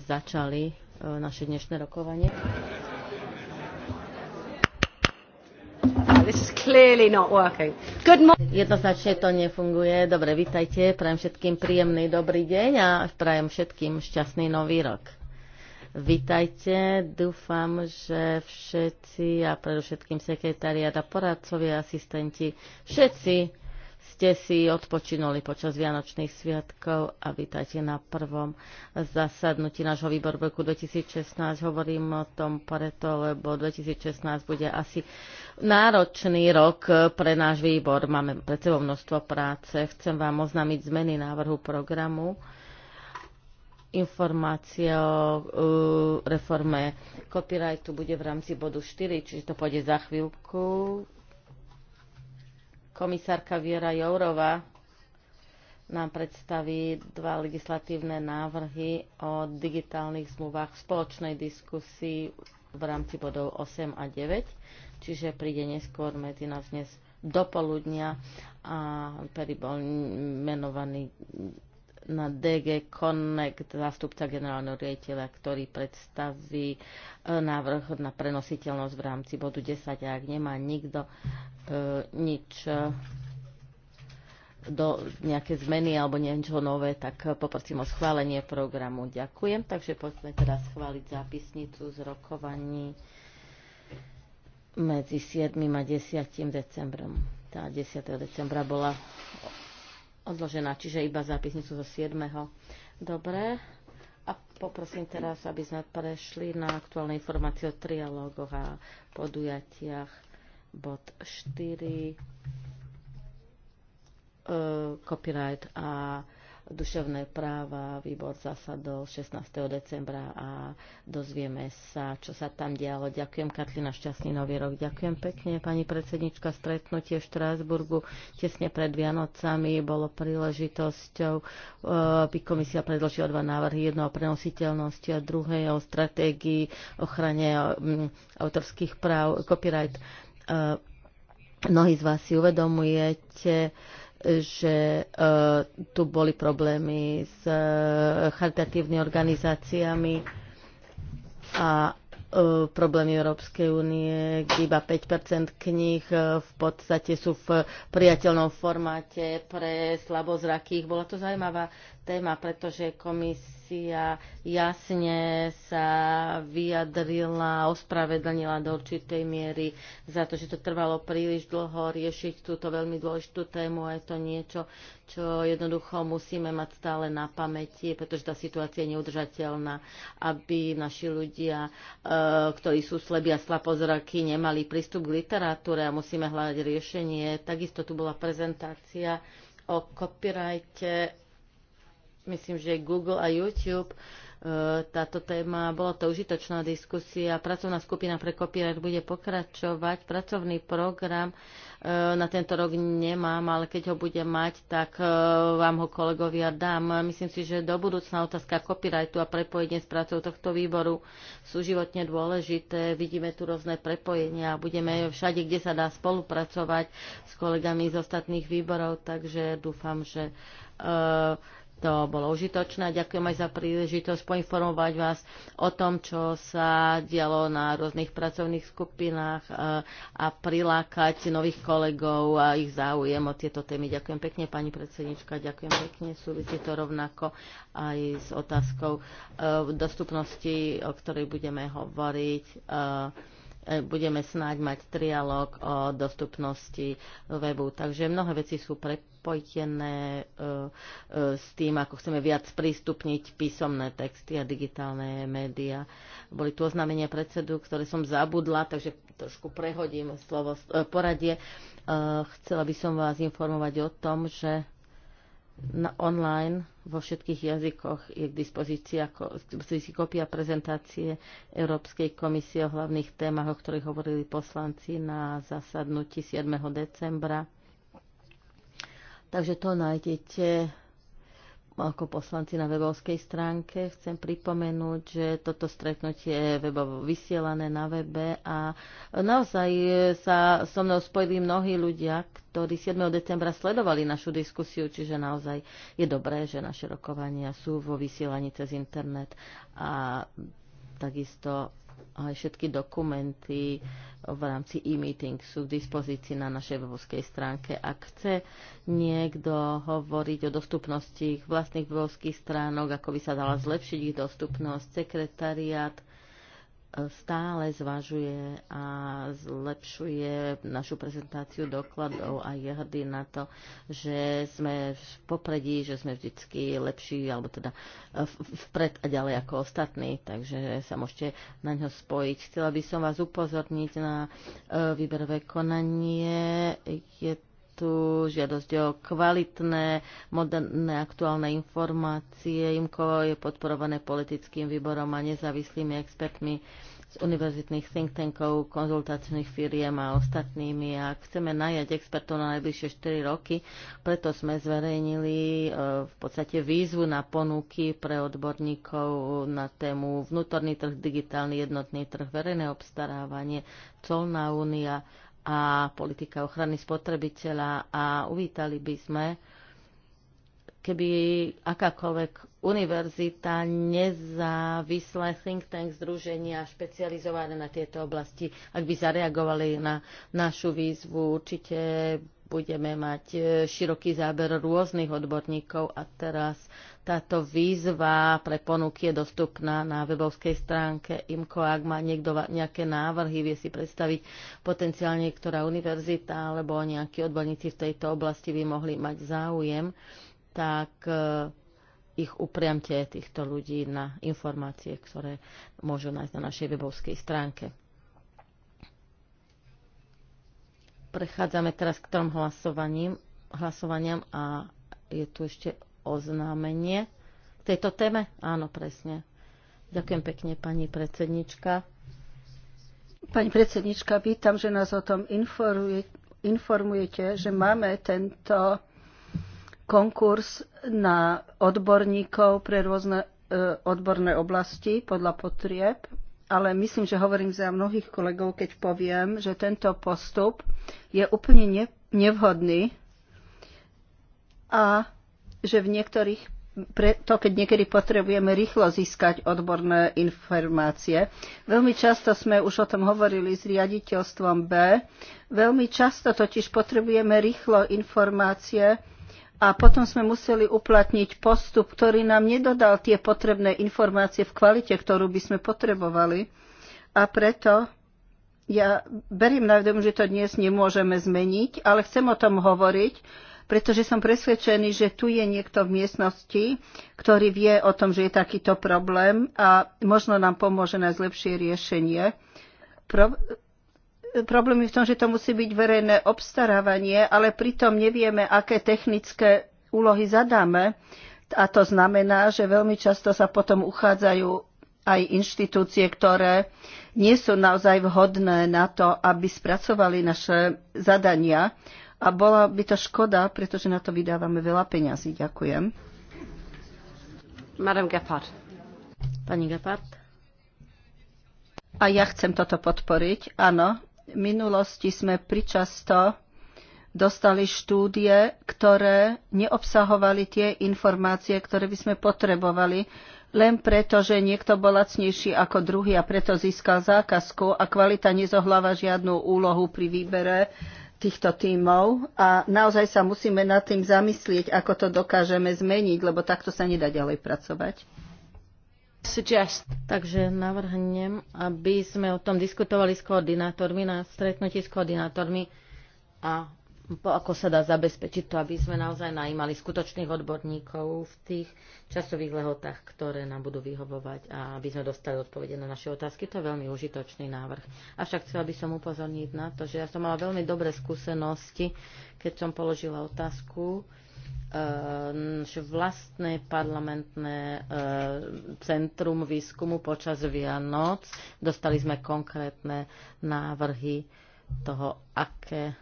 začali e, naše dnešné rokovanie. Uh, Jednoznačne to nefunguje. Dobre, vítajte. Prajem všetkým príjemný dobrý deň a prajem všetkým šťastný nový rok. Vítajte, dúfam, že všetci a predovšetkým sekretariat a poradcovi, asistenti, všetci ste si odpočinuli počas Vianočných sviatkov a vítajte na prvom zasadnutí nášho výboru v roku 2016. Hovorím o tom preto, lebo 2016 bude asi náročný rok pre náš výbor. Máme pred sebou množstvo práce. Chcem vám oznámiť zmeny návrhu programu Informácia o uh, reforme copyrightu bude v rámci bodu 4, čiže to pôjde za chvíľku. Komisárka Viera Jourova nám predstaví dva legislatívne návrhy o digitálnych zmluvách v spoločnej diskusii v rámci bodov 8 a 9, čiže príde neskôr medzi nás dnes do poludnia a Perry bol menovaný na DG Connect zástupca generálneho riaditeľa, ktorý predstaví e, návrh na prenositeľnosť v rámci bodu 10 a ak nemá nikto e, nič e, do nejaké zmeny alebo niečo nové, tak poprosím o schválenie programu. Ďakujem. Takže poďme teraz schváliť zápisnicu z rokovaní medzi 7. a 10. decembrom. Tá 10. decembra bola odložená, čiže iba zápisnicu zo 7. Dobre. A poprosím teraz, aby sme prešli na aktuálne informácie o trialógoch a podujatiach. Bod 4. E, copyright a duševné práva. Výbor zasadol 16. decembra a dozvieme sa, čo sa tam dialo. Ďakujem, Katlina, šťastný nový rok. Ďakujem pekne, pani predsednička. Stretnutie v Štrásburgu tesne pred Vianocami bolo príležitosťou. Eh, by komisia predložila dva návrhy. Jedno o prenositeľnosti a druhé o stratégii ochrane mm, autorských práv, copyright. Eh, mnohí z vás si uvedomujete, že e, tu boli problémy s e, charitatívnymi organizáciami a e, problémy Európskej únie, kde iba 5 kníh v podstate sú v priateľnom formáte pre slabozrakých. Bola to zaujímavá téma, pretože komisia komisia jasne sa vyjadrila, ospravedlnila do určitej miery za to, že to trvalo príliš dlho riešiť túto veľmi dôležitú tému a je to niečo, čo jednoducho musíme mať stále na pamäti, pretože tá situácia je neudržateľná, aby naši ľudia, e, ktorí sú slebí a slapozraky, nemali prístup k literatúre a musíme hľadať riešenie. Takisto tu bola prezentácia o copyrighte myslím, že Google a YouTube e, táto téma, bola to užitočná diskusia. Pracovná skupina pre copyright bude pokračovať. Pracovný program e, na tento rok nemám, ale keď ho budem mať, tak e, vám ho kolegovia dám. Myslím si, že do budúcna otázka copyrightu a prepojenie s prácou tohto výboru sú životne dôležité. Vidíme tu rôzne prepojenia a budeme všade, kde sa dá spolupracovať s kolegami z ostatných výborov, takže dúfam, že to bolo užitočné. Ďakujem aj za príležitosť poinformovať vás o tom, čo sa dialo na rôznych pracovných skupinách e, a prilákať nových kolegov a ich záujem o tieto témy. Ďakujem pekne, pani predsednička, ďakujem pekne. Súvisí to rovnako aj s otázkou e, dostupnosti, o ktorej budeme hovoriť e, E, budeme snáď mať trialog o dostupnosti webu. Takže mnohé veci sú prepojené e, e, s tým, ako chceme viac prístupniť písomné texty a digitálne médiá. Boli tu oznámenia predsedu, ktoré som zabudla, takže trošku prehodím slovo poradie. Chcela by som vás informovať o tom, že na online vo všetkých jazykoch je k dispozícii, ako, kopia prezentácie Európskej komisie o hlavných témach, o ktorých hovorili poslanci na zasadnutí 7. decembra. Takže to nájdete ako poslanci na webovskej stránke. Chcem pripomenúť, že toto stretnutie je webovo vysielané na webe a naozaj sa so mnou spojili mnohí ľudia, ktorí 7. decembra sledovali našu diskusiu, čiže naozaj je dobré, že naše rokovania sú vo vysielaní cez internet a takisto aj všetky dokumenty v rámci e-meeting sú k dispozícii na našej webovskej stránke. Ak chce niekto hovoriť o dostupnosti vlastných webovských stránok, ako by sa dala zlepšiť ich dostupnosť, sekretariat stále zvažuje a zlepšuje našu prezentáciu dokladov a je hrdý na to, že sme v popredí, že sme vždycky lepší, alebo teda vpred a ďalej ako ostatní, takže sa môžete na ňo spojiť. Chcela by som vás upozorniť na e, výberové konanie. Je tu žiadosť o kvalitné, moderné, aktuálne informácie. IMKO je podporované politickým výborom a nezávislými expertmi z univerzitných think tankov, konzultačných firiem a ostatnými. A chceme najať expertov na najbližšie 4 roky, preto sme zverejnili e, v podstate výzvu na ponuky pre odborníkov na tému vnútorný trh, digitálny jednotný trh, verejné obstarávanie, colná únia, a politika ochrany spotrebiteľa a uvítali by sme, keby akákoľvek univerzita, nezávislé think tank združenia špecializované na tieto oblasti, ak by zareagovali na našu výzvu, určite budeme mať e, široký záber rôznych odborníkov a teraz táto výzva pre ponuky je dostupná na webovskej stránke IMCO. Ak má niekto nejaké návrhy, vie si predstaviť potenciálne, ktorá univerzita alebo nejakí odborníci v tejto oblasti by mohli mať záujem, tak e, ich upriamte týchto ľudí na informácie, ktoré môžu nájsť na našej webovskej stránke. Prechádzame teraz k trom hlasovaním, hlasovaniam a je tu ešte oznámenie k tejto téme? Áno, presne. Ďakujem pekne, pani predsednička. Pani predsednička, vítam, že nás o tom informuje, informujete, že máme tento konkurs na odborníkov pre rôzne e, odborné oblasti podľa potrieb ale myslím, že hovorím za mnohých kolegov, keď poviem, že tento postup je úplne nevhodný a že v niektorých preto, keď niekedy potrebujeme rýchlo získať odborné informácie. Veľmi často sme už o tom hovorili s riaditeľstvom B. Veľmi často totiž potrebujeme rýchlo informácie, a potom sme museli uplatniť postup, ktorý nám nedodal tie potrebné informácie v kvalite, ktorú by sme potrebovali. A preto ja beriem na vedomu, že to dnes nemôžeme zmeniť, ale chcem o tom hovoriť, pretože som presvedčený, že tu je niekto v miestnosti, ktorý vie o tom, že je takýto problém a možno nám pomôže nájsť lepšie riešenie. Pro, problém je v tom, že to musí byť verejné obstarávanie, ale pritom nevieme, aké technické úlohy zadáme. A to znamená, že veľmi často sa potom uchádzajú aj inštitúcie, ktoré nie sú naozaj vhodné na to, aby spracovali naše zadania. A bola by to škoda, pretože na to vydávame veľa peňazí. Ďakujem. Madame Gepard. Pani Gepard. A ja chcem toto podporiť, áno. V minulosti sme pričasto dostali štúdie, ktoré neobsahovali tie informácie, ktoré by sme potrebovali, len preto, že niekto bol lacnejší ako druhý a preto získal zákazku a kvalita nezohláva žiadnu úlohu pri výbere týchto tímov a naozaj sa musíme nad tým zamyslieť, ako to dokážeme zmeniť, lebo takto sa nedá ďalej pracovať. Takže navrhnem, aby sme o tom diskutovali s koordinátormi na stretnutí s koordinátormi a ako sa dá zabezpečiť to, aby sme naozaj najímali skutočných odborníkov v tých časových lehotách, ktoré nám budú vyhovovať a aby sme dostali odpovede na naše otázky. To je veľmi užitočný návrh. Avšak chcela by som upozorniť na to, že ja som mala veľmi dobré skúsenosti, keď som položila otázku Ehm, naše vlastné parlamentné ehm, centrum výskumu počas Vianoc. Dostali sme konkrétne návrhy toho, aké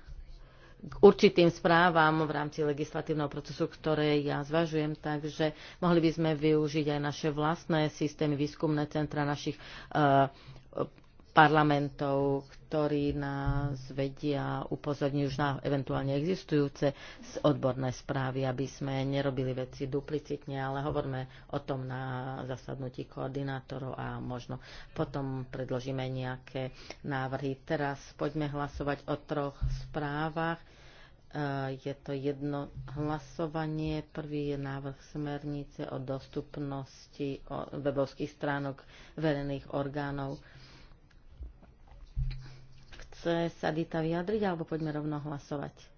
k určitým správam v rámci legislatívneho procesu, ktoré ja zvažujem, takže mohli by sme využiť aj naše vlastné systémy, výskumné centra našich ehm, parlamentov, ktorí nás vedia, upozorní už na eventuálne existujúce odborné správy, aby sme nerobili veci duplicitne, ale hovoríme o tom na zasadnutí koordinátorov a možno potom predložíme nejaké návrhy. Teraz poďme hlasovať o troch správach. Eh, je to jedno hlasovanie. Prvý je návrh smernice o dostupnosti webovských stránok verejných orgánov chce Dita vyjadriť, alebo poďme rovno hlasovať?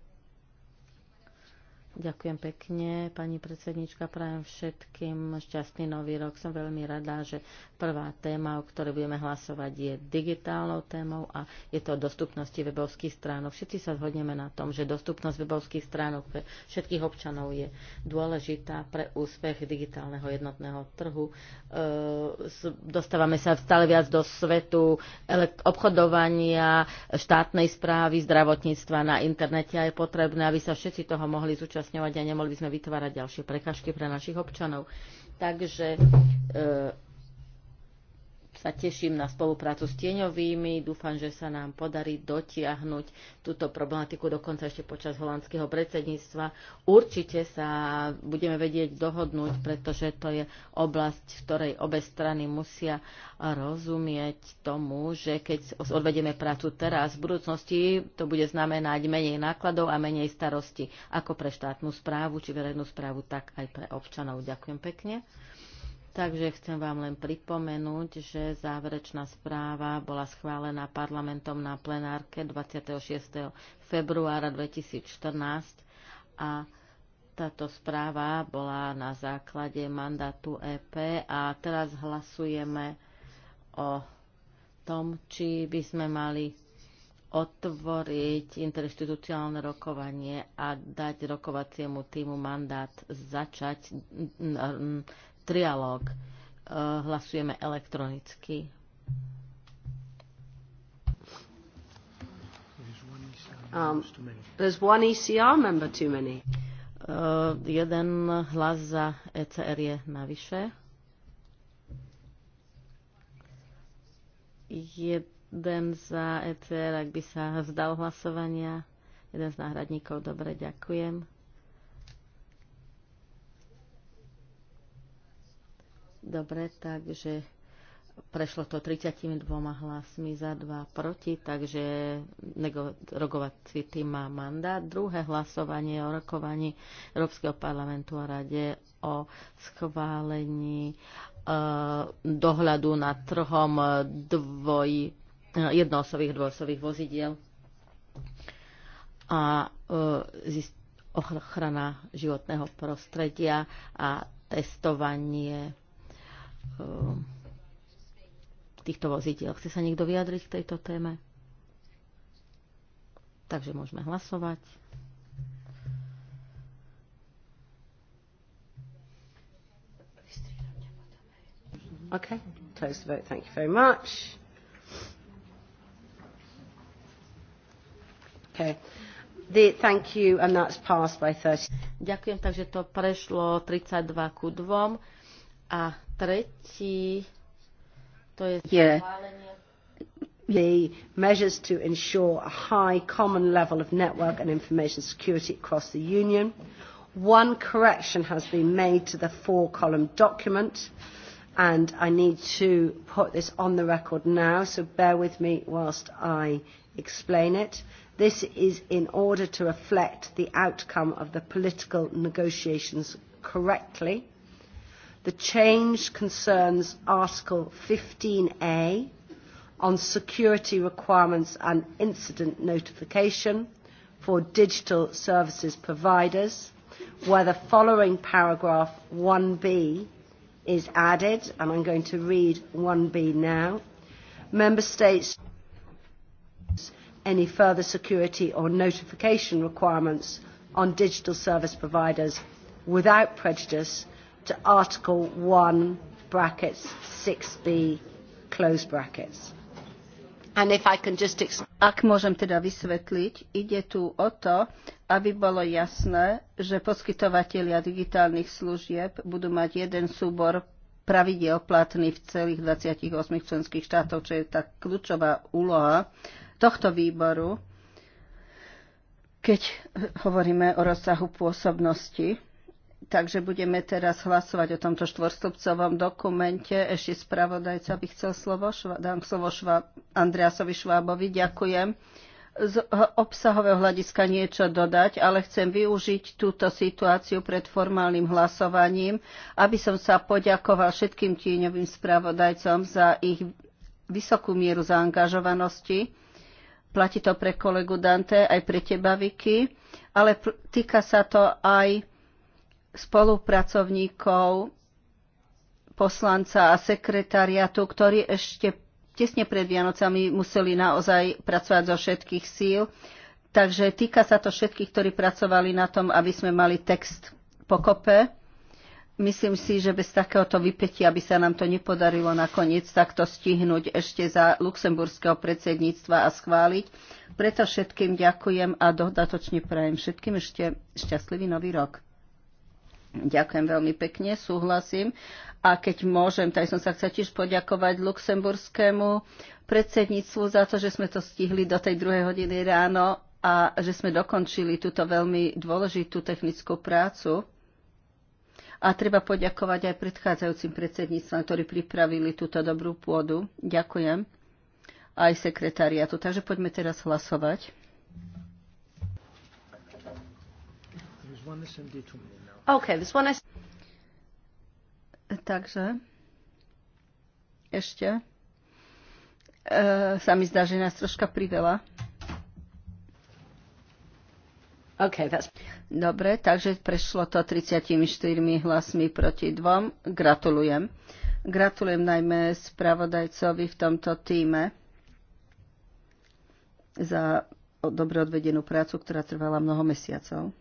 Ďakujem pekne, pani predsednička, prajem všetkým šťastný nový rok. Som veľmi rada, že prvá téma, o ktorej budeme hlasovať, je digitálnou témou a je to o dostupnosti webovských stránok. Všetci sa zhodneme na tom, že dostupnosť webovských stránok pre všetkých občanov je dôležitá pre úspech digitálneho jednotného trhu. E, dostávame sa stále viac do svetu obchodovania, štátnej správy, zdravotníctva na internete a je potrebné, aby sa všetci toho mohli zúčastniť upresňovať a nemohli by sme vytvárať ďalšie prekažky pre našich občanov. Takže e, sa teším na spoluprácu s tieňovými. Dúfam, že sa nám podarí dotiahnuť túto problematiku dokonca ešte počas holandského predsedníctva. Určite sa budeme vedieť dohodnúť, pretože to je oblasť, v ktorej obe strany musia rozumieť tomu, že keď odvedieme prácu teraz, v budúcnosti to bude znamenať menej nákladov a menej starosti ako pre štátnu správu či verejnú správu, tak aj pre občanov. Ďakujem pekne. Takže chcem vám len pripomenúť, že záverečná správa bola schválená parlamentom na plenárke 26. februára 2014 a táto správa bola na základe mandátu EP a teraz hlasujeme o tom, či by sme mali otvoriť interinstitucionálne rokovanie a dať rokovaciemu týmu mandát začať trialóg. Eh, hlasujeme elektronicky. Um, there's one ECR member too many. Uh, jeden hlas za ECR je navyše. Jeden za ECR, ak by sa vzdal hlasovania. Jeden z náhradníkov, dobre, ďakujem. Dobre, takže prešlo to 32 hlasmi za dva proti, takže rokovací tým má mandát. Druhé hlasovanie o rokovaní Európskeho parlamentu a rade o schválení e, dohľadu nad trhom dvoj, eh, jednoosových dvojosových vozidiel a e, ochrana životného prostredia a testovanie Eh, týchto vozidiel. Chce sa niekto vyjadriť k tejto téme? Takže môžeme hlasovať. Okay, close the vote. Thank you very much. Okay. The, thank you, and that's passed by 30. Ďakujem, takže to prešlo 32 ku 2 a Tretí, to je schválenie the measures to ensure a high common level of network and information security across the Union. One correction has been made to the four column document, and I need to put this on the record now, so bear with me whilst I explain it. This is in order to reflect the outcome of the political negotiations correctly The change concerns Article 15A on security requirements and incident notification for digital services providers, where the following paragraph 1B is added, and I'm going to read 1B now. Member States any further security or notification requirements on digital service providers without prejudice to Article 1, brackets, 6b, close brackets. And if I can just Ak môžem teda vysvetliť, ide tu o to, aby bolo jasné, že poskytovateľia digitálnych služieb budú mať jeden súbor pravidel platný v celých 28 členských štátov, čo je tá kľúčová úloha tohto výboru, keď hovoríme o rozsahu pôsobnosti Takže budeme teraz hlasovať o tomto štvorstupcovom dokumente. Ešte spravodajca by chcel slovo. Šva, dám slovo šva, Andreasovi Švábovi. Ďakujem. Z obsahového hľadiska niečo dodať, ale chcem využiť túto situáciu pred formálnym hlasovaním, aby som sa poďakoval všetkým tieňovým spravodajcom za ich vysokú mieru zaangažovanosti. Platí to pre kolegu Dante, aj pre teba, Vicky, ale týka sa to aj spolupracovníkov poslanca a sekretariatu, ktorí ešte tesne pred Vianocami museli naozaj pracovať zo všetkých síl. Takže týka sa to všetkých, ktorí pracovali na tom, aby sme mali text pokope. Myslím si, že bez takéhoto vypetia by sa nám to nepodarilo nakoniec takto stihnúť ešte za luxemburského predsedníctva a schváliť. Preto všetkým ďakujem a dodatočne prajem všetkým ešte šťastlivý nový rok. Ďakujem veľmi pekne, súhlasím. A keď môžem, tak som sa chcel tiež poďakovať luxemburskému predsedníctvu za to, že sme to stihli do tej druhej hodiny ráno a že sme dokončili túto veľmi dôležitú technickú prácu. A treba poďakovať aj predchádzajúcim predsedníctvom, ktorí pripravili túto dobrú pôdu. Ďakujem aj sekretariatu. Takže poďme teraz hlasovať. one too many now. Okay, this one I... Takže ešte e, sa mi zdá, že nás troška priveľa. Okay, that's... Dobre, takže prešlo to 34 hlasmi proti dvom. Gratulujem. Gratulujem najmä spravodajcovi v tomto týme za dobre odvedenú prácu, ktorá trvala mnoho mesiacov.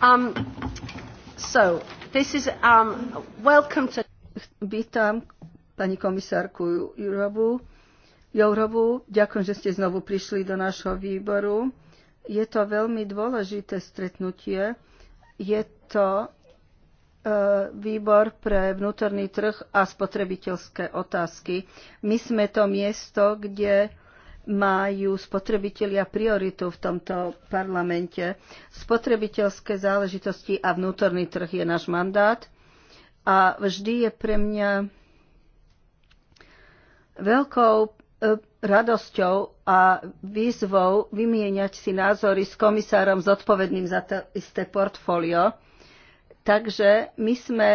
Um, so, this is, um, welcome to... Vítam pani komisárku Jurovu. ďakujem, že ste znovu prišli do nášho výboru. Je to veľmi dôležité stretnutie. Je to e, výbor pre vnútorný trh a spotrebiteľské otázky. My sme to miesto, kde majú spotrebitelia prioritu v tomto parlamente. Spotrebiteľské záležitosti a vnútorný trh je náš mandát a vždy je pre mňa veľkou e, radosťou a výzvou vymieňať si názory s komisárom zodpovedným za to isté portfólio. Takže my sme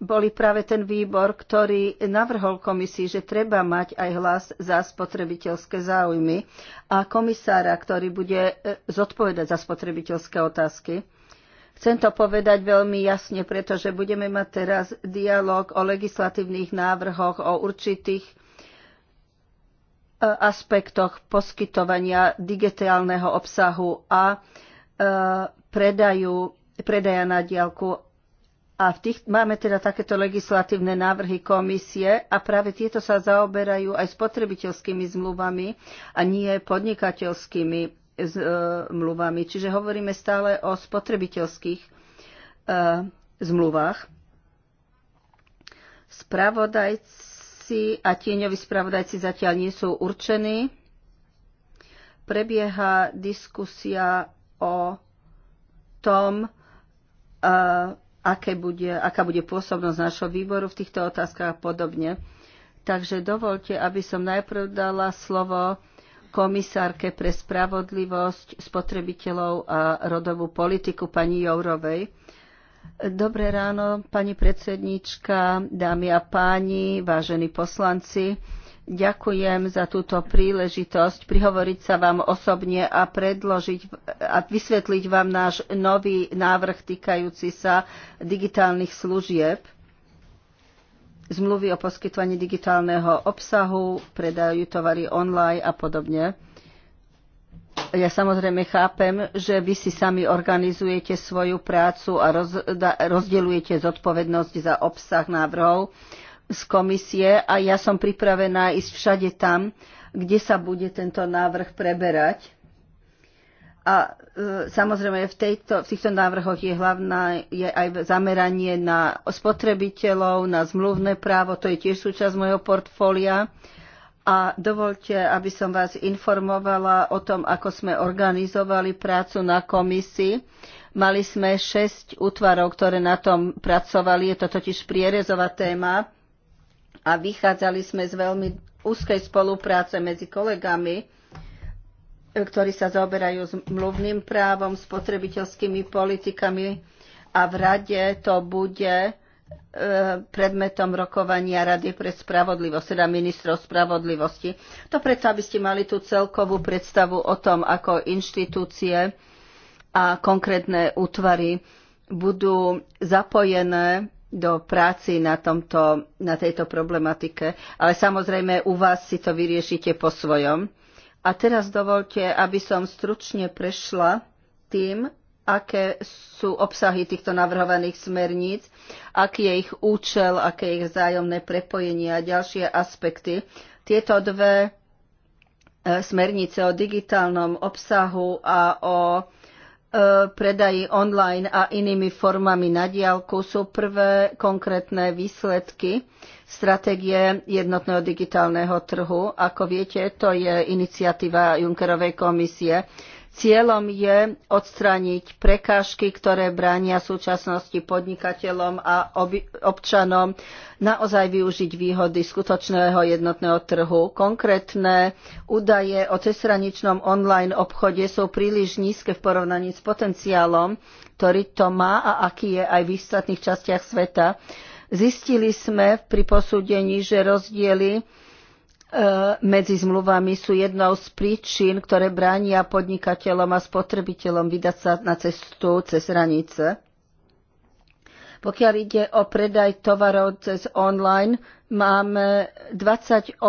boli práve ten výbor, ktorý navrhol komisii, že treba mať aj hlas za spotrebiteľské záujmy a komisára, ktorý bude e, zodpovedať za spotrebiteľské otázky. Chcem to povedať veľmi jasne, pretože budeme mať teraz dialog o legislatívnych návrhoch, o určitých e, aspektoch poskytovania digitálneho obsahu a e, predaju, predaja na diálku a v tých, máme teda takéto legislatívne návrhy komisie a práve tieto sa zaoberajú aj spotrebiteľskými zmluvami a nie podnikateľskými e, zmluvami. Čiže hovoríme stále o spotrebiteľských e, zmluvách. Spravodajci a tieňoví spravodajci zatiaľ nie sú určení. Prebieha diskusia o tom, e, aké bude, aká bude pôsobnosť našho výboru v týchto otázkach a podobne. Takže dovolte, aby som najprv dala slovo komisárke pre spravodlivosť spotrebiteľov a rodovú politiku pani Jourovej. Dobré ráno, pani predsednička, dámy a páni, vážení poslanci. Ďakujem za túto príležitosť prihovoriť sa vám osobne a predložiť a vysvetliť vám náš nový návrh týkajúci sa digitálnych služieb zmluvy o poskytovaní digitálneho obsahu, predajú tovary online a podobne. Ja samozrejme chápem, že vy si sami organizujete svoju prácu a rozdelujete zodpovednosť za obsah návrhov, z komisie a ja som pripravená ísť všade tam, kde sa bude tento návrh preberať. A e, samozrejme v, tejto, v týchto návrhoch je hlavná je aj zameranie na spotrebiteľov, na zmluvné právo, to je tiež súčasť môjho portfólia. A dovolte, aby som vás informovala o tom, ako sme organizovali prácu na komisii. Mali sme šesť útvarov, ktoré na tom pracovali, je to totiž prierezová téma a vychádzali sme z veľmi úzkej spolupráce medzi kolegami, ktorí sa zaoberajú s mluvným právom, spotrebiteľskými politikami a v rade to bude e, predmetom rokovania Rady pre spravodlivosť, teda ministrov spravodlivosti. To preto, aby ste mali tú celkovú predstavu o tom, ako inštitúcie a konkrétne útvary budú zapojené do práci na, tomto, na tejto problematike, ale samozrejme u vás si to vyriešite po svojom. A teraz dovolte, aby som stručne prešla tým, aké sú obsahy týchto navrhovaných smerníc, aký je ich účel, aké je ich vzájomné prepojenie a ďalšie aspekty. Tieto dve e, smernice o digitálnom obsahu a o E, predaji online a inými formami na diálku sú prvé konkrétne výsledky stratégie jednotného digitálneho trhu. Ako viete, to je iniciatíva Junckerovej komisie. Cieľom je odstrániť prekážky, ktoré bránia súčasnosti podnikateľom a občanom naozaj využiť výhody skutočného jednotného trhu. Konkrétne údaje o cezhraničnom online obchode sú príliš nízke v porovnaní s potenciálom, ktorý to má a aký je aj v ostatných častiach sveta. Zistili sme pri posúdení, že rozdiely E, medzi zmluvami sú jednou z príčin, ktoré bránia podnikateľom a spotrebiteľom vydať sa na cestu cez hranice. Pokiaľ ide o predaj tovarov cez online, máme 28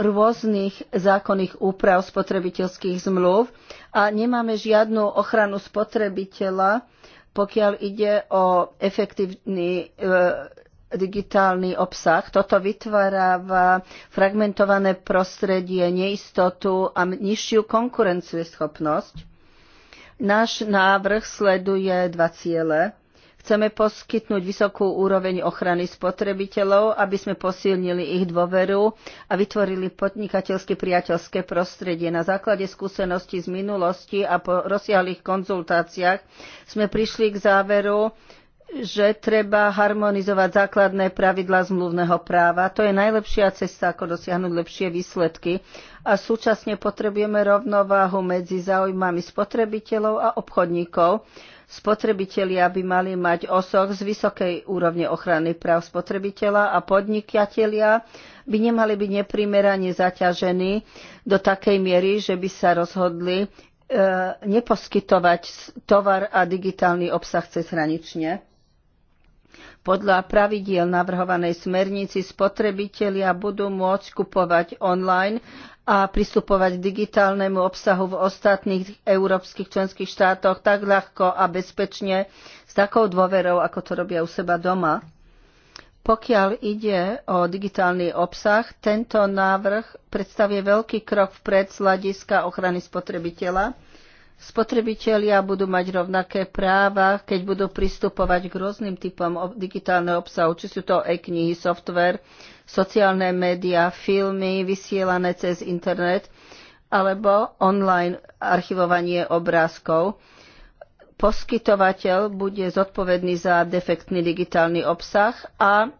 rôznych zákonných úprav spotrebiteľských zmluv a nemáme žiadnu ochranu spotrebiteľa, pokiaľ ide o efektívny e, digitálny obsah. Toto vytváráva fragmentované prostredie, neistotu a nižšiu konkurencieschopnosť. Náš návrh sleduje dva ciele. Chceme poskytnúť vysokú úroveň ochrany spotrebiteľov, aby sme posilnili ich dôveru a vytvorili podnikateľské priateľské prostredie. Na základe skúseností z minulosti a po rozsiahlých konzultáciách sme prišli k záveru, že treba harmonizovať základné pravidlá zmluvného práva. To je najlepšia cesta, ako dosiahnuť lepšie výsledky. A súčasne potrebujeme rovnováhu medzi záujmami spotrebiteľov a obchodníkov. Spotrebitelia by mali mať osoch z vysokej úrovne ochrany práv spotrebiteľa a podnikatelia by nemali byť neprimerane zaťažení do takej miery, že by sa rozhodli e, neposkytovať tovar a digitálny obsah cez hranične. Podľa pravidiel navrhovanej smernici spotrebitelia budú môcť kupovať online a pristupovať k digitálnemu obsahu v ostatných európskych členských štátoch tak ľahko a bezpečne s takou dôverou, ako to robia u seba doma. Pokiaľ ide o digitálny obsah, tento návrh predstavuje veľký krok vpred z hľadiska ochrany spotrebiteľa Spotrebitelia budú mať rovnaké práva, keď budú pristupovať k rôznym typom digitálneho obsahu, či sú to e-knihy, software, sociálne médiá, filmy vysielané cez internet alebo online archivovanie obrázkov. Poskytovateľ bude zodpovedný za defektný digitálny obsah a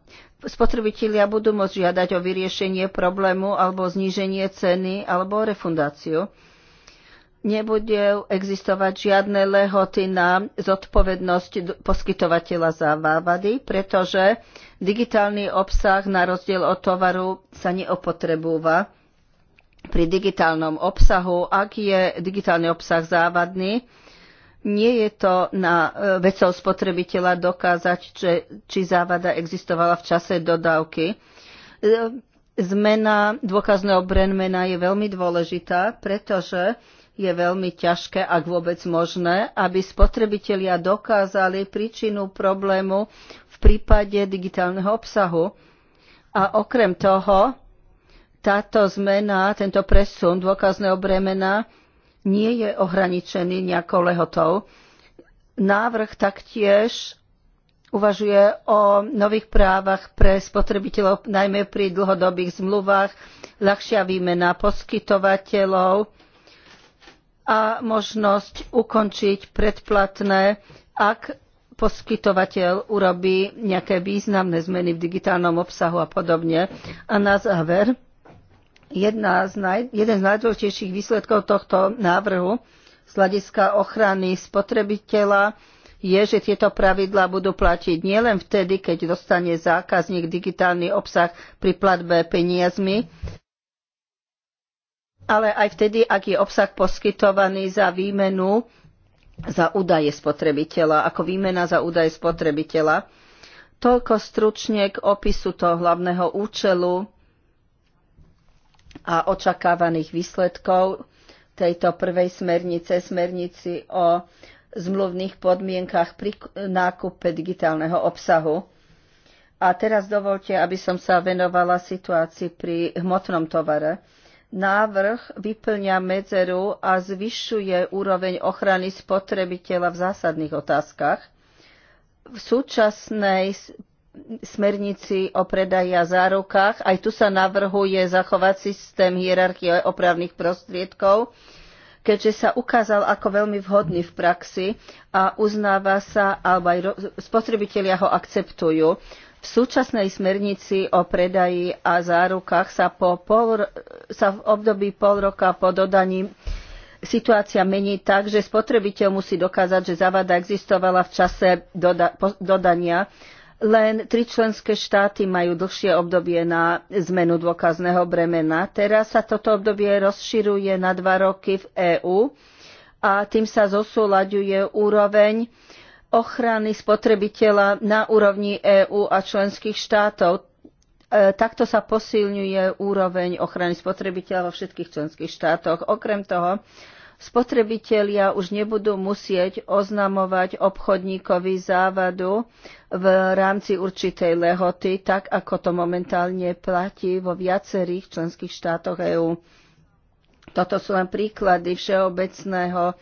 spotrebitelia budú môcť žiadať o vyriešenie problému alebo zníženie ceny alebo refundáciu nebude existovať žiadne lehoty na zodpovednosť poskytovateľa za vávady, pretože digitálny obsah na rozdiel od tovaru sa neopotrebúva. Pri digitálnom obsahu, ak je digitálny obsah závadný, nie je to na e, vecov spotrebiteľa dokázať, či, či závada existovala v čase dodávky e, zmena dôkazného brenmena je veľmi dôležitá, pretože je veľmi ťažké, ak vôbec možné, aby spotrebitelia dokázali príčinu problému v prípade digitálneho obsahu. A okrem toho, táto zmena, tento presun dôkazného bremena nie je ohraničený nejakou lehotou. Návrh taktiež uvažuje o nových právach pre spotrebiteľov najmä pri dlhodobých zmluvách ľahšia výmena poskytovateľov a možnosť ukončiť predplatné, ak poskytovateľ urobí nejaké významné zmeny v digitálnom obsahu a podobne. A na záver, jedna z naj, jeden z najdôležitejších výsledkov tohto návrhu z hľadiska ochrany spotrebiteľa je, že tieto pravidlá budú platiť nielen vtedy, keď dostane zákazník digitálny obsah pri platbe peniazmi, ale aj vtedy, ak je obsah poskytovaný za výmenu za údaje spotrebiteľa, ako výmena za údaje spotrebiteľa. Toľko stručne k opisu toho hlavného účelu a očakávaných výsledkov tejto prvej smernice, smernici o zmluvných podmienkach pri nákupe digitálneho obsahu. A teraz dovolte, aby som sa venovala situácii pri hmotnom tovare. Návrh vyplňa medzeru a zvyšuje úroveň ochrany spotrebiteľa v zásadných otázkach. V súčasnej smernici o predaji a zárukách aj tu sa navrhuje zachovať systém hierarchie opravných prostriedkov, keďže sa ukázal ako veľmi vhodný v praxi a uznáva sa, alebo aj spotrebitelia ho akceptujú. V súčasnej smernici o predaji a zárukách sa, po pol, sa v období pol roka po dodaní situácia mení tak, že spotrebiteľ musí dokázať, že zavada existovala v čase doda- dodania. Len tri členské štáty majú dlhšie obdobie na zmenu dôkazného bremena. Teraz sa toto obdobie rozširuje na dva roky v EÚ a tým sa zosúľaďuje úroveň ochrany spotrebiteľa na úrovni EÚ a členských štátov. E, takto sa posilňuje úroveň ochrany spotrebiteľa vo všetkých členských štátoch. Okrem toho, spotrebitelia už nebudú musieť oznamovať obchodníkovi závadu v rámci určitej lehoty, tak ako to momentálne platí vo viacerých členských štátoch EÚ. Toto sú len príklady všeobecného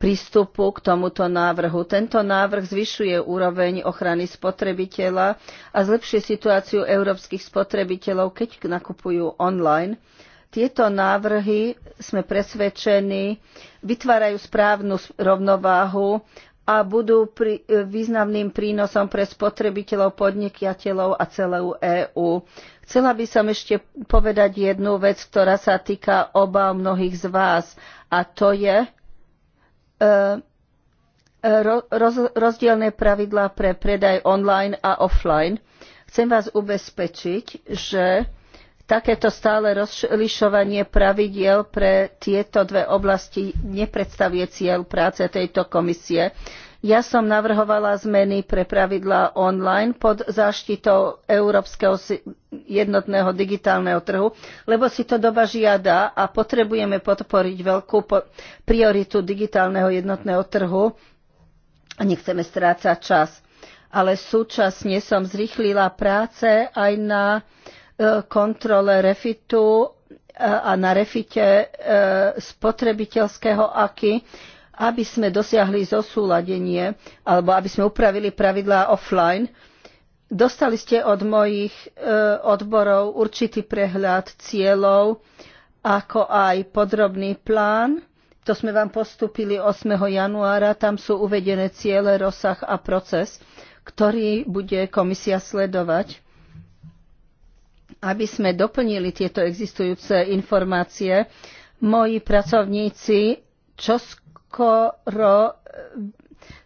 prístupu k tomuto návrhu. Tento návrh zvyšuje úroveň ochrany spotrebiteľa a zlepšuje situáciu európskych spotrebiteľov, keď nakupujú online. Tieto návrhy, sme presvedčení, vytvárajú správnu rovnováhu a budú pri, významným prínosom pre spotrebiteľov, podnikateľov a celú EÚ. Chcela by som ešte povedať jednu vec, ktorá sa týka obav mnohých z vás, a to je, E, e, rozdielne pravidlá pre predaj online a offline. Chcem vás ubezpečiť, že takéto stále rozlišovanie pravidiel pre tieto dve oblasti nepredstavuje cieľ práce tejto komisie. Ja som navrhovala zmeny pre pravidlá online pod záštitou Európskeho jednotného digitálneho trhu, lebo si to doba žiada a potrebujeme podporiť veľkú prioritu digitálneho jednotného trhu a nechceme strácať čas. Ale súčasne som zrychlila práce aj na e, kontrole refitu e, a na refite e, spotrebiteľského aky, aby sme dosiahli zosúladenie alebo aby sme upravili pravidlá offline Dostali ste od mojich e, odborov určitý prehľad cieľov, ako aj podrobný plán. To sme vám postupili 8. januára. Tam sú uvedené ciele, rozsah a proces, ktorý bude komisia sledovať. Aby sme doplnili tieto existujúce informácie, moji pracovníci čoskoro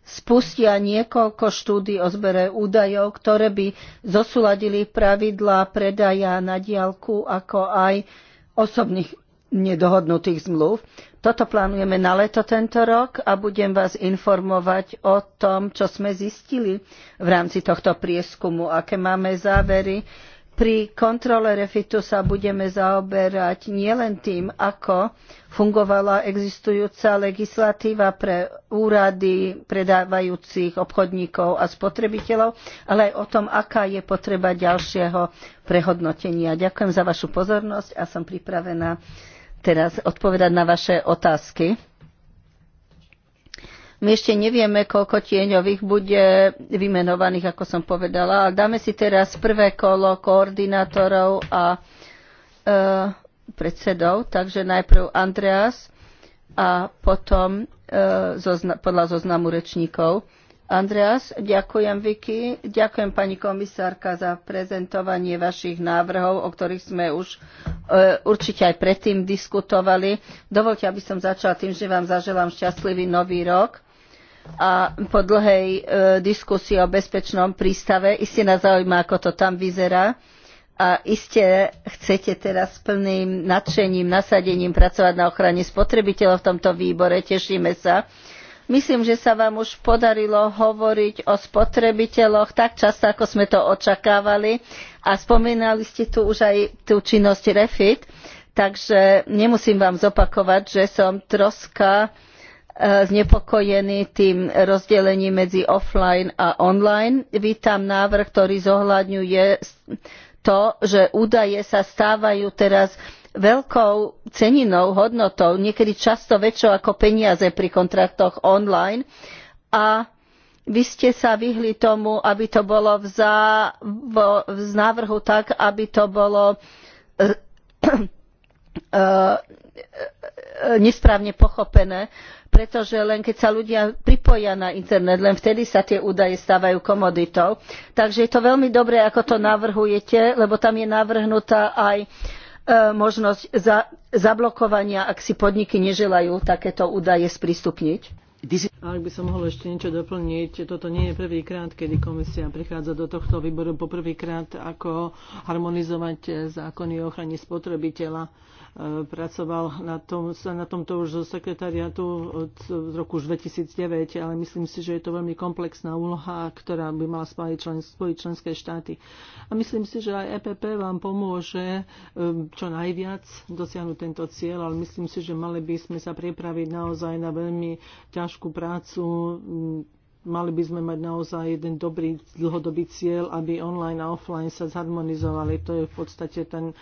spustia niekoľko štúdí o zbere údajov, ktoré by zosúladili pravidlá predaja na diálku, ako aj osobných nedohodnutých zmluv. Toto plánujeme na leto tento rok a budem vás informovať o tom, čo sme zistili v rámci tohto prieskumu, aké máme závery pri kontrole refitu sa budeme zaoberať nielen tým, ako fungovala existujúca legislatíva pre úrady predávajúcich obchodníkov a spotrebiteľov, ale aj o tom, aká je potreba ďalšieho prehodnotenia. Ďakujem za vašu pozornosť a som pripravená teraz odpovedať na vaše otázky. My ešte nevieme, koľko tieňových bude vymenovaných, ako som povedala, ale dáme si teraz prvé kolo koordinátorov a e, predsedov, takže najprv Andreas a potom e, zozna, podľa zoznamu rečníkov. Andreas, ďakujem Vicky, ďakujem pani komisárka za prezentovanie vašich návrhov, o ktorých sme už e, určite aj predtým diskutovali. Dovolte, aby som začala tým, že vám zaželám šťastlivý nový rok a po dlhej e, diskusii o bezpečnom prístave. iste nás zaujíma, ako to tam vyzerá. A iste chcete teraz s plným nadšením, nasadením pracovať na ochrane spotrebiteľov v tomto výbore. Tešíme sa. Myslím, že sa vám už podarilo hovoriť o spotrebiteľoch tak často, ako sme to očakávali. A spomínali ste tu už aj tú činnosť REFIT. Takže nemusím vám zopakovať, že som troska E, znepokojení tým rozdelením medzi offline a online. Vítam návrh, ktorý zohľadňuje to, že údaje sa stávajú teraz veľkou ceninou, hodnotou, niekedy často väčšou ako peniaze pri kontraktoch online. A vy ste sa vyhli tomu, aby to bolo v, zá, v, v z návrhu tak, aby to bolo e, e, nesprávne pochopené pretože len keď sa ľudia pripoja na internet, len vtedy sa tie údaje stávajú komoditou. Takže je to veľmi dobré, ako to navrhujete, lebo tam je navrhnutá aj e, možnosť za, zablokovania, ak si podniky neželajú takéto údaje sprístupniť. Ak by som mohol ešte niečo doplniť, toto nie je prvýkrát, kedy komisia prichádza do tohto výboru po prvýkrát, ako harmonizovať zákony o ochrane spotrebiteľa. E, pracoval na, tom, na tomto už zo sekretariatu od roku 2009, ale myslím si, že je to veľmi komplexná úloha, ktorá by mala spojiť, člen, spojiť členské štáty. A myslím si, že aj EPP vám pomôže e, čo najviac dosiahnuť tento cieľ, ale myslím si, že mali by sme sa pripraviť naozaj na veľmi ťažkú prácu mali by sme mať naozaj jeden dobrý dlhodobý cieľ, aby online a offline sa zharmonizovali. To je v podstate ten,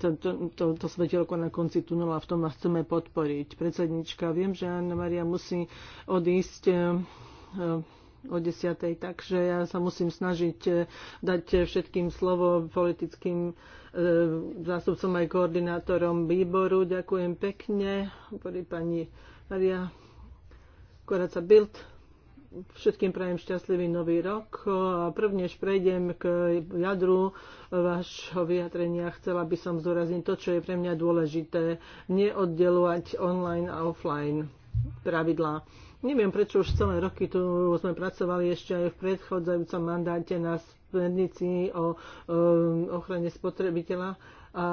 to, to, to, to svetelko na konci tunela v tom ma chceme podporiť. Predsednička, viem, že Anna Maria musí odísť e, e, o desiatej, takže ja sa musím snažiť e, dať všetkým slovo politickým zástupcom aj koordinátorom výboru. Ďakujem pekne. Pani Maria Koraca Bild. Všetkým prajem šťastlivý nový rok prvnež prejdem k jadru vášho vyjadrenia. Chcela by som zúrazniť to, čo je pre mňa dôležité. Neoddelovať online a offline pravidlá. Neviem, prečo už celé roky tu sme pracovali ešte aj v predchádzajúcom mandáte na smernici o, o um, ochrane spotrebiteľa a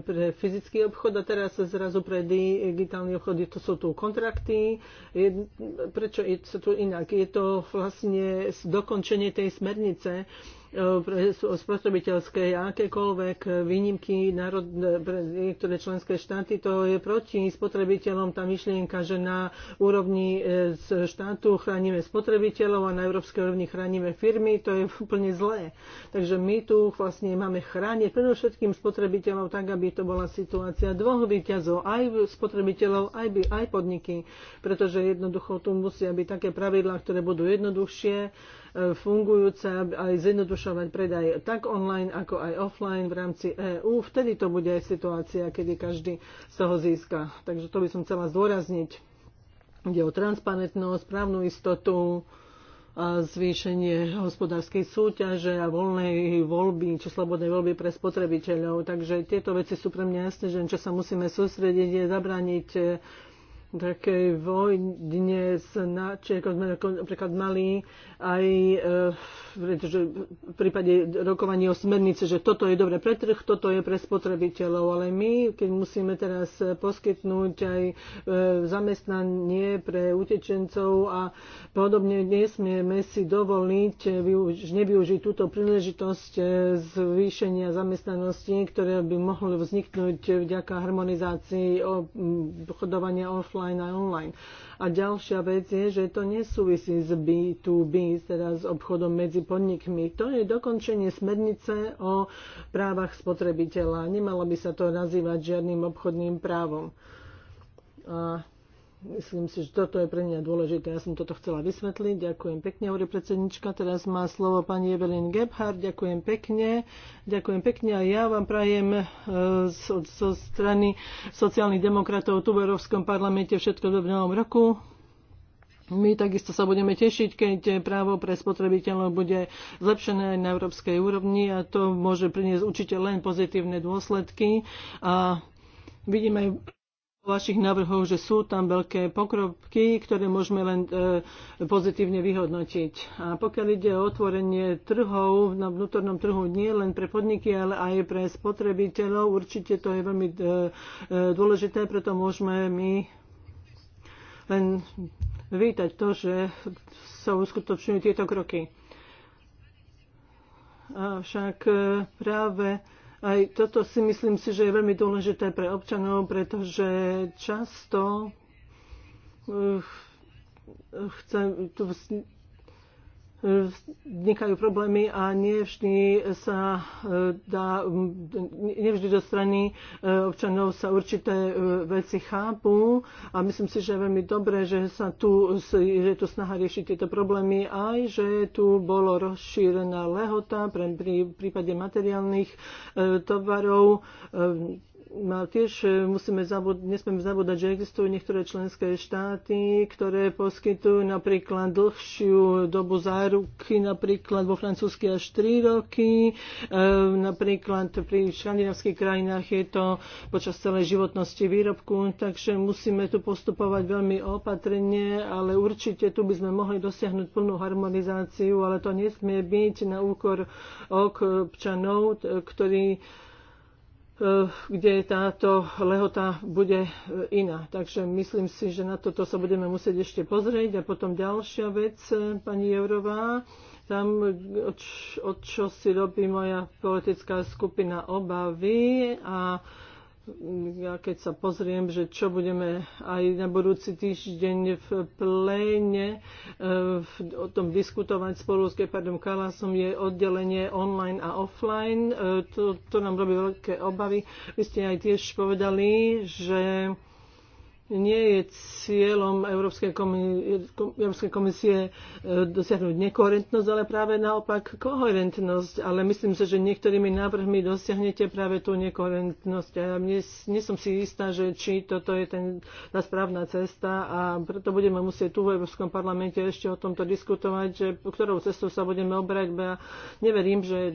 pre fyzický obchod a teraz zrazu pre digitálny obchod to sú tu kontrakty. Je, prečo je to tu inak? Je to vlastne dokončenie tej smernice E, spotrebiteľskej akékoľvek výnimky národ, pre niektoré členské štáty, to je proti spotrebiteľom tá myšlienka, že na úrovni e, štátu chránime spotrebiteľov a na európskej úrovni chránime firmy, to je úplne zlé. Takže my tu vlastne máme chrániť predovšetkým spotrebiteľov tak, aby to bola situácia dvoch výťazov, aj spotrebiteľov, aj, by, aj podniky, pretože jednoducho tu musia byť také pravidlá, ktoré budú jednoduchšie, fungujúce aj zjednodušovať predaj tak online, ako aj offline v rámci EÚ. Vtedy to bude aj situácia, kedy každý z toho získa. Takže to by som chcela zdôrazniť. Ide o transparentnosť, právnu istotu, a zvýšenie hospodárskej súťaže a voľnej voľby, či slobodnej voľby pre spotrebiteľov. Takže tieto veci sú pre mňa jasné, že čo sa musíme sústrediť je zabrániť takej vojne značiek, ako sme napríklad mali aj pretože v prípade rokovania o smernice, že toto je dobre pre trh, toto je pre spotrebiteľov, ale my, keď musíme teraz poskytnúť aj e, zamestnanie pre utečencov a podobne, nesmieme si dovoliť nevyužiť túto príležitosť e, zvýšenia zamestnanosti, ktoré by mohlo vzniknúť vďaka harmonizácii obchodovania offline offline a online. A ďalšia vec je, že to nesúvisí s B2B, teda s obchodom medzi podnikmi. To je dokončenie smernice o právach spotrebiteľa. Nemalo by sa to nazývať žiadnym obchodným právom. A Myslím si, že toto je pre mňa dôležité. Ja som toto chcela vysvetliť. Ďakujem pekne, hovorí predsednička. Teraz má slovo pani Evelyn Gebhardt. Ďakujem pekne. Ďakujem pekne a ja vám prajem e, zo, so strany sociálnych demokratov tu v Európskom parlamente všetko dobré novom roku. My takisto sa budeme tešiť, keď právo pre spotrebiteľov bude zlepšené aj na európskej úrovni a to môže priniesť určite len pozitívne dôsledky. A vidíme vašich návrhov, že sú tam veľké pokropky, ktoré môžeme len e, pozitívne vyhodnotiť. A pokiaľ ide o otvorenie trhov na vnútornom trhu nie len pre podniky, ale aj pre spotrebiteľov, určite to je veľmi e, e, dôležité, preto môžeme my len vítať to, že sa uskutočňujú tieto kroky. Avšak práve aj toto si myslím si, že je veľmi dôležité pre občanov, pretože často eh, chcem, tu vznikajú problémy a nevždy sa e, dá, nevždy zo strany e, občanov sa určité e, veci chápu a myslím si, že je veľmi dobré, že sa tu, že tu snaha riešiť tieto problémy aj, že tu bolo rozšírená lehota pre, pri prípade materiálnych tovarov No, tiež e, musíme zabud- nesmieme zabúdať, že existujú niektoré členské štáty, ktoré poskytujú napríklad dlhšiu dobu záruky, napríklad vo Francúzsku až 3 roky, e, napríklad pri škandinávských krajinách je to počas celej životnosti výrobku, takže musíme tu postupovať veľmi opatrne, ale určite tu by sme mohli dosiahnuť plnú harmonizáciu, ale to nesmie byť na úkor občanov, ktorí Eh, kde táto lehota bude eh, iná. Takže myslím si, že na toto sa budeme musieť ešte pozrieť. A potom ďalšia vec, eh, pani Eurová, tam, o čo, čo si robí moja politická skupina obavy a ja keď sa pozriem, že čo budeme aj na budúci týždeň v pléne e, v, o tom diskutovať spolu s Gepardom Kalasom je oddelenie online a offline. E, to, to nám robí veľké obavy. Vy ste aj tiež povedali, že nie je cieľom Európskej komisie, Európskej komisie e, dosiahnuť nekoherentnosť, ale práve naopak koherentnosť. Ale myslím si, že niektorými návrhmi dosiahnete práve tú nekoherentnosť. A ja nie, nie som si istá, že či toto je ten, tá správna cesta a preto budeme musieť tu v Európskom parlamente ešte o tomto diskutovať, že ktorou cestou sa budeme obrať. Ja neverím, že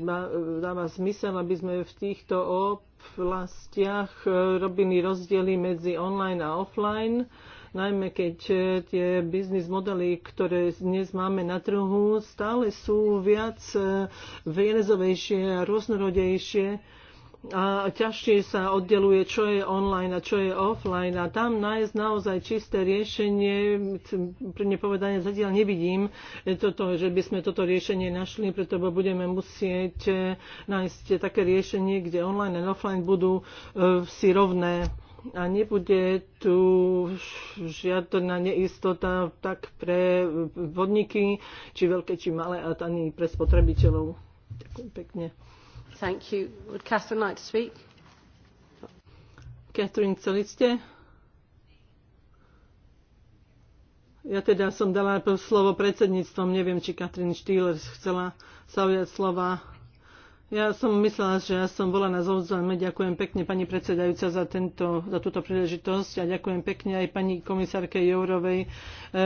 dáva zmysel, aby sme v týchto op oblastiach e, robili rozdiely medzi online a offline, najmä keď e, tie biznis modely, ktoré dnes máme na trhu, stále sú viac e, vienezovejšie a rôznorodejšie a ťažšie sa oddeluje, čo je online a čo je offline. A tam nájsť naozaj čisté riešenie, pre nepovedanie zatiaľ nevidím toto, že by sme toto riešenie našli, preto budeme musieť eh, nájsť také riešenie, kde online a offline budú eh, si rovné a nebude tu žiadna neistota tak pre vodníky, či veľké, či malé, a ani pre spotrebiteľov. Ďakujem pekne. Thank you. Would Catherine like to speak? Catherine, chceli ste? Ja teda som dala slovo predsedníctvom, neviem, či Katrin Štýler chcela sa ujať slova. Ja som myslela, že ja som bola z zozname. Ďakujem pekne pani predsedajúca za, tento, za túto príležitosť a ďakujem pekne aj pani komisárke Jourovej. E,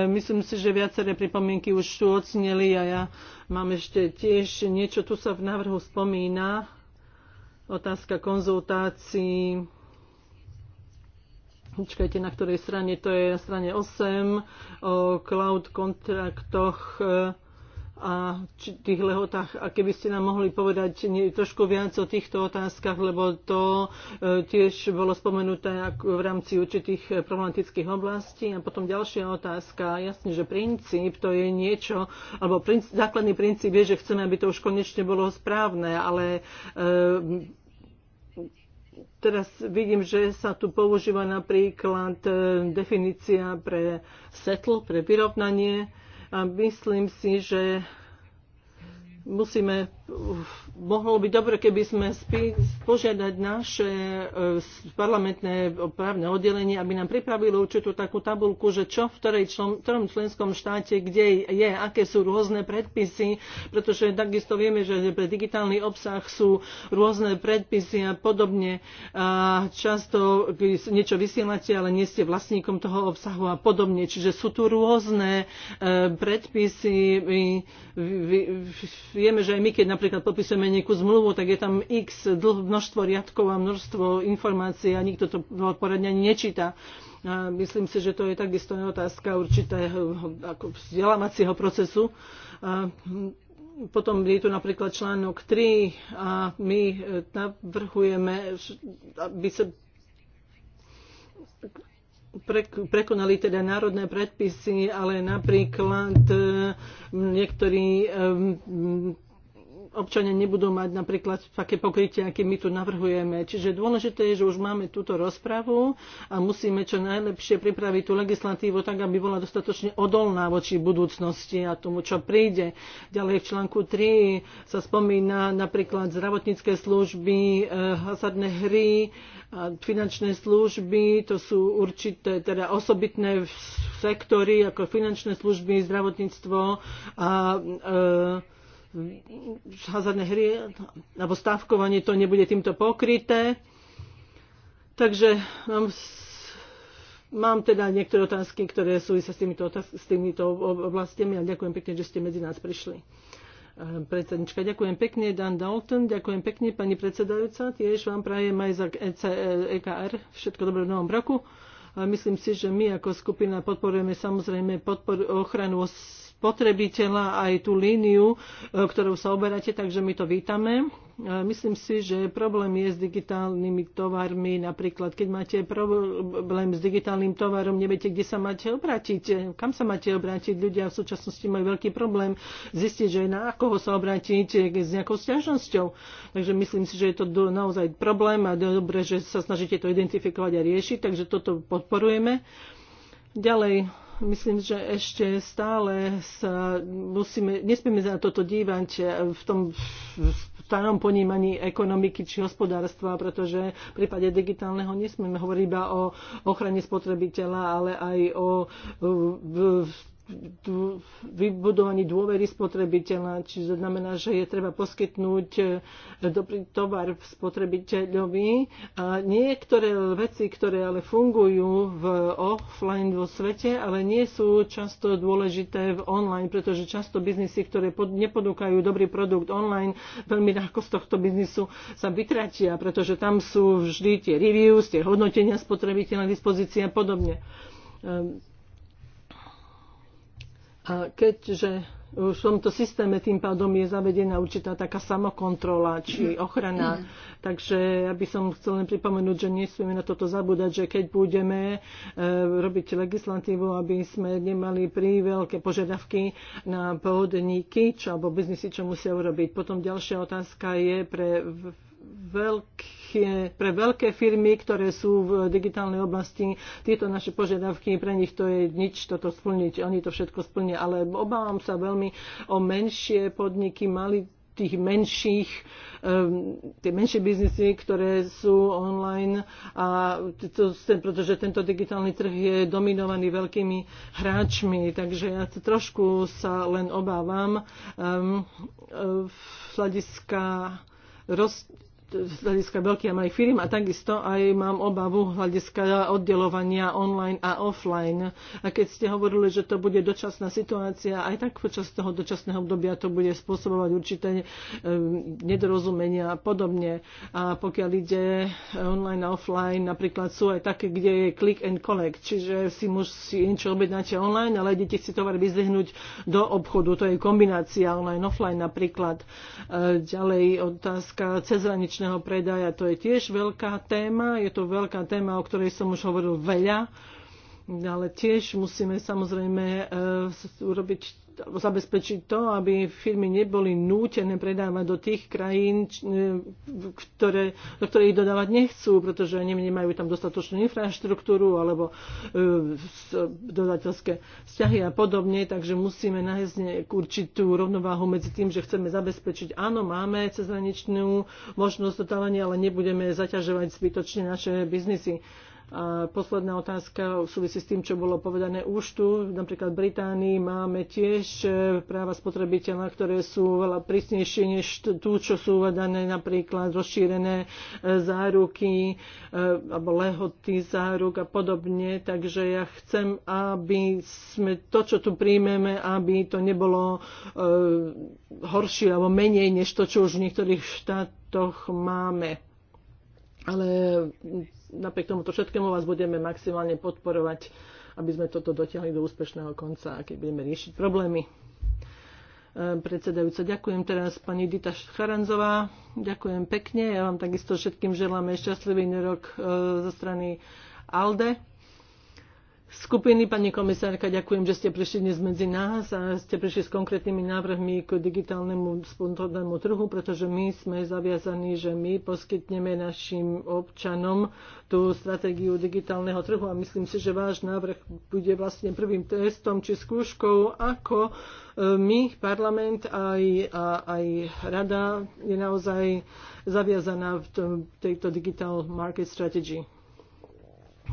myslím si, že viaceré pripomienky už tu ocneli a ja mám ešte tiež niečo, tu sa v návrhu spomína. Otázka konzultácií. Počkajte, na ktorej strane to je, na strane 8, o cloud kontraktoch. E, a tých lehotách. A keby ste nám mohli povedať trošku viac o týchto otázkach, lebo to e, tiež bolo spomenuté v rámci určitých e, problematických oblastí. A potom ďalšia otázka. Jasne, že princíp to je niečo, alebo princ, základný princíp je, že chceme, aby to už konečne bolo správne, ale e, teraz vidím, že sa tu používa napríklad e, definícia pre setl, pre vyrovnanie a myslím si, že musíme mohlo by dobre, keby sme požiadať naše e, parlamentné právne oddelenie, aby nám pripravilo určitú takú tabulku, že čo v ktorej člom, ktorom členskom štáte, kde je, aké sú rôzne predpisy, pretože takisto vieme, že pre digitálny obsah sú rôzne predpisy a podobne. A často niečo vysielate, ale nie ste vlastníkom toho obsahu a podobne. Čiže sú tu rôzne e, predpisy. vieme, že aj my, keď napríklad popisujeme nejakú zmluvu, tak je tam x dlh, množstvo riadkov a množstvo informácií a nikto to poradne ani nečíta. A myslím si, že to je takisto otázka určitého ako vzdelávacieho procesu. A potom je tu napríklad článok 3 a my e, navrhujeme, aby sa prekonali teda národné predpisy, ale napríklad e, niektorí e, občania nebudú mať napríklad také pokrytie, aké my tu navrhujeme. Čiže dôležité je, že už máme túto rozpravu a musíme čo najlepšie pripraviť tú legislatívu tak, aby bola dostatočne odolná voči budúcnosti a tomu, čo príde. Ďalej v článku 3 sa spomína napríklad zdravotnícke služby, eh, hazardné hry, a finančné služby, to sú určité teda osobitné sektory ako finančné služby, zdravotníctvo a e, hazardné hry alebo stávkovanie to nebude týmto pokryté. Takže mám, mám teda niektoré otázky, ktoré súvisia s týmito, otázky, s týmito oblastiami a ďakujem pekne, že ste medzi nás prišli. Ehm, predsednička, ďakujem pekne, Dan Dalton, ďakujem pekne, pani predsedajúca, tiež vám prajem aj za EKR, e, e všetko dobré v novom roku. Myslím si, že my ako skupina podporujeme samozrejme podporu, ochranu os spotrebiteľa, aj tú líniu, e, ktorou sa oberáte, takže my to vítame. E, myslím si, že problém je s digitálnymi tovarmi. Napríklad, keď máte problém s digitálnym tovarom, neviete, kde sa máte obrátiť, kam sa máte obrátiť. Ľudia v súčasnosti majú veľký problém zistiť, že na koho sa obrátiť s nejakou sťažnosťou. Takže myslím si, že je to naozaj problém a dobre, že sa snažíte to identifikovať a riešiť, takže toto podporujeme. Ďalej, myslím, že ešte stále sa musíme, nesmieme na toto dívať v tom starom ponímaní ekonomiky či hospodárstva, pretože v prípade digitálneho nesmieme hovoriť iba o ochrane spotrebiteľa, ale aj o v, v, vybudovaní dôvery spotrebiteľa, čiže znamená, že je treba poskytnúť e, dobrý tovar spotrebiteľovi. A niektoré veci, ktoré ale fungujú v offline vo svete, ale nie sú často dôležité v online, pretože často biznisy, ktoré nepodúkajú dobrý produkt online, veľmi ľahko z tohto biznisu sa vytratia, pretože tam sú vždy tie reviews, tie hodnotenia spotrebiteľa, dispozícia a podobne. Ehm, a keďže v tomto systéme tým pádom je zavedená určitá taká samokontrola či ochrana. Mhm. Takže ja by som chcel len pripomenúť, že nesmieme na toto zabúdať, že keď budeme e, robiť legislatívu, aby sme nemali prí veľké požiadavky na podniky, čo, alebo biznisy, čo musia urobiť. Potom ďalšia otázka je pre veľké, pre veľké firmy, ktoré sú v digitálnej oblasti, tieto naše požiadavky, pre nich to je nič toto splniť, oni to všetko splnia, ale obávam sa veľmi o menšie podniky, mali tých menších, um, tie menšie biznisy, ktoré sú online, a to, pretože tento digitálny trh je dominovaný veľkými hráčmi, takže ja to trošku sa len obávam um, v hľadiska roz, z hľadiska veľkých a malých firm a takisto aj mám obavu hľadiska oddelovania online a offline. A keď ste hovorili, že to bude dočasná situácia, aj tak počas toho dočasného obdobia to bude spôsobovať určité eh, nedorozumenia a podobne. A pokiaľ ide eh, online a offline, napríklad sú aj také, kde je click and collect, čiže si musí niečo objednáte online, ale idete si tovar vyzvihnúť do obchodu. To je kombinácia online-offline napríklad. Eh, ďalej otázka cezraničná spoločného predaja. To je tiež veľká téma, je to veľká téma, o ktorej som už hovoril veľa ale tiež musíme samozrejme e, urobiť zabezpečiť to, aby firmy neboli nútené predávať do tých krajín, e, ktoré, do ktorých dodávať nechcú, pretože nemajú tam dostatočnú infraštruktúru alebo e, dodateľské vzťahy a podobne. Takže musíme nájsť určitú rovnováhu medzi tým, že chceme zabezpečiť, áno, máme cezhraničnú možnosť dodávania, ale nebudeme zaťažovať zbytočne naše biznisy. A posledná otázka v súvisí s tým, čo bolo povedané už tu. Napríklad v Británii máme tiež e, práva spotrebiteľa, ktoré sú veľa prísnejšie než tu, čo sú uvedané napríklad rozšírené e, záruky e, alebo lehoty záruk a podobne. Takže ja chcem, aby sme to, čo tu príjmeme, aby to nebolo horšie alebo menej než to, čo už v niektorých štátoch máme ale napriek tomuto všetkému vás budeme maximálne podporovať, aby sme toto dotiahli do úspešného konca, keď budeme riešiť problémy. E, predsedajúca, ďakujem teraz pani Dita Charanzová. Ďakujem pekne. Ja vám takisto všetkým želám šťastlivý rok e, zo strany ALDE skupiny. Pani komisárka, ďakujem, že ste prišli dnes medzi nás a ste prišli s konkrétnymi návrhmi k digitálnemu spontánnemu trhu, pretože my sme zaviazaní, že my poskytneme našim občanom tú stratégiu digitálneho trhu a myslím si, že váš návrh bude vlastne prvým testom či skúškou, ako e, my, parlament aj, a, aj rada je naozaj zaviazaná v tejto Digital Market Strategy.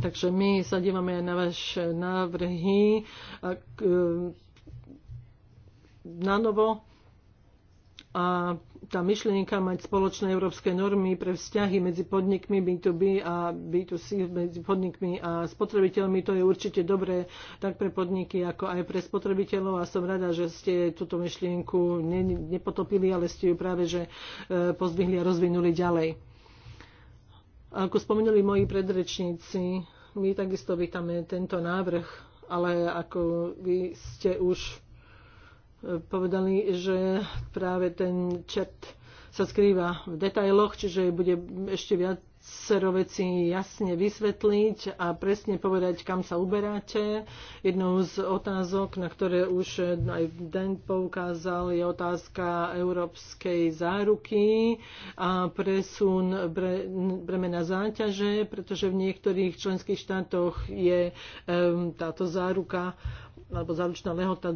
Takže my sa dívame aj na vaše návrhy e, na novo a tá myšlienka mať spoločné európske normy pre vzťahy medzi podnikmi B2B a B2C, medzi podnikmi a spotrebiteľmi, to je určite dobré tak pre podniky, ako aj pre spotrebiteľov a som rada, že ste túto myšlienku nepotopili, ale ste ju práve že e, pozdvihli a rozvinuli ďalej. Ako spomenuli moji predrečníci, my takisto vítame tento návrh, ale ako vy ste už e, povedali, že práve ten čert sa skrýva v detailoch, čiže bude ešte viac viacero jasne vysvetliť a presne povedať, kam sa uberáte. Jednou z otázok, na ktoré už aj Den poukázal, je otázka európskej záruky a presun bre, bremena záťaže, pretože v niektorých členských štátoch je um, táto záruka alebo záručná lehota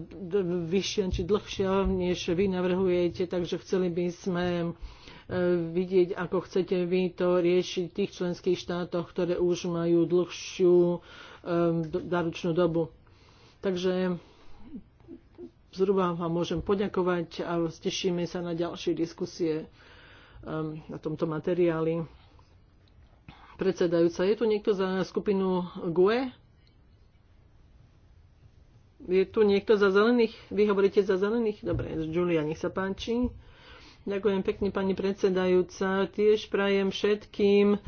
vyššia či dlhšia, než vy navrhujete, takže chceli by sme vidieť, ako chcete vy to riešiť v tých členských štátoch, ktoré už majú dlhšiu daručnú dobu. Takže zhruba vám môžem poďakovať a tešíme sa na ďalšie diskusie na tomto materiáli. Predsedajúca, je tu niekto za skupinu GUE? Je tu niekto za zelených? Vy hovoríte za zelených? Dobre, Julia, nech sa páči. Ďakujem pekne, pani predsedajúca. Tiež prajem všetkým e,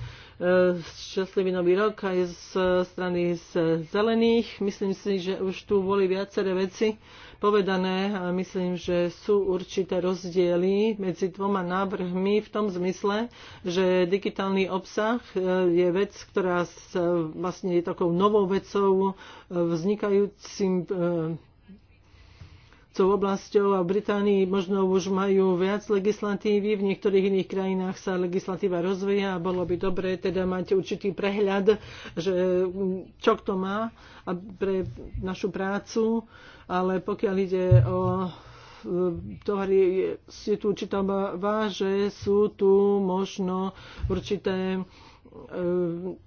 šťastlivý nový rok aj z strany z zelených. Myslím si, že už tu boli viaceré veci povedané a myslím, že sú určité rozdiely medzi dvoma návrhmi v tom zmysle, že digitálny obsah e, je vec, ktorá e, vlastne je takou novou vecou vznikajúcim tou oblasťou a v Británii možno už majú viac legislatívy, v niektorých iných krajinách sa legislatíva rozvíja a bolo by dobré teda mať určitý prehľad, že mm, čo kto má a pre našu prácu, ale pokiaľ ide o e, to je tu určitá váže, sú tu možno určité e,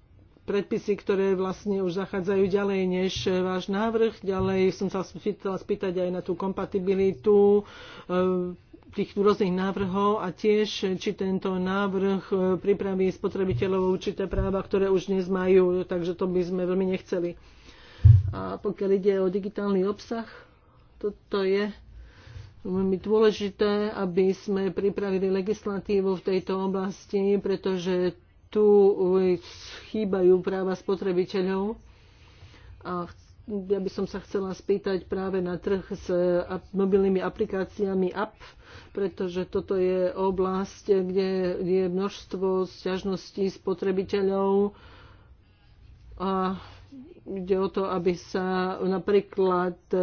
predpisy, ktoré vlastne už zachádzajú ďalej než eh, váš návrh. Ďalej som sa chcela spýtať aj na tú kompatibilitu eh, tých rôznych návrhov a tiež, eh, či tento návrh pripraví spotrebiteľov určité práva, ktoré už dnes majú, takže to by sme veľmi nechceli. A pokiaľ ide o digitálny obsah, toto je veľmi dôležité, aby sme pripravili legislatívu v tejto oblasti, pretože tu eh, chýbajú práva spotrebiteľov. A ja by som sa chcela spýtať práve na trh s mobilnými aplikáciami app, pretože toto je oblasť, kde je množstvo sťažností spotrebiteľov a ide o to, aby sa napríklad e,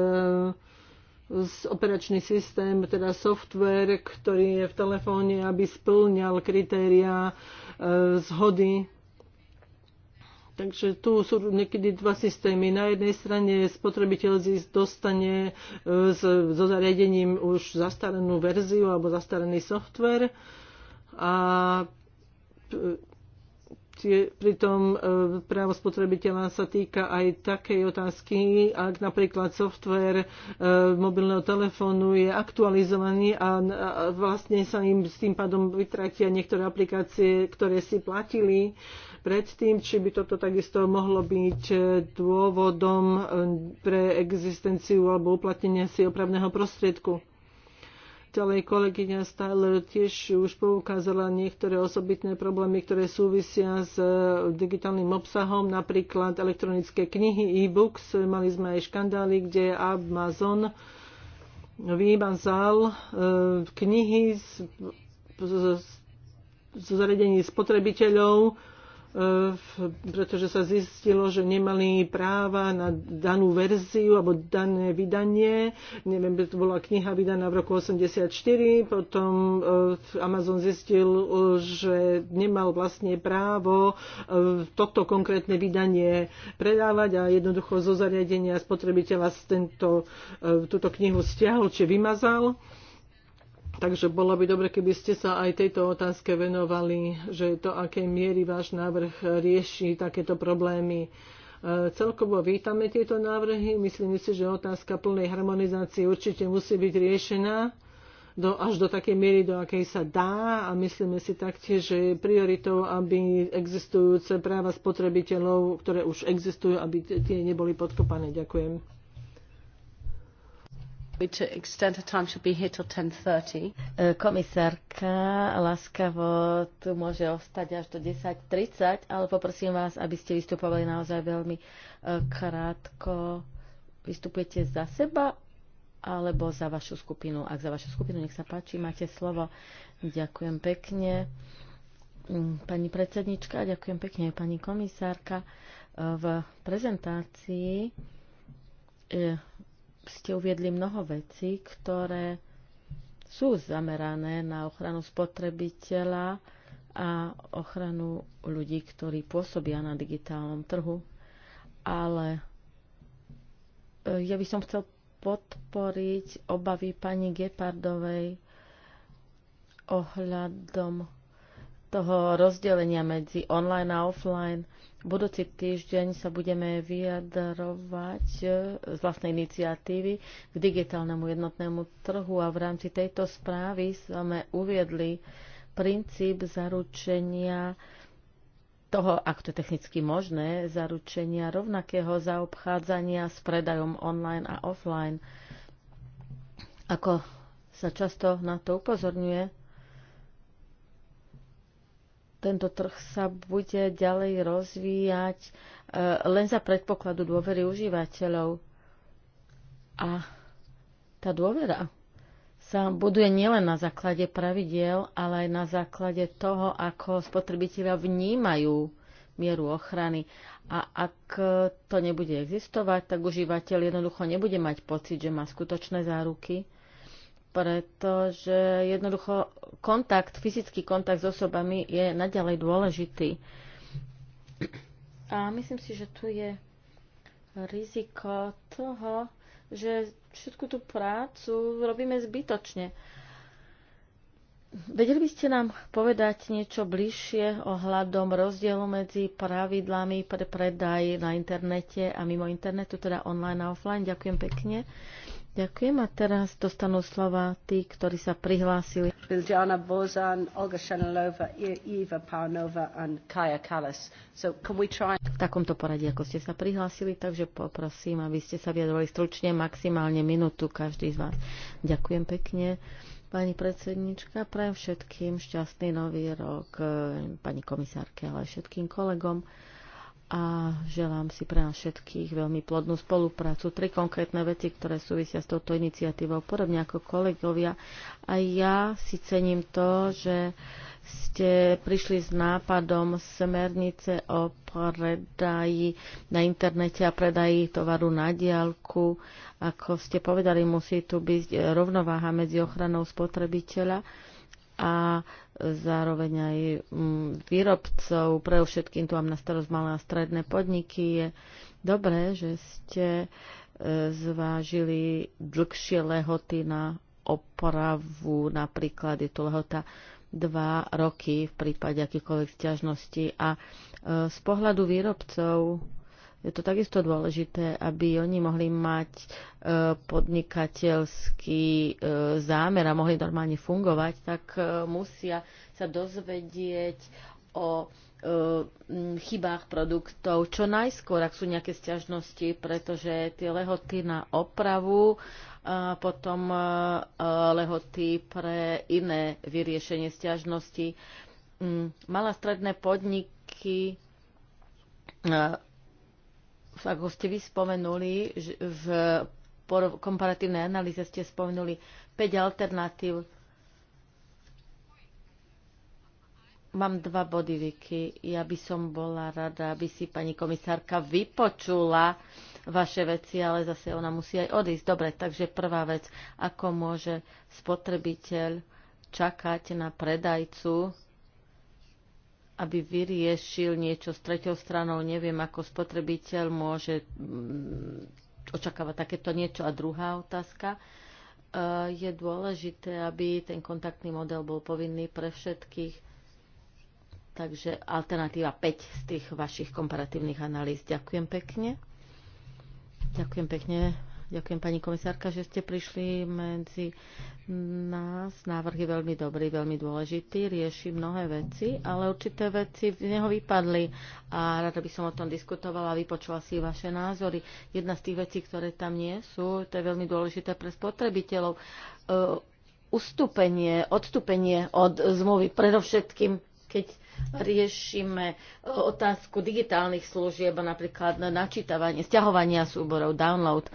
operačný systém, teda software, ktorý je v telefóne, aby splňal kritéria e, zhody Takže tu sú niekedy dva systémy. Na jednej strane spotrebiteľ dostane e, so zariadením už zastarenú verziu alebo zastarený software a e, Pritom e, právo spotrebiteľa sa týka aj takej otázky, ak napríklad software e, mobilného telefónu je aktualizovaný a vlastne sa im s tým pádom vytratia niektoré aplikácie, ktoré si platili predtým, či by toto takisto mohlo byť e, dôvodom pre existenciu alebo uplatnenie si opravného prostriedku. Ďalej kolegyňa Styler tiež už poukázala niektoré osobitné problémy, ktoré súvisia s e, digitálnym obsahom, napríklad elektronické knihy, e-books. Mali sme aj škandály, kde Amazon vymazal e, knihy z, z, z, z zariadení spotrebiteľov, E, pretože sa zistilo, že nemali práva na danú verziu alebo dané vydanie. Neviem, to bola kniha vydaná v roku 84, potom e, Amazon zistil, e, že nemal vlastne právo toto konkrétne vydanie predávať a jednoducho zo zariadenia spotrebiteľa tento, túto knihu stiahol či vymazal Takže bolo by dobre, keby ste sa aj tejto otázke venovali, že to, akej miery váš návrh rieši takéto problémy. E, celkovo vítame tieto návrhy. Myslím si, že otázka plnej harmonizácie určite musí byť riešená do, až do takej miery, do akej sa dá a myslíme si taktiež, že je prioritou, aby existujúce práva spotrebiteľov, ktoré už existujú, aby tie neboli podkopané. Ďakujem. E, komisárka láskavo tu môže ostať až do 10.30, ale poprosím vás, aby ste vystupovali naozaj veľmi e, krátko. Vystupujete za seba alebo za vašu skupinu. Ak za vašu skupinu, nech sa páči, máte slovo. Ďakujem pekne. Mm, pani predsednička, ďakujem pekne, pani komisárka. E, v prezentácii ste uviedli mnoho vecí, ktoré sú zamerané na ochranu spotrebiteľa a ochranu ľudí, ktorí pôsobia na digitálnom trhu. Ale e, ja by som chcel podporiť obavy pani Gepardovej ohľadom toho rozdelenia medzi online a offline. Budúci týždeň sa budeme vyjadrovať e, z vlastnej iniciatívy k digitálnemu jednotnému trhu a v rámci tejto správy sme uviedli princíp zaručenia toho, ak to je technicky možné, zaručenia rovnakého zaobchádzania s predajom online a offline. Ako sa často na to upozorňuje, tento trh sa bude ďalej rozvíjať e, len za predpokladu dôvery užívateľov. A tá dôvera sa buduje nielen na základe pravidiel, ale aj na základe toho, ako spotrebitelia vnímajú mieru ochrany. A ak to nebude existovať, tak užívateľ jednoducho nebude mať pocit, že má skutočné záruky pretože jednoducho kontakt, fyzický kontakt s osobami je naďalej dôležitý. A myslím si, že tu je riziko toho, že všetku tú prácu robíme zbytočne. Vedeli by ste nám povedať niečo bližšie ohľadom rozdielu medzi pravidlami pre predaj na internete a mimo internetu, teda online a offline? Ďakujem pekne. Ďakujem a teraz dostanú slova tí, ktorí sa prihlásili. Biljana Bozan, Olga Šanelova, Iva Paunova a Kaja Kalas. So can we try... V takomto poradí, ako ste sa prihlásili, takže poprosím, aby ste sa vyjadrovali stručne, maximálne minútu každý z vás. Ďakujem pekne. Pani predsednička, prajem všetkým šťastný nový rok, eh, pani komisárke, ale aj všetkým kolegom a želám si pre nás všetkých veľmi plodnú spoluprácu. Tri konkrétne veci, ktoré súvisia s touto iniciatívou, podobne ako kolegovia. A ja si cením to, že ste prišli s nápadom smernice o predaji na internete a predaji tovaru na diálku. Ako ste povedali, musí tu byť rovnováha medzi ochranou spotrebiteľa a zároveň aj mm, výrobcov. Pre všetkým tu mám na starost malé a stredné podniky. Je dobré, že ste e, zvážili dlhšie lehoty na opravu. Napríklad je tu lehota dva roky v prípade akýkoľvek stiažnosti. A e, z pohľadu výrobcov je to takisto dôležité, aby oni mohli mať e, podnikateľský e, zámer a mohli normálne fungovať, tak e, musia sa dozvedieť o chybách produktov čo najskôr, ak sú nejaké stiažnosti, pretože tie lehoty na opravu a potom lehoty pre iné vyriešenie stiažnosti. Malá mm, stredné podniky ako ste vy spomenuli, v komparatívnej analýze ste spomenuli 5 alternatív. Mám dva body, Vicky. Ja by som bola rada, aby si pani komisárka vypočula vaše veci, ale zase ona musí aj odísť. Dobre, takže prvá vec, ako môže spotrebiteľ čakať na predajcu aby vyriešil niečo s tretou stranou. Neviem, ako spotrebiteľ môže mm, očakávať takéto niečo. A druhá otázka. E, je dôležité, aby ten kontaktný model bol povinný pre všetkých. Takže alternatíva 5 z tých vašich komparatívnych analýz. Ďakujem pekne. Ďakujem pekne Ďakujem pani komisárka, že ste prišli medzi nás. Návrh je veľmi dobrý, veľmi dôležitý, rieši mnohé veci, ale určité veci z neho vypadli a rada by som o tom diskutovala a vypočula si vaše názory. Jedna z tých vecí, ktoré tam nie sú, to je veľmi dôležité pre spotrebiteľov. E, ustúpenie, odstúpenie od zmluvy, predovšetkým keď riešime e, otázku digitálnych služieb, napríklad načítavanie, stiahovania súborov, download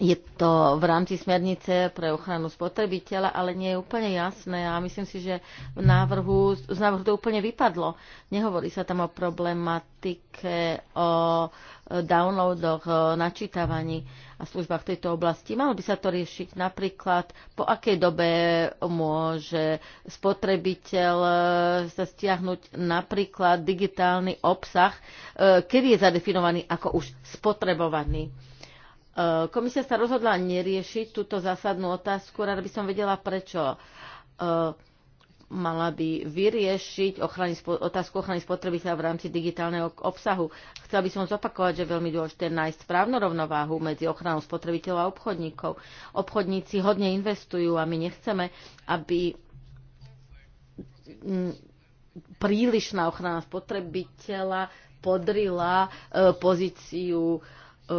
je to v rámci smernice pre ochranu spotrebiteľa, ale nie je úplne jasné a myslím si, že v návrhu, z návrhu to úplne vypadlo. Nehovorí sa tam o problematike, o downloadoch, o načítavaní a službách v tejto oblasti. Malo by sa to riešiť napríklad, po akej dobe môže spotrebiteľ sa stiahnuť napríklad digitálny obsah, e, kedy je zadefinovaný ako už spotrebovaný Eh, komisia sa rozhodla neriešiť túto zásadnú otázku, rád by som vedela prečo. Eh, mala by vyriešiť ochrany, otázku ochrany spotrebiteľa v rámci digitálneho obsahu. Chcela by som zopakovať, že veľmi dôležité nájsť správnu rovnováhu medzi ochranou spotrebiteľov a obchodníkov. Obchodníci hodne investujú a my nechceme, aby mm, prílišná ochrana spotrebiteľa podrila eh, pozíciu E,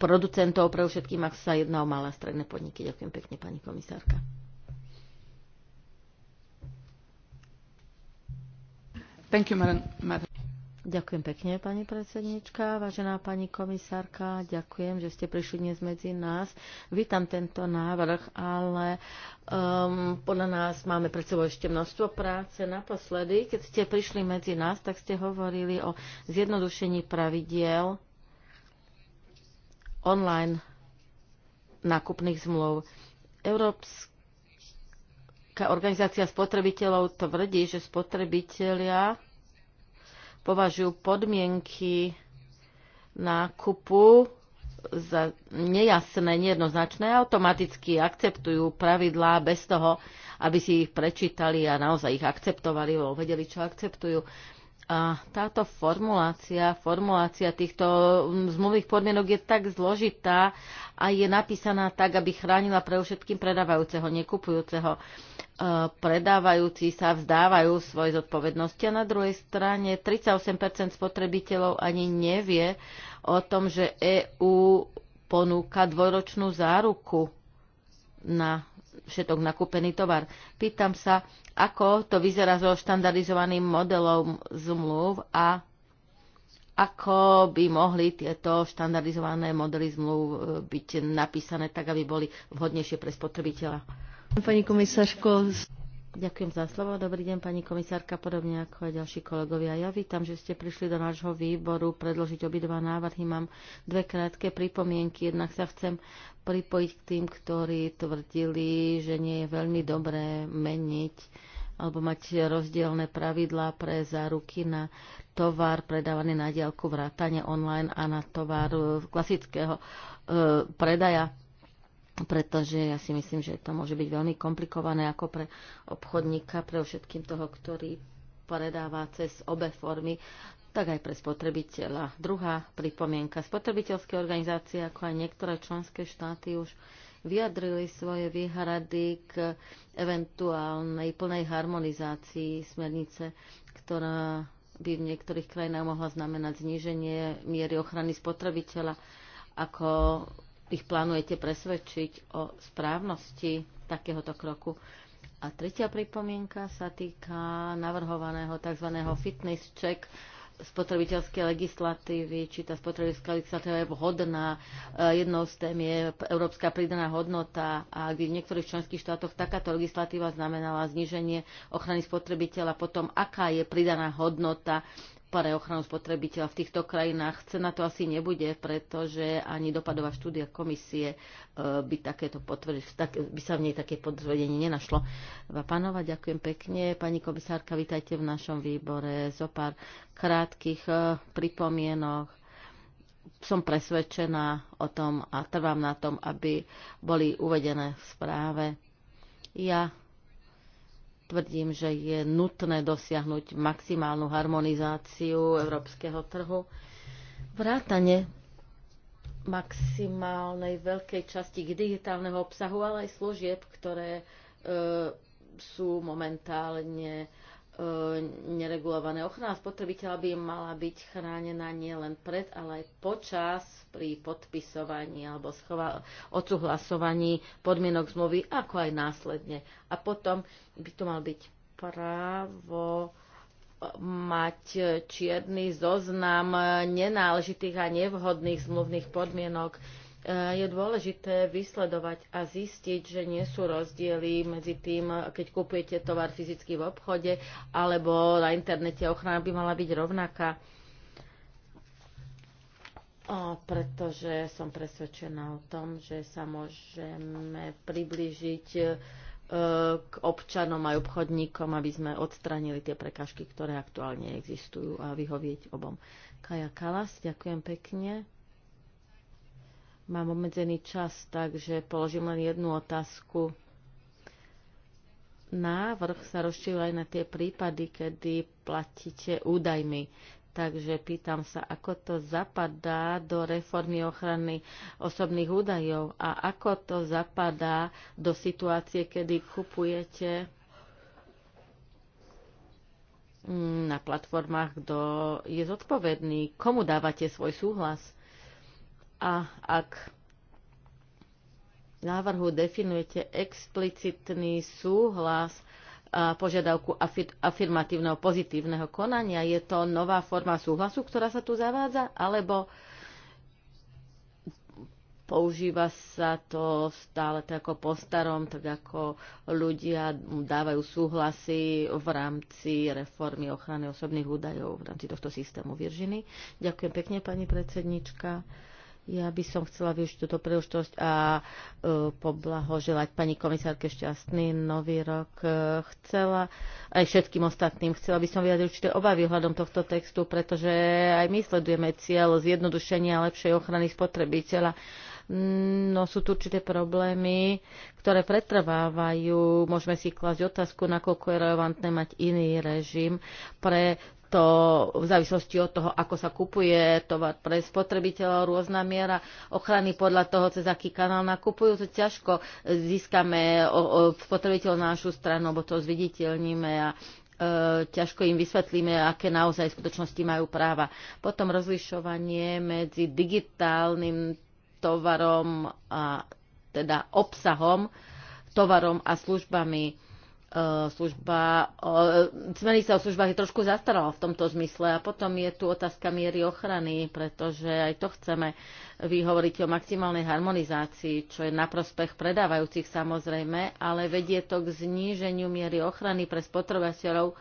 producentov, pre všetkým, ak sa jedná o malé a stredné podniky. Ďakujem pekne, pani komisárka. Thank you, madam, madam. Ďakujem pekne, pani predsednička. Vážená pani komisárka, ďakujem, že ste prišli dnes medzi nás. Vítam tento návrh, ale um, podľa nás máme pred sebou ešte množstvo práce. Naposledy, keď ste prišli medzi nás, tak ste hovorili o zjednodušení pravidiel online nákupných zmluv. Európska organizácia spotrebiteľov tvrdí, že spotrebitelia považujú podmienky nákupu za nejasné, nejednoznačné, automaticky akceptujú pravidlá bez toho, aby si ich prečítali a naozaj ich akceptovali, lebo vedeli, čo akceptujú. A táto formulácia, formulácia týchto mm, zmluvných podmienok je tak zložitá a je napísaná tak, aby chránila pre všetkým predávajúceho, nekupujúceho. E, predávajúci sa vzdávajú svojej zodpovednosti a na druhej strane 38 spotrebiteľov ani nevie o tom, že EÚ ponúka dvojročnú záruku na všetok nakúpený tovar. Pýtam sa, ako to vyzerá so štandardizovaným modelom zmluv a ako by mohli tieto štandardizované modely zmluv e, byť napísané tak, aby boli vhodnejšie pre spotrebiteľa. Pani komisařko, Ďakujem za slovo. Dobrý deň, pani komisárka, podobne ako aj ďalší kolegovia. Ja vítam, že ste prišli do nášho výboru predložiť obidva návrhy. Mám dve krátke pripomienky. Jednak sa chcem pripojiť k tým, ktorí tvrdili, že nie je veľmi dobré meniť alebo mať rozdielne pravidlá pre záruky na tovar predávaný na diálku vrátane online a na tovar e, klasického e, predaja pretože ja si myslím, že to môže byť veľmi komplikované ako pre obchodníka, pre všetkým toho, ktorý predáva cez obe formy, tak aj pre spotrebiteľa. Druhá pripomienka. Spotrebiteľské organizácie, ako aj niektoré členské štáty už vyjadrili svoje výhrady k eventuálnej plnej harmonizácii smernice, ktorá by v niektorých krajinách mohla znamenať zníženie miery ochrany spotrebiteľa ako ich plánujete presvedčiť o správnosti takéhoto kroku. A tretia pripomienka sa týka navrhovaného tzv. fitness check spotrebiteľskej legislatívy, či tá spotrebiteľská legislatíva je vhodná. E, jednou z tém je európska pridaná hodnota a kde v niektorých členských štátoch takáto legislatíva znamenala zníženie ochrany spotrebiteľa, potom aká je pridaná hodnota pre ochranu spotrebiteľa v týchto krajinách. Cena to asi nebude, pretože ani dopadová štúdia komisie e, by, takéto potvrdenie, tak, by sa v nej také potvrdenie nenašlo. Pánova, ďakujem pekne. Pani komisárka, vítajte v našom výbore. Zo pár krátkých e, pripomienok som presvedčená o tom a trvám na tom, aby boli uvedené v správe. Ja tvrdím, že je nutné dosiahnuť maximálnu harmonizáciu európskeho trhu. Vrátane maximálnej veľkej časti k digitálneho obsahu, ale aj služieb, ktoré e, sú momentálne e, E, neregulované. Ochrana spotrebiteľa by mala byť chránená nielen pred, ale aj počas pri podpisovaní alebo odsúhlasovaní podmienok zmluvy, ako aj následne. A potom by to mal byť právo e, mať čierny zoznam nenáležitých a nevhodných zmluvných podmienok, E, je dôležité vysledovať a zistiť, že nie sú rozdiely medzi tým, keď kupujete tovar fyzicky v obchode alebo na internete. Ochrana by mala byť rovnaká. O, pretože som presvedčená o tom, že sa môžeme priblížiť e, k občanom aj obchodníkom, aby sme odstranili tie prekažky, ktoré aktuálne existujú a vyhovieť obom. Kaja Kalas, ďakujem pekne. Mám obmedzený čas, takže položím len jednu otázku. Návrh sa rozšíril aj na tie prípady, kedy platíte údajmi. Takže pýtam sa, ako to zapadá do reformy ochrany osobných údajov a ako to zapadá do situácie, kedy kupujete mm, na platformách, kto je zodpovedný, komu dávate svoj súhlas a ak návrhu definujete explicitný súhlas a požiadavku afirmatívneho pozitívneho konania. Je to nová forma súhlasu, ktorá sa tu zavádza, alebo používa sa to stále tak ako po starom, tak ako ľudia dávajú súhlasy v rámci reformy ochrany osobných údajov v rámci tohto systému Viržiny. Ďakujem pekne, pani predsednička. Ja by som chcela využiť túto príležitosť a uh, poblahoželať pani komisárke šťastný nový rok. Uh, chcela aj všetkým ostatným. Chcela by som vyjadriť určité obavy hľadom tohto textu, pretože aj my sledujeme cieľ zjednodušenia a lepšej ochrany spotrebiteľa. No sú tu určité problémy, ktoré pretrvávajú. Môžeme si klásť otázku, nakoľko je relevantné mať iný režim pre to v závislosti od toho, ako sa kupuje tovar pre spotrebiteľov, rôzna miera ochrany podľa toho, cez aký kanál nakupujú, to ťažko získame spotrebiteľ na našu stranu, bo to zviditeľníme a e, ťažko im vysvetlíme, aké naozaj skutočnosti majú práva. Potom rozlišovanie medzi digitálnym tovarom a teda obsahom, tovarom a službami E, služba, e, smernica o službách je trošku zastarala v tomto zmysle a potom je tu otázka miery ochrany, pretože aj to chceme. Vy hovoríte o maximálnej harmonizácii, čo je na prospech predávajúcich samozrejme, ale vedie to k zníženiu miery ochrany pre spotrebateľov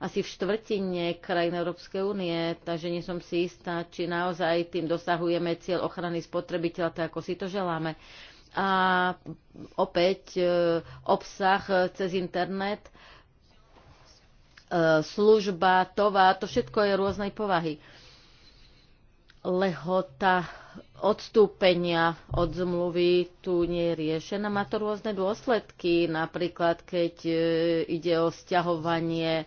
asi v štvrtine krajín Európskej únie, takže nie som si istá, či naozaj tým dosahujeme cieľ ochrany spotrebiteľa, tak ako si to želáme a opäť e, obsah e, cez internet, e, služba, tovar, to všetko je rôznej povahy lehota odstúpenia od zmluvy tu nie je riešená. Má to rôzne dôsledky, napríklad keď e, ide o stiahovanie e,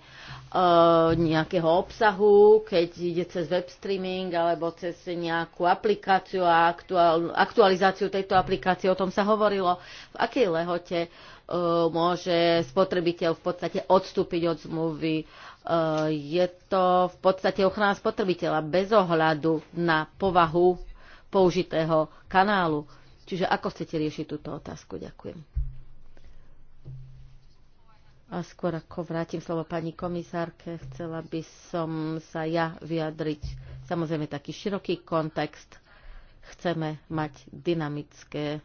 nejakého obsahu, keď ide cez web streaming alebo cez nejakú aplikáciu a aktualizáciu tejto aplikácie, o tom sa hovorilo, v akej lehote e, môže spotrebiteľ v podstate odstúpiť od zmluvy Eh, je to v podstate ochrana spotrebiteľa bez ohľadu na povahu použitého kanálu. Čiže ako chcete riešiť túto otázku? Ďakujem. A skôr ako vrátim slovo pani komisárke, chcela by som sa ja vyjadriť. Samozrejme, taký široký kontext. Chceme mať dynamické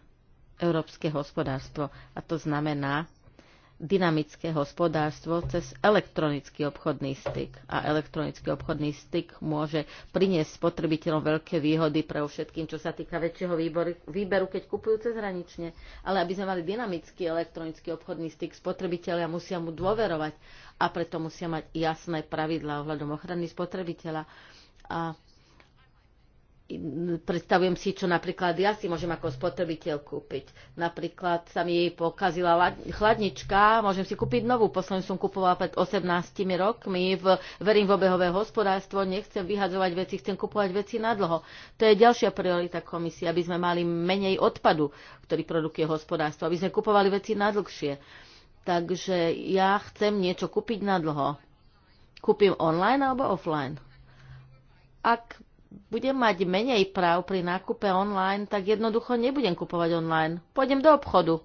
európske hospodárstvo. A to znamená, dynamické hospodárstvo cez elektronický obchodný styk. A elektronický obchodný styk môže priniesť spotrebiteľom veľké výhody pre všetkým, čo sa týka väčšieho výboru, výberu, keď kupujú cezhranične. Ale aby sme mali dynamický elektronický obchodný styk, spotrebitelia musia mu dôverovať a preto musia mať jasné pravidlá ohľadom ochrany spotrebiteľa. A predstavujem si, čo napríklad ja si môžem ako spotrebiteľ kúpiť. Napríklad sa mi jej pokazila chladnička, môžem si kúpiť novú. Posledne som kupovala pred 18 rokmi, v, verím v obehové hospodárstvo, nechcem vyhadzovať veci, chcem kupovať veci na dlho. To je ďalšia priorita komisie, aby sme mali menej odpadu, ktorý produkuje hospodárstvo, aby sme kupovali veci na dlhšie. Takže ja chcem niečo kúpiť na dlho. Kúpim online alebo offline? Ak budem mať menej práv pri nákupe online, tak jednoducho nebudem kupovať online. Pôjdem do obchodu.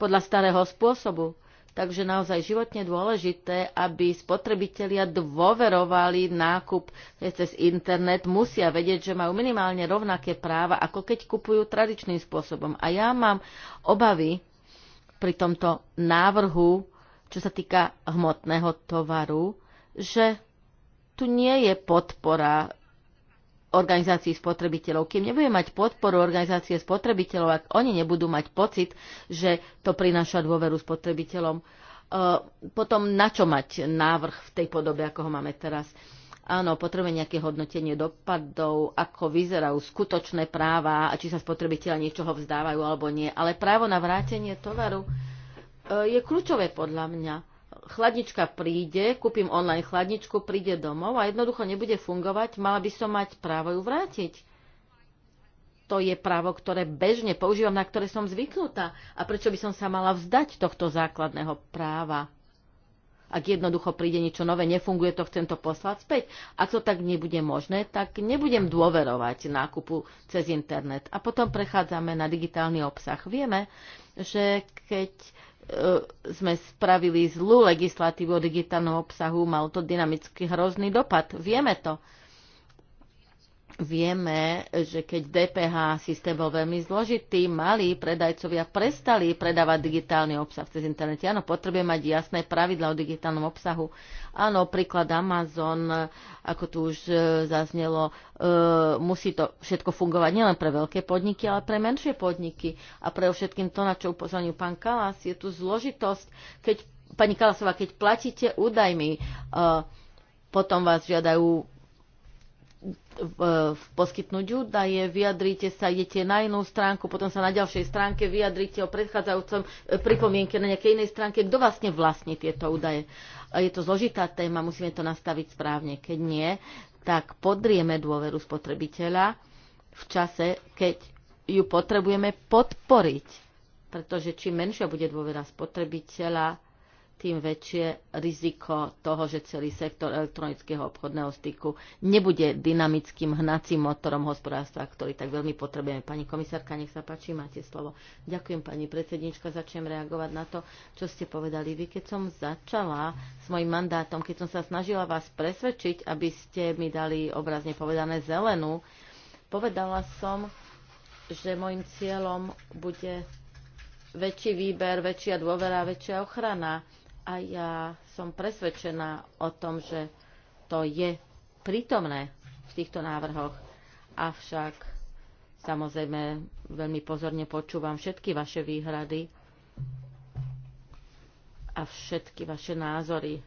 Podľa starého spôsobu. Takže naozaj životne dôležité, aby spotrebitelia dôverovali nákup cez internet. Musia vedieť, že majú minimálne rovnaké práva, ako keď kupujú tradičným spôsobom. A ja mám obavy pri tomto návrhu, čo sa týka hmotného tovaru, že tu nie je podpora organizácií spotrebiteľov. Kým nebudeme mať podporu organizácie spotrebiteľov, ak oni nebudú mať pocit, že to prináša dôveru spotrebiteľom, e, potom na čo mať návrh v tej podobe, ako ho máme teraz? Áno, potrebujeme nejaké hodnotenie dopadov, ako vyzerajú skutočné práva a či sa spotrebiteľa niečoho vzdávajú alebo nie. Ale právo na vrátenie tovaru e, je kľúčové podľa mňa chladnička príde, kúpim online chladničku, príde domov a jednoducho nebude fungovať, mala by som mať právo ju vrátiť. To je právo, ktoré bežne používam, na ktoré som zvyknutá. A prečo by som sa mala vzdať tohto základného práva? Ak jednoducho príde niečo nové, nefunguje to, chcem to poslať späť. Ak to tak nebude možné, tak nebudem dôverovať nákupu cez internet. A potom prechádzame na digitálny obsah. Vieme, že keď E, sme spravili zlú legislatívu o digitálnom obsahu, mal to dynamicky hrozný dopad. Vieme to vieme, že keď DPH systém bol veľmi zložitý, malí predajcovia prestali predávať digitálny obsah cez internete. Áno, potrebuje mať jasné pravidla o digitálnom obsahu. Áno, príklad Amazon, ako tu už e, zaznelo, e, musí to všetko fungovať nielen pre veľké podniky, ale pre menšie podniky. A pre všetkým to, na čo upozornil pán Kalas, je tu zložitosť. Keď, pani Kalasová, keď platíte údajmi, e, potom vás žiadajú poskytnúť údaje, vyjadrite sa, idete na inú stránku, potom sa na ďalšej stránke vyjadrite o predchádzajúcom e, pripomienke na nejakej inej stránke. Kto vlastne vlastní tieto údaje? Je to zložitá téma, musíme to nastaviť správne. Keď nie, tak podrieme dôveru spotrebiteľa v čase, keď ju potrebujeme podporiť. Pretože čím menšia bude dôvera spotrebiteľa, tým väčšie riziko toho, že celý sektor elektronického obchodného styku nebude dynamickým hnacím motorom hospodárstva, ktorý tak veľmi potrebujeme. Pani komisárka, nech sa páči, máte slovo. Ďakujem, pani predsednička, začnem reagovať na to, čo ste povedali vy. Keď som začala s mojim mandátom, keď som sa snažila vás presvedčiť, aby ste mi dali obrazne povedané zelenú, povedala som, že môjim cieľom bude väčší výber, väčšia dôvera, väčšia ochrana a ja som presvedčená o tom, že to je prítomné v týchto návrhoch. Avšak samozrejme veľmi pozorne počúvam všetky vaše výhrady a všetky vaše názory,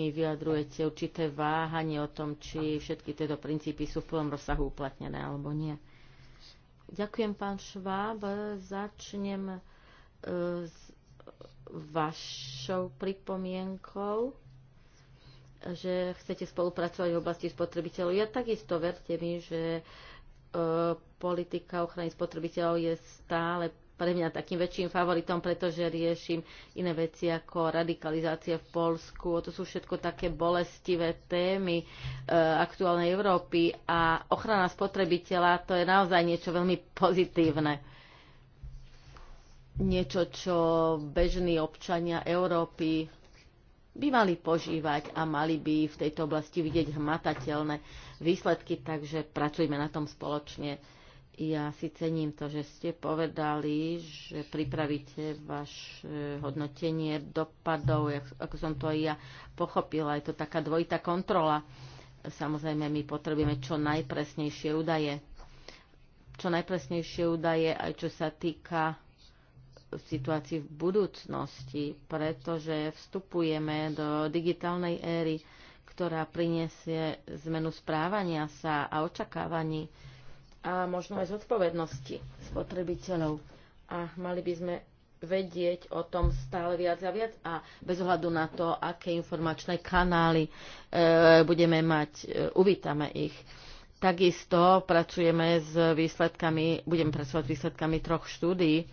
mi vyjadrujete určité váhanie o tom, či všetky tieto princípy sú v plnom rozsahu uplatnené alebo nie. Ďakujem, pán Šváb. Začnem e, s vašou pripomienkou, že chcete spolupracovať v oblasti spotrebiteľov. Ja takisto verte mi, že e, politika ochrany spotrebiteľov je stále pre mňa takým väčším favoritom, pretože riešim iné veci ako radikalizácia v Polsku. To sú všetko také bolestivé témy e, aktuálnej Európy a ochrana spotrebiteľa to je naozaj niečo veľmi pozitívne niečo, čo bežní občania Európy by mali požívať a mali by v tejto oblasti vidieť hmatateľné výsledky, takže pracujme na tom spoločne. Ja si cením to, že ste povedali, že pripravíte vaše hodnotenie dopadov, ako som to aj ja pochopila, je to taká dvojitá kontrola. Samozrejme, my potrebujeme čo najpresnejšie údaje. Čo najpresnejšie údaje, aj čo sa týka situácii v budúcnosti, pretože vstupujeme do digitálnej éry, ktorá priniesie zmenu správania sa a očakávaní a možno aj zodpovednosti spotrebiteľov. A mali by sme vedieť o tom stále viac a viac a bez ohľadu na to, aké informačné kanály e, budeme mať, e, uvítame ich. Takisto pracujeme s výsledkami, budem pracovať s výsledkami troch štúdií,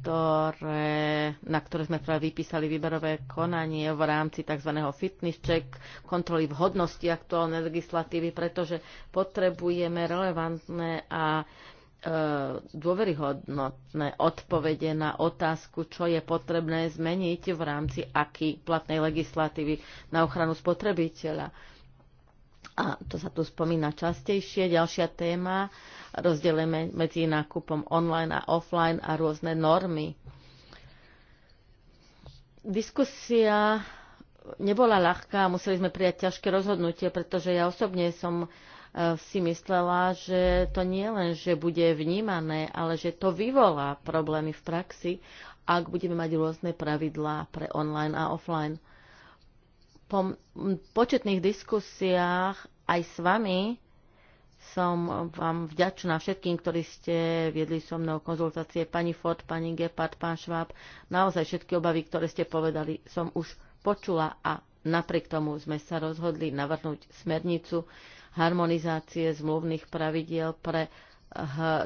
ktoré, na ktoré sme práve vypísali výberové konanie v rámci tzv. fitness check, kontroly vhodnosti aktuálnej legislatívy, pretože potrebujeme relevantné a e, dôveryhodnotné odpovede na otázku, čo je potrebné zmeniť v rámci aký platnej legislatívy na ochranu spotrebiteľa a to sa tu spomína častejšie. Ďalšia téma, rozdelíme medzi nákupom online a offline a rôzne normy. Diskusia nebola ľahká, museli sme prijať ťažké rozhodnutie, pretože ja osobne som e, si myslela, že to nie len, že bude vnímané, ale že to vyvolá problémy v praxi, ak budeme mať rôzne pravidlá pre online a offline po početných diskusiách aj s vami som vám vďačná všetkým, ktorí ste viedli so mnou konzultácie, pani Ford, pani Gepard, pán Šváb. Naozaj všetky obavy, ktoré ste povedali, som už počula a napriek tomu sme sa rozhodli navrhnúť smernicu harmonizácie zmluvných pravidiel pre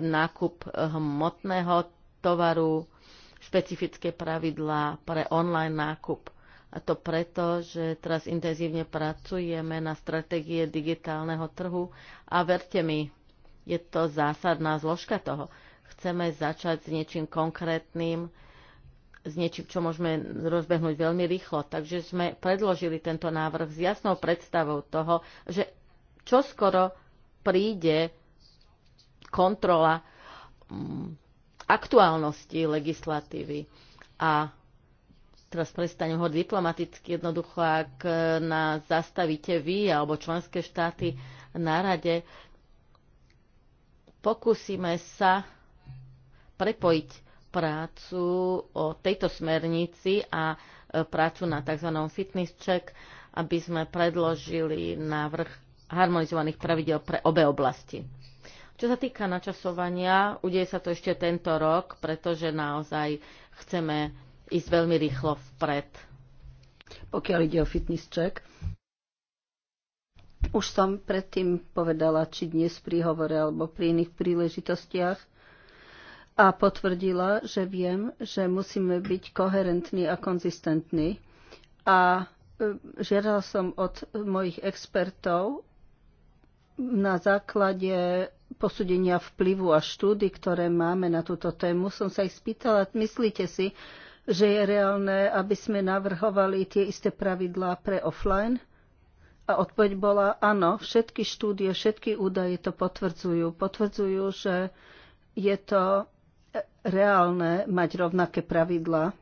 nákup hmotného tovaru, špecifické pravidlá pre online nákup a to preto, že teraz intenzívne pracujeme na stratégie digitálneho trhu a verte mi, je to zásadná zložka toho. Chceme začať s niečím konkrétnym, s niečím, čo môžeme rozbehnúť veľmi rýchlo. Takže sme predložili tento návrh s jasnou predstavou toho, že čo skoro príde kontrola mm, aktuálnosti legislatívy. A teraz prestanem hovoriť diplomaticky, jednoducho, ak e, nás zastavíte vy alebo členské štáty na rade, pokúsime sa prepojiť prácu o tejto smernici a e, prácu na tzv. fitness check, aby sme predložili návrh harmonizovaných pravidel pre obe oblasti. Čo sa týka načasovania, udeje sa to ešte tento rok, pretože naozaj chceme ísť veľmi rýchlo vpred. Pokiaľ ide o fitness check, už som predtým povedala, či dnes pri hovore alebo pri iných príležitostiach a potvrdila, že viem, že musíme byť koherentní a konzistentní. A e, žiadala som od mojich expertov na základe posúdenia vplyvu a štúdy, ktoré máme na túto tému, som sa ich spýtala, myslíte si, že je reálne, aby sme navrhovali tie isté pravidlá pre offline? A odpoveď bola áno, všetky štúdie, všetky údaje to potvrdzujú. Potvrdzujú, že je to reálne mať rovnaké pravidlá.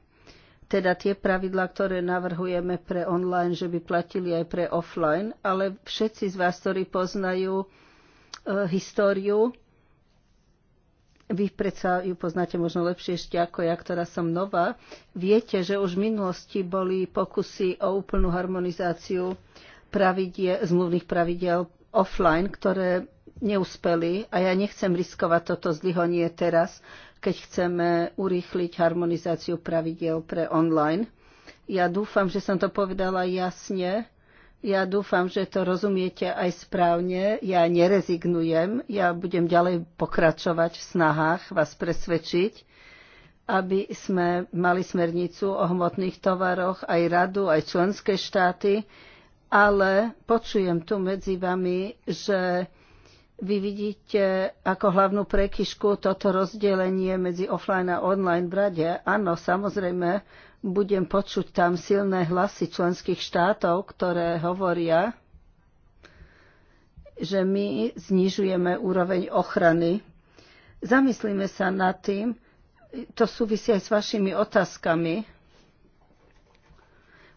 Teda tie pravidlá, ktoré navrhujeme pre online, že by platili aj pre offline, ale všetci z vás, ktorí poznajú e, históriu, vy predsa ju poznáte možno lepšie ešte ako ja, ktorá som nová. Viete, že už v minulosti boli pokusy o úplnú harmonizáciu pravidie, zmluvných pravidel offline, ktoré neúspeli a ja nechcem riskovať toto zlyhonie teraz, keď chceme urýchliť harmonizáciu pravidel pre online. Ja dúfam, že som to povedala jasne ja dúfam, že to rozumiete aj správne. Ja nerezignujem. Ja budem ďalej pokračovať v snahách vás presvedčiť, aby sme mali smernicu o hmotných tovaroch, aj radu, aj členské štáty. Ale počujem tu medzi vami, že vy vidíte ako hlavnú prekyšku toto rozdelenie medzi offline a online v rade. Áno, samozrejme, budem počuť tam silné hlasy členských štátov, ktoré hovoria, že my znižujeme úroveň ochrany. Zamyslíme sa nad tým, to súvisí aj s vašimi otázkami.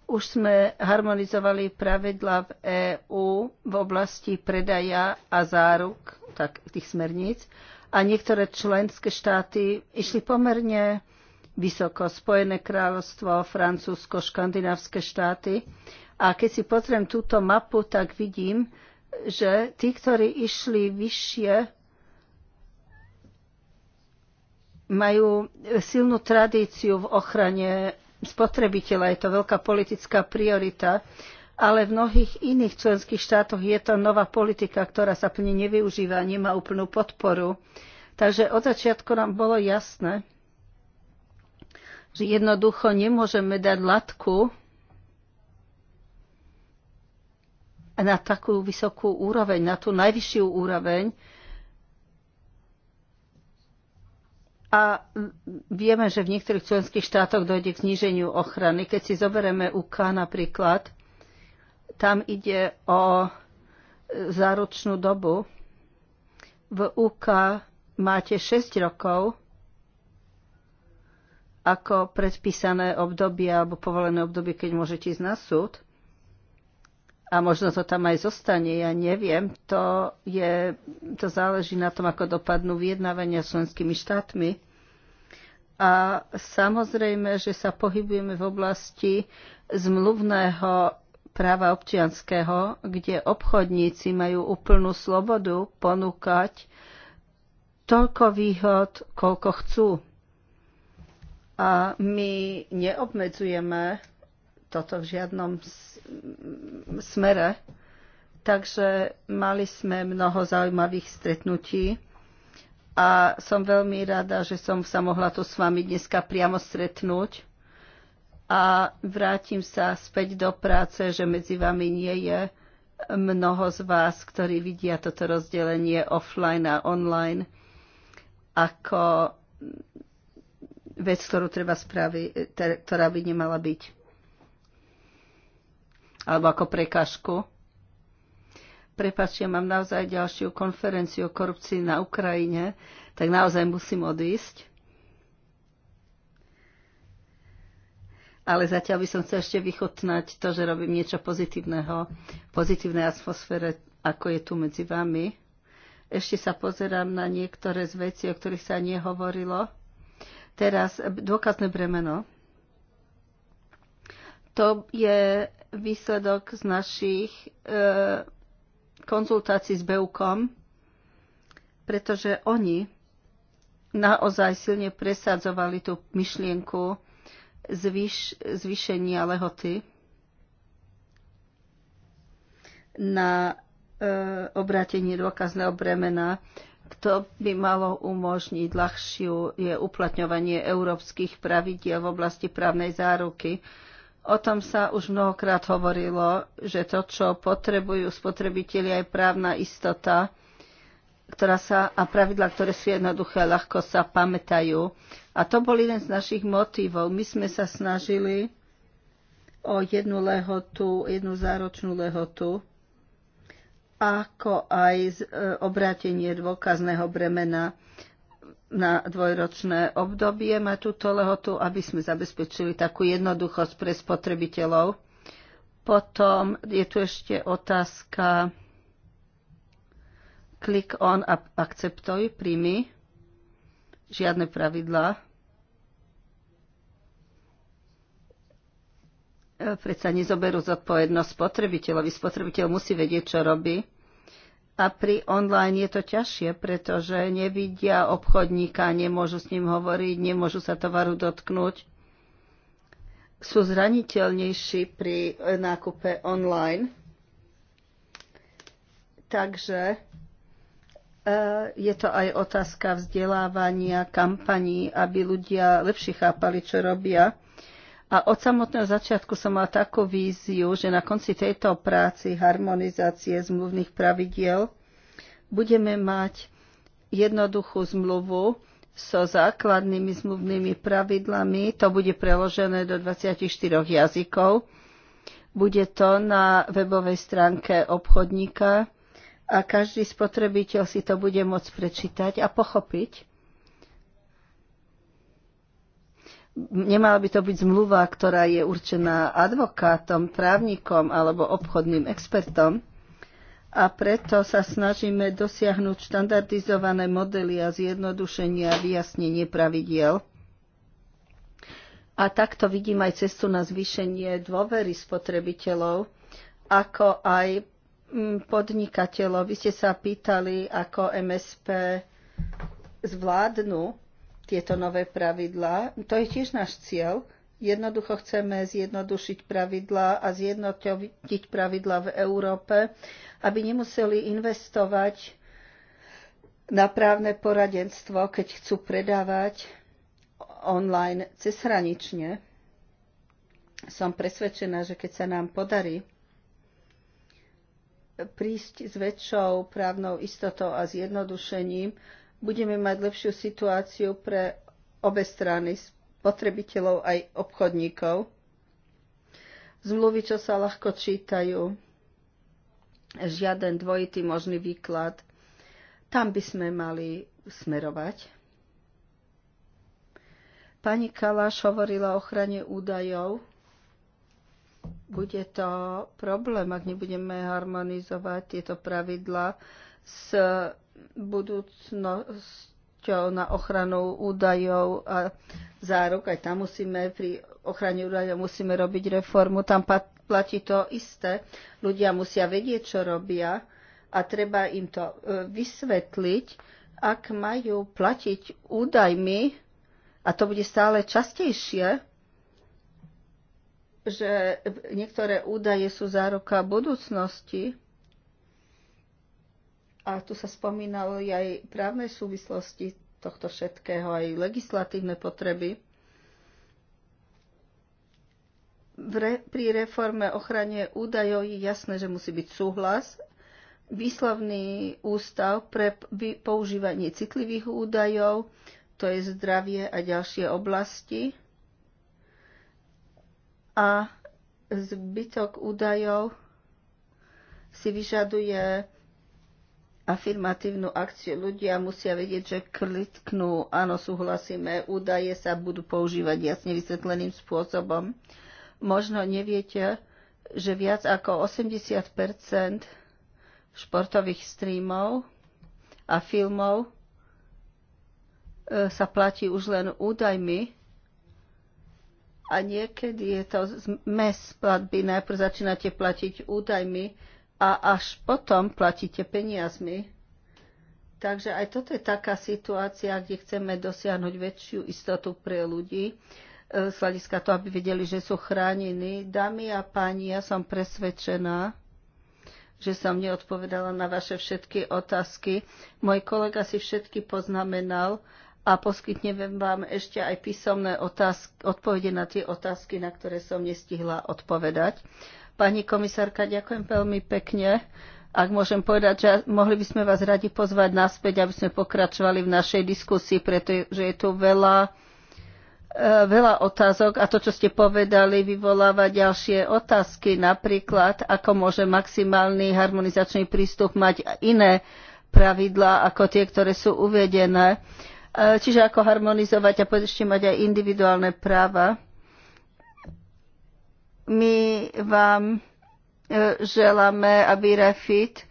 Už sme harmonizovali pravidla v EÚ v oblasti predaja a záruk, tak tých smerníc, a niektoré členské štáty išli pomerne vysoko. Spojené kráľovstvo, Francúzsko, škandinávske štáty. A keď si pozriem túto mapu, tak vidím, že tí, ktorí išli vyššie, majú silnú tradíciu v ochrane spotrebiteľa. Je to veľká politická priorita, ale v mnohých iných členských štátoch je to nová politika, ktorá sa plne nevyužíva, nemá úplnú podporu. Takže od začiatku nám bolo jasné, že Jednoducho nemôžeme dať latku na takú vysokú úroveň, na tú najvyššiu úroveň. A vieme, že v niektorých členských štátoch dojde k zníženiu ochrany. Keď si zoberieme UK napríklad, tam ide o záručnú dobu. V UK máte 6 rokov ako predpísané obdobie alebo povolené obdobie, keď môžete ísť na súd. A možno to tam aj zostane, ja neviem. To, je, to záleží na tom, ako dopadnú vyjednávania s členskými štátmi. A samozrejme, že sa pohybujeme v oblasti zmluvného práva občianského, kde obchodníci majú úplnú slobodu ponúkať toľko výhod, koľko chcú a my neobmedzujeme toto v žiadnom smere. Takže mali sme mnoho zaujímavých stretnutí a som veľmi rada, že som sa mohla tu s vami dneska priamo stretnúť a vrátim sa späť do práce, že medzi vami nie je mnoho z vás, ktorí vidia toto rozdelenie offline a online ako vec, ktorú treba spraviť, e, ktorá by nemala byť. Alebo ako prekažku. Prepačte, ja mám naozaj ďalšiu konferenciu o korupcii na Ukrajine, tak naozaj musím odísť. Ale zatiaľ by som chcel ešte vychutnať to, že robím niečo pozitívneho, pozitívnej atmosfére, ako je tu medzi vami. Ešte sa pozerám na niektoré z vecí, o ktorých sa nehovorilo. Teraz eh, dôkazné bremeno. To je výsledok z našich e, konzultácií s Beukom, pretože oni naozaj silne presadzovali tú myšlienku zvýš, zvýšenia lehoty na e, obrátenie dôkazného bremena to by malo umožniť ľahšiu je uplatňovanie európskych pravidiel v oblasti právnej záruky. O tom sa už mnohokrát hovorilo, že to, čo potrebujú spotrebitelia, je právna istota ktorá sa, a pravidla, ktoré sú jednoduché, ľahko sa pamätajú. A to bol jeden z našich motivov. My sme sa snažili o jednu lehotu, jednu záročnú lehotu, ako aj e, obrátenie dôkazného bremena na dvojročné obdobie má túto lehotu, aby sme zabezpečili takú jednoduchosť pre spotrebiteľov. Potom je tu ešte otázka klik on a akceptuj, príjmi. Žiadne pravidlá. E, predsa nezoberú zodpovednosť spotrebiteľovi. Spotrebiteľ musí vedieť, čo robí. A pri online je to ťažšie, pretože nevidia obchodníka, nemôžu s ním hovoriť, nemôžu sa tovaru dotknúť. Sú zraniteľnejší pri nákupe online. Takže e, je to aj otázka vzdelávania, kampaní, aby ľudia lepšie chápali, čo robia a od samotného začiatku som mala takú víziu, že na konci tejto práci harmonizácie zmluvných pravidiel budeme mať jednoduchú zmluvu so základnými zmluvnými pravidlami. To bude preložené do 24 jazykov. Bude to na webovej stránke obchodníka a každý spotrebiteľ si to bude môcť prečítať a pochopiť nemala by to byť zmluva, ktorá je určená advokátom, právnikom alebo obchodným expertom. A preto sa snažíme dosiahnuť štandardizované modely a zjednodušenia a vyjasnenie pravidiel. A takto vidím aj cestu na zvýšenie dôvery spotrebiteľov, ako aj mm, podnikateľov. Vy ste sa pýtali, ako MSP zvládnu tieto nové pravidlá. To je tiež náš cieľ. Jednoducho chceme zjednodušiť pravidlá a zjednotiť pravidlá v Európe, aby nemuseli investovať na právne poradenstvo, keď chcú predávať online cezhranične. Som presvedčená, že keď sa nám podarí prísť s väčšou právnou istotou a zjednodušením, budeme mať lepšiu situáciu pre obe strany, spotrebiteľov aj obchodníkov. Zmluvy, čo sa ľahko čítajú, žiaden dvojitý možný výklad. Tam by sme mali smerovať. Pani Kaláš hovorila o ochrane údajov. Bude to problém, ak nebudeme harmonizovať tieto pravidla s budúcnosťou na ochranu údajov a záruk. Aj tam musíme pri ochrane údajov musíme robiť reformu. Tam platí to isté. Ľudia musia vedieť, čo robia a treba im to e, vysvetliť, ak majú platiť údajmi, a to bude stále častejšie, že niektoré údaje sú záruka budúcnosti, a tu sa spomínalo aj právne súvislosti tohto všetkého, aj legislatívne potreby. Re, pri reforme ochrane údajov je jasné, že musí byť súhlas, výslovný ústav pre používanie citlivých údajov, to je zdravie a ďalšie oblasti. A zbytok údajov si vyžaduje afirmatívnu akciu. Ľudia musia vedieť, že kliknú, áno, súhlasíme, údaje sa budú používať jasne vysvetleným spôsobom. Možno neviete, že viac ako 80 športových streamov a filmov e, sa platí už len údajmi a niekedy je to mes platby. Najprv začínate platiť údajmi, a až potom platíte peniazmi. Takže aj toto je taká situácia, kde chceme dosiahnuť väčšiu istotu pre ľudí e, z hľadiska toho, aby vedeli, že sú chránení. Dámy a páni, ja som presvedčená, že som neodpovedala na vaše všetky otázky. Môj kolega si všetky poznamenal a poskytnem vám ešte aj písomné otázky, odpovede na tie otázky, na ktoré som nestihla odpovedať. Pani komisárka, ďakujem veľmi pekne. Ak môžem povedať, že mohli by sme vás radi pozvať naspäť, aby sme pokračovali v našej diskusii, pretože je tu veľa, e, veľa otázok a to, čo ste povedali, vyvoláva ďalšie otázky, napríklad, ako môže maximálny harmonizačný prístup mať iné pravidlá ako tie, ktoré sú uvedené. E, čiže ako harmonizovať a ešte mať aj individuálne práva. My vám e, želáme, aby Refit e,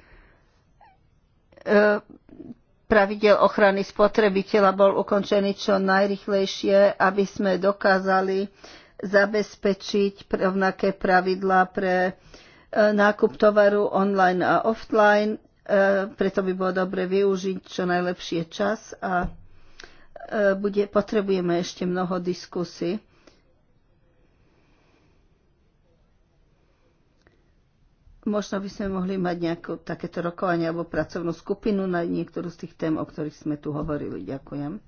pravidel ochrany spotrebiteľa bol ukončený čo najrychlejšie, aby sme dokázali zabezpečiť rovnaké pravidlá pre e, nákup tovaru online a offline. Preto by bolo dobre využiť čo najlepšie čas a bude, potrebujeme ešte mnoho diskusí. Možno by sme mohli mať nejaké takéto rokovanie alebo pracovnú skupinu na niektorú z tých tém, o ktorých sme tu hovorili. Ďakujem.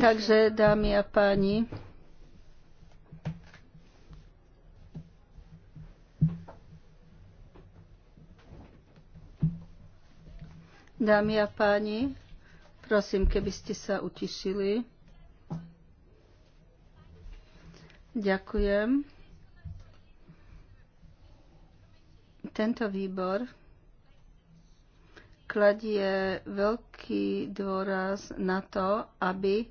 Takže, dámy a páni, Dámy a páni, prosím, keby ste sa utišili. Ďakujem. Tento výbor kladie veľký dôraz na to, aby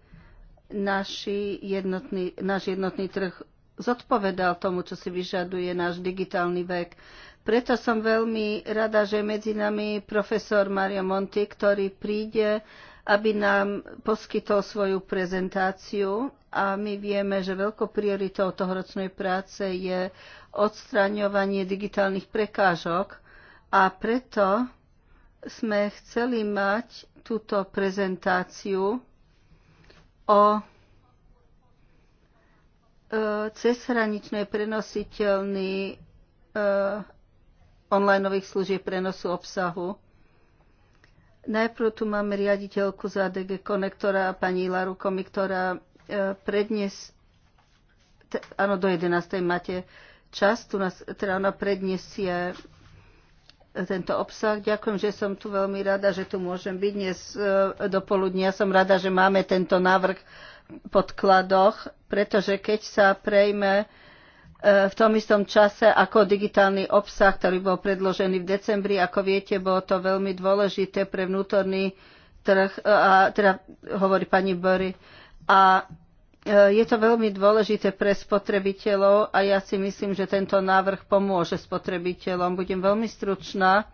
naši jednotný, náš jednotný trh zodpovedal tomu, čo si vyžaduje náš digitálny vek. Preto som veľmi rada, že medzi nami profesor Mario Monti, ktorý príde, aby nám poskytol svoju prezentáciu a my vieme, že veľkou prioritou tohoročnej práce je odstraňovanie digitálnych prekážok a preto sme chceli mať túto prezentáciu o e, cezhraničnej prenositeľný e, onlineových služieb prenosu obsahu. Najprv tu máme riaditeľku za DG Konektora, pani Laru Komi, ktorá e, prednes... Áno, do 11. máte čas, tu nás, teda ona predniesie tento obsah. Ďakujem, že som tu veľmi rada, že tu môžem byť dnes e, do poludnia. Som rada, že máme tento návrh v podkladoch, pretože keď sa prejme e, v tom istom čase ako digitálny obsah, ktorý bol predložený v decembri, ako viete, bolo to veľmi dôležité pre vnútorný trh, e, a, teda hovorí pani Bory, a je to veľmi dôležité pre spotrebiteľov a ja si myslím, že tento návrh pomôže spotrebiteľom. Budem veľmi stručná.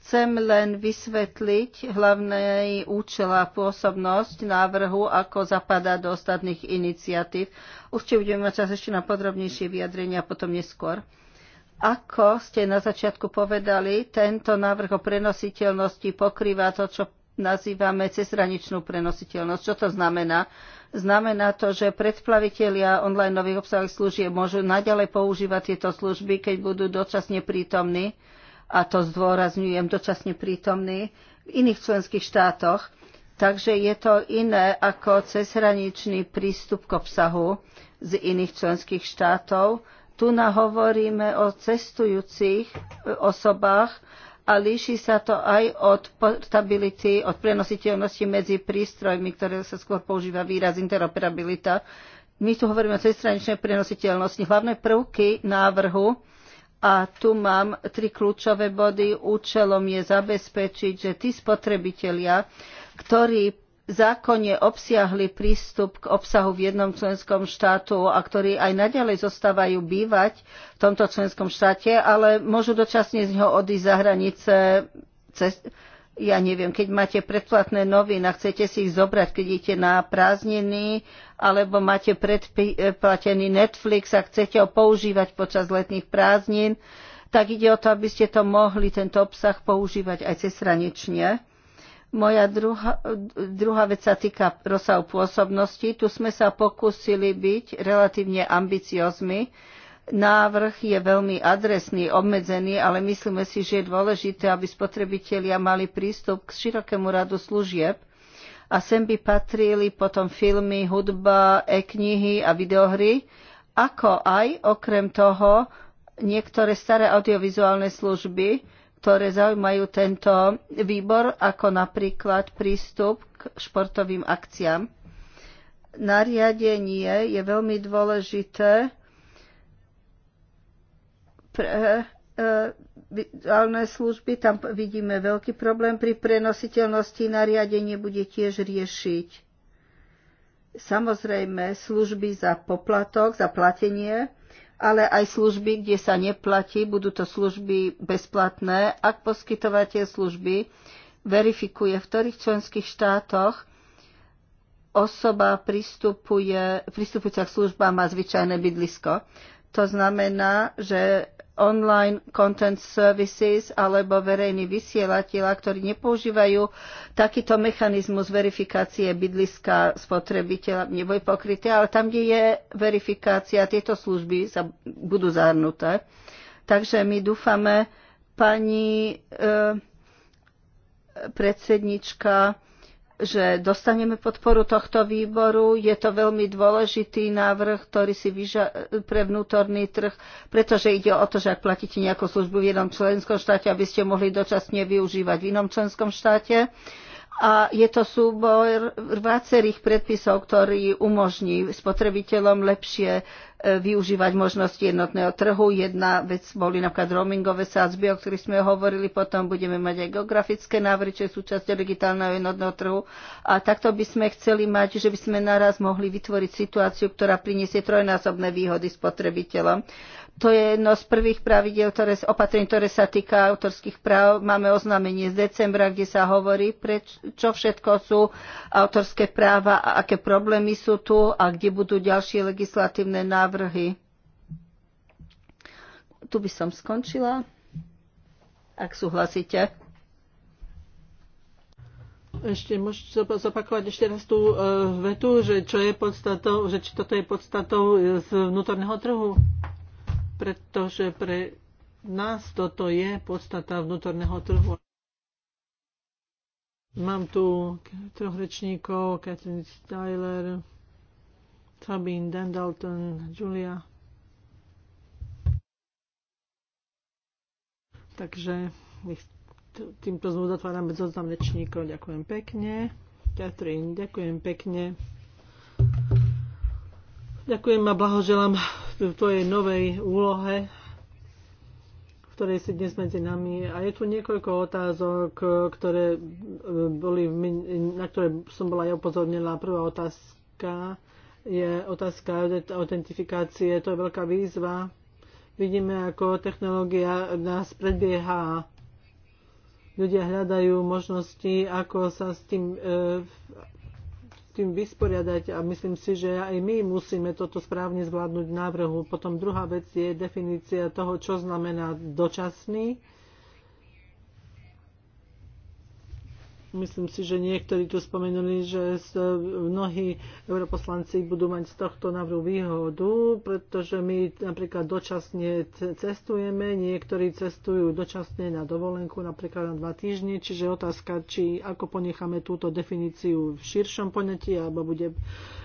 Chcem len vysvetliť hlavné účel a pôsobnosť návrhu, ako zapadá do ostatných iniciatív. Určite budeme mať čas ešte na podrobnejšie vyjadrenia a potom neskôr. Ako ste na začiatku povedali, tento návrh o prenositeľnosti pokrýva to, čo nazývame cezhraničnú prenositeľnosť. Čo to znamená? Znamená to, že predplavitelia online nových obsahových služieb môžu naďalej používať tieto služby, keď budú dočasne prítomní, a to zdôrazňujem, dočasne prítomní v iných členských štátoch. Takže je to iné ako cezhraničný prístup k obsahu z iných členských štátov. Tu hovoríme o cestujúcich osobách a líši sa to aj od portability, od prenositeľnosti medzi prístrojmi, ktoré sa skôr používa výraz interoperabilita. My tu hovoríme o cestraničnej prenositeľnosti. Hlavné prvky návrhu a tu mám tri kľúčové body. Účelom je zabezpečiť, že tí spotrebitelia, ktorí zákone obsiahli prístup k obsahu v jednom členskom štátu a ktorí aj naďalej zostávajú bývať v tomto členskom štáte, ale môžu dočasne z neho odísť za hranice cez, ja neviem, keď máte predplatné noviny a chcete si ich zobrať, keď idete na prázdniny, alebo máte predplatený Netflix a chcete ho používať počas letných prázdnin, tak ide o to, aby ste to mohli, tento obsah používať aj cezhranične. Moja druhá, druhá vec sa týka rozsahu pôsobnosti. Tu sme sa pokúsili byť relatívne ambiciozmi. Návrh je veľmi adresný, obmedzený, ale myslíme si, že je dôležité, aby spotrebitelia mali prístup k širokému radu služieb a sem by patrili potom filmy, hudba, e-knihy a videohry, ako aj okrem toho niektoré staré audiovizuálne služby, ktoré zaujímajú tento výbor, ako napríklad prístup k športovým akciám. Nariadenie je veľmi dôležité pre e, vizuálne služby, tam vidíme veľký problém pri prenositeľnosti, nariadenie bude tiež riešiť. Samozrejme, služby za poplatok, za platenie, ale aj služby, kde sa neplatí, budú to služby bezplatné, ak poskytovateľ služby verifikuje, v ktorých členských štátoch osoba pristupuje, pristupujúca k službám má zvyčajné bydlisko. To znamená, že online content services alebo verejní vysielatelia, ktorí nepoužívajú takýto mechanizmus verifikácie bydliska spotrebiteľa, neboj pokryté, ale tam, kde je verifikácia, tieto služby sa budú zahrnuté. Takže my dúfame, pani e, predsednička, že dostaneme podporu tohto výboru. Je to veľmi dôležitý návrh, ktorý si vyža- pre vnútorný trh, pretože ide o to, že ak platíte nejakú službu v jednom členskom štáte, aby ste mohli dočasne využívať v inom členskom štáte. Uh, a je to súbor viacerých predpisov, ktorý umožní spotrebiteľom lepšie e, využívať možnosti jednotného trhu. Jedna vec boli napríklad roamingové sádzby, o ktorých sme hovorili, potom budeme mať aj geografické návry, čo je súčasť digitálneho jednotného trhu. A takto by sme chceli mať, že by sme naraz mohli vytvoriť situáciu, ktorá priniesie trojnásobné výhody spotrebiteľom. To je jedno z prvých pravidel, ktoré, opatrení, ktoré sa týka autorských práv. Máme oznámenie z decembra, kde sa hovorí, preč, čo všetko sú autorské práva a aké problémy sú tu a kde budú ďalšie legislatívne návrhy. Tu by som skončila, ak súhlasíte. Ešte môžete zopakovať ešte raz tú e, vetu, že čo je podstatou, že či toto je podstatou e, z vnútorného trhu? pretože pre nás toto je podstata vnútorného trhu. Mám tu troch rečníkov, Catherine Styler, Sabine Dendalton, Julia. Takže týmto uzatvárame zoznam rečníkov. Ďakujem pekne. Katrin, ďakujem pekne. Ďakujem a blahoželám v tvojej novej úlohe, v ktorej si dnes medzi nami. A je tu niekoľko otázok, ktoré e, boli, na ktoré som bola aj upozornená. Prvá otázka je otázka autentifikácie. To je veľká výzva. Vidíme, ako technológia nás predbieha ľudia hľadajú možnosti, ako sa s tým, e, tým vysporiadať a myslím si, že aj my musíme toto správne zvládnuť v návrhu. Potom druhá vec je definícia toho, čo znamená dočasný Myslím si, že niektorí tu spomenuli, že mnohí europoslanci budú mať z tohto návrhu výhodu, pretože my napríklad dočasne cestujeme, niektorí cestujú dočasne na dovolenku, napríklad na dva týždne, čiže otázka, či ako ponecháme túto definíciu v širšom poňatí, alebo bude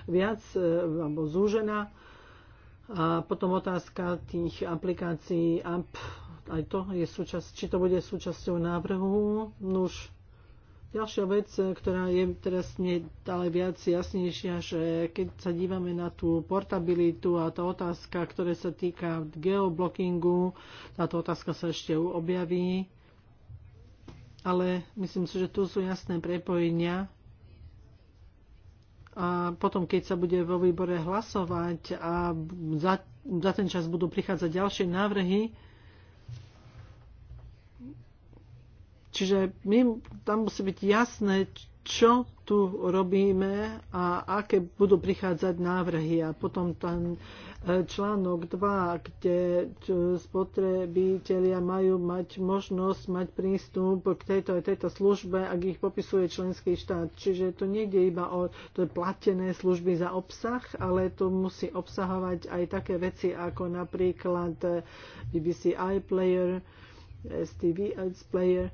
viac, e, alebo zúžená. A potom otázka tých aplikácií app, aj to je súčasť, či to bude súčasťou návrhu. už Ďalšia vec, e, ktorá je teraz nie, ale viac jasnejšia, že keď sa dívame na tú portabilitu a tá otázka, ktorá sa týka geoblockingu, táto otázka sa ešte objaví, ale myslím si, že tu sú jasné prepojenia. A potom, keď sa bude vo výbore hlasovať a za, za ten čas budú prichádzať ďalšie návrhy, Čiže my, tam musí byť jasné, čo tu robíme a aké budú prichádzať návrhy. A potom ten e, článok 2, kde spotrebitelia majú mať možnosť mať prístup k tejto, tejto službe, ak ich popisuje členský štát. Čiže to nejde iba o to je platené služby za obsah, ale to musí obsahovať aj také veci ako napríklad e, BBC iPlayer, STV Player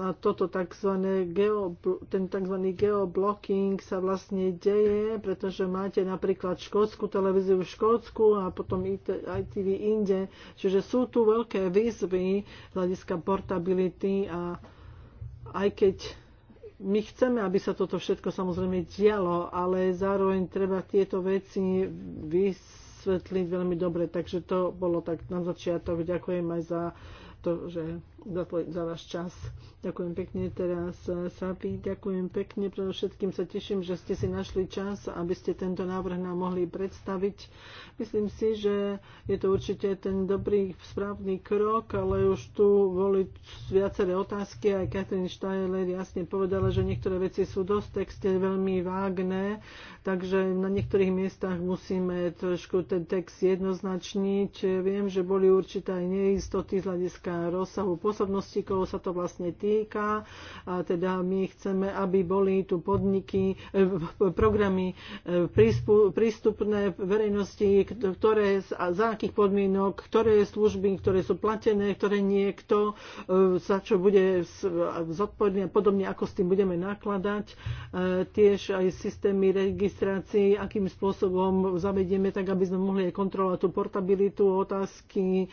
a toto tzv. Geo, ten tzv. geoblocking sa vlastne deje, pretože máte napríklad škótsku televíziu v Škótsku a potom ITV inde. Čiže sú tu veľké výzvy z hľadiska portability a aj keď my chceme, aby sa toto všetko samozrejme dialo, ale zároveň treba tieto veci vysvetliť veľmi dobre. Takže to bolo tak na začiatok. Ďakujem aj za uh, to, že za, tvoj, za váš čas. Ďakujem pekne teraz, eh, Sapi. Ďakujem pekne. Predovšetkým sa teším, že ste si našli čas, aby ste tento návrh nám mohli predstaviť. Myslím si, že je to určite ten dobrý, správny krok, ale už tu boli viaceré otázky. Aj Katrin Steiler jasne povedala, že niektoré veci sú dosť texte veľmi vágne, takže na niektorých miestach musíme trošku ten text jednoznačniť. Viem, že boli určité aj neistoty z hľadiska týka rozsahu pôsobnosti, koho sa to vlastne týka. A teda my chceme, aby boli tu podniky, e, programy e, prístupné verejnosti, ktoré, za akých podmienok, ktoré služby, ktoré sú platené, ktoré niekto, e, za čo bude zodpovedný a podobne, ako s tým budeme nakladať. Tiež aj systémy registrácií, akým spôsobom zavedieme, tak aby sme mohli aj kontrolovať tú portabilitu, otázky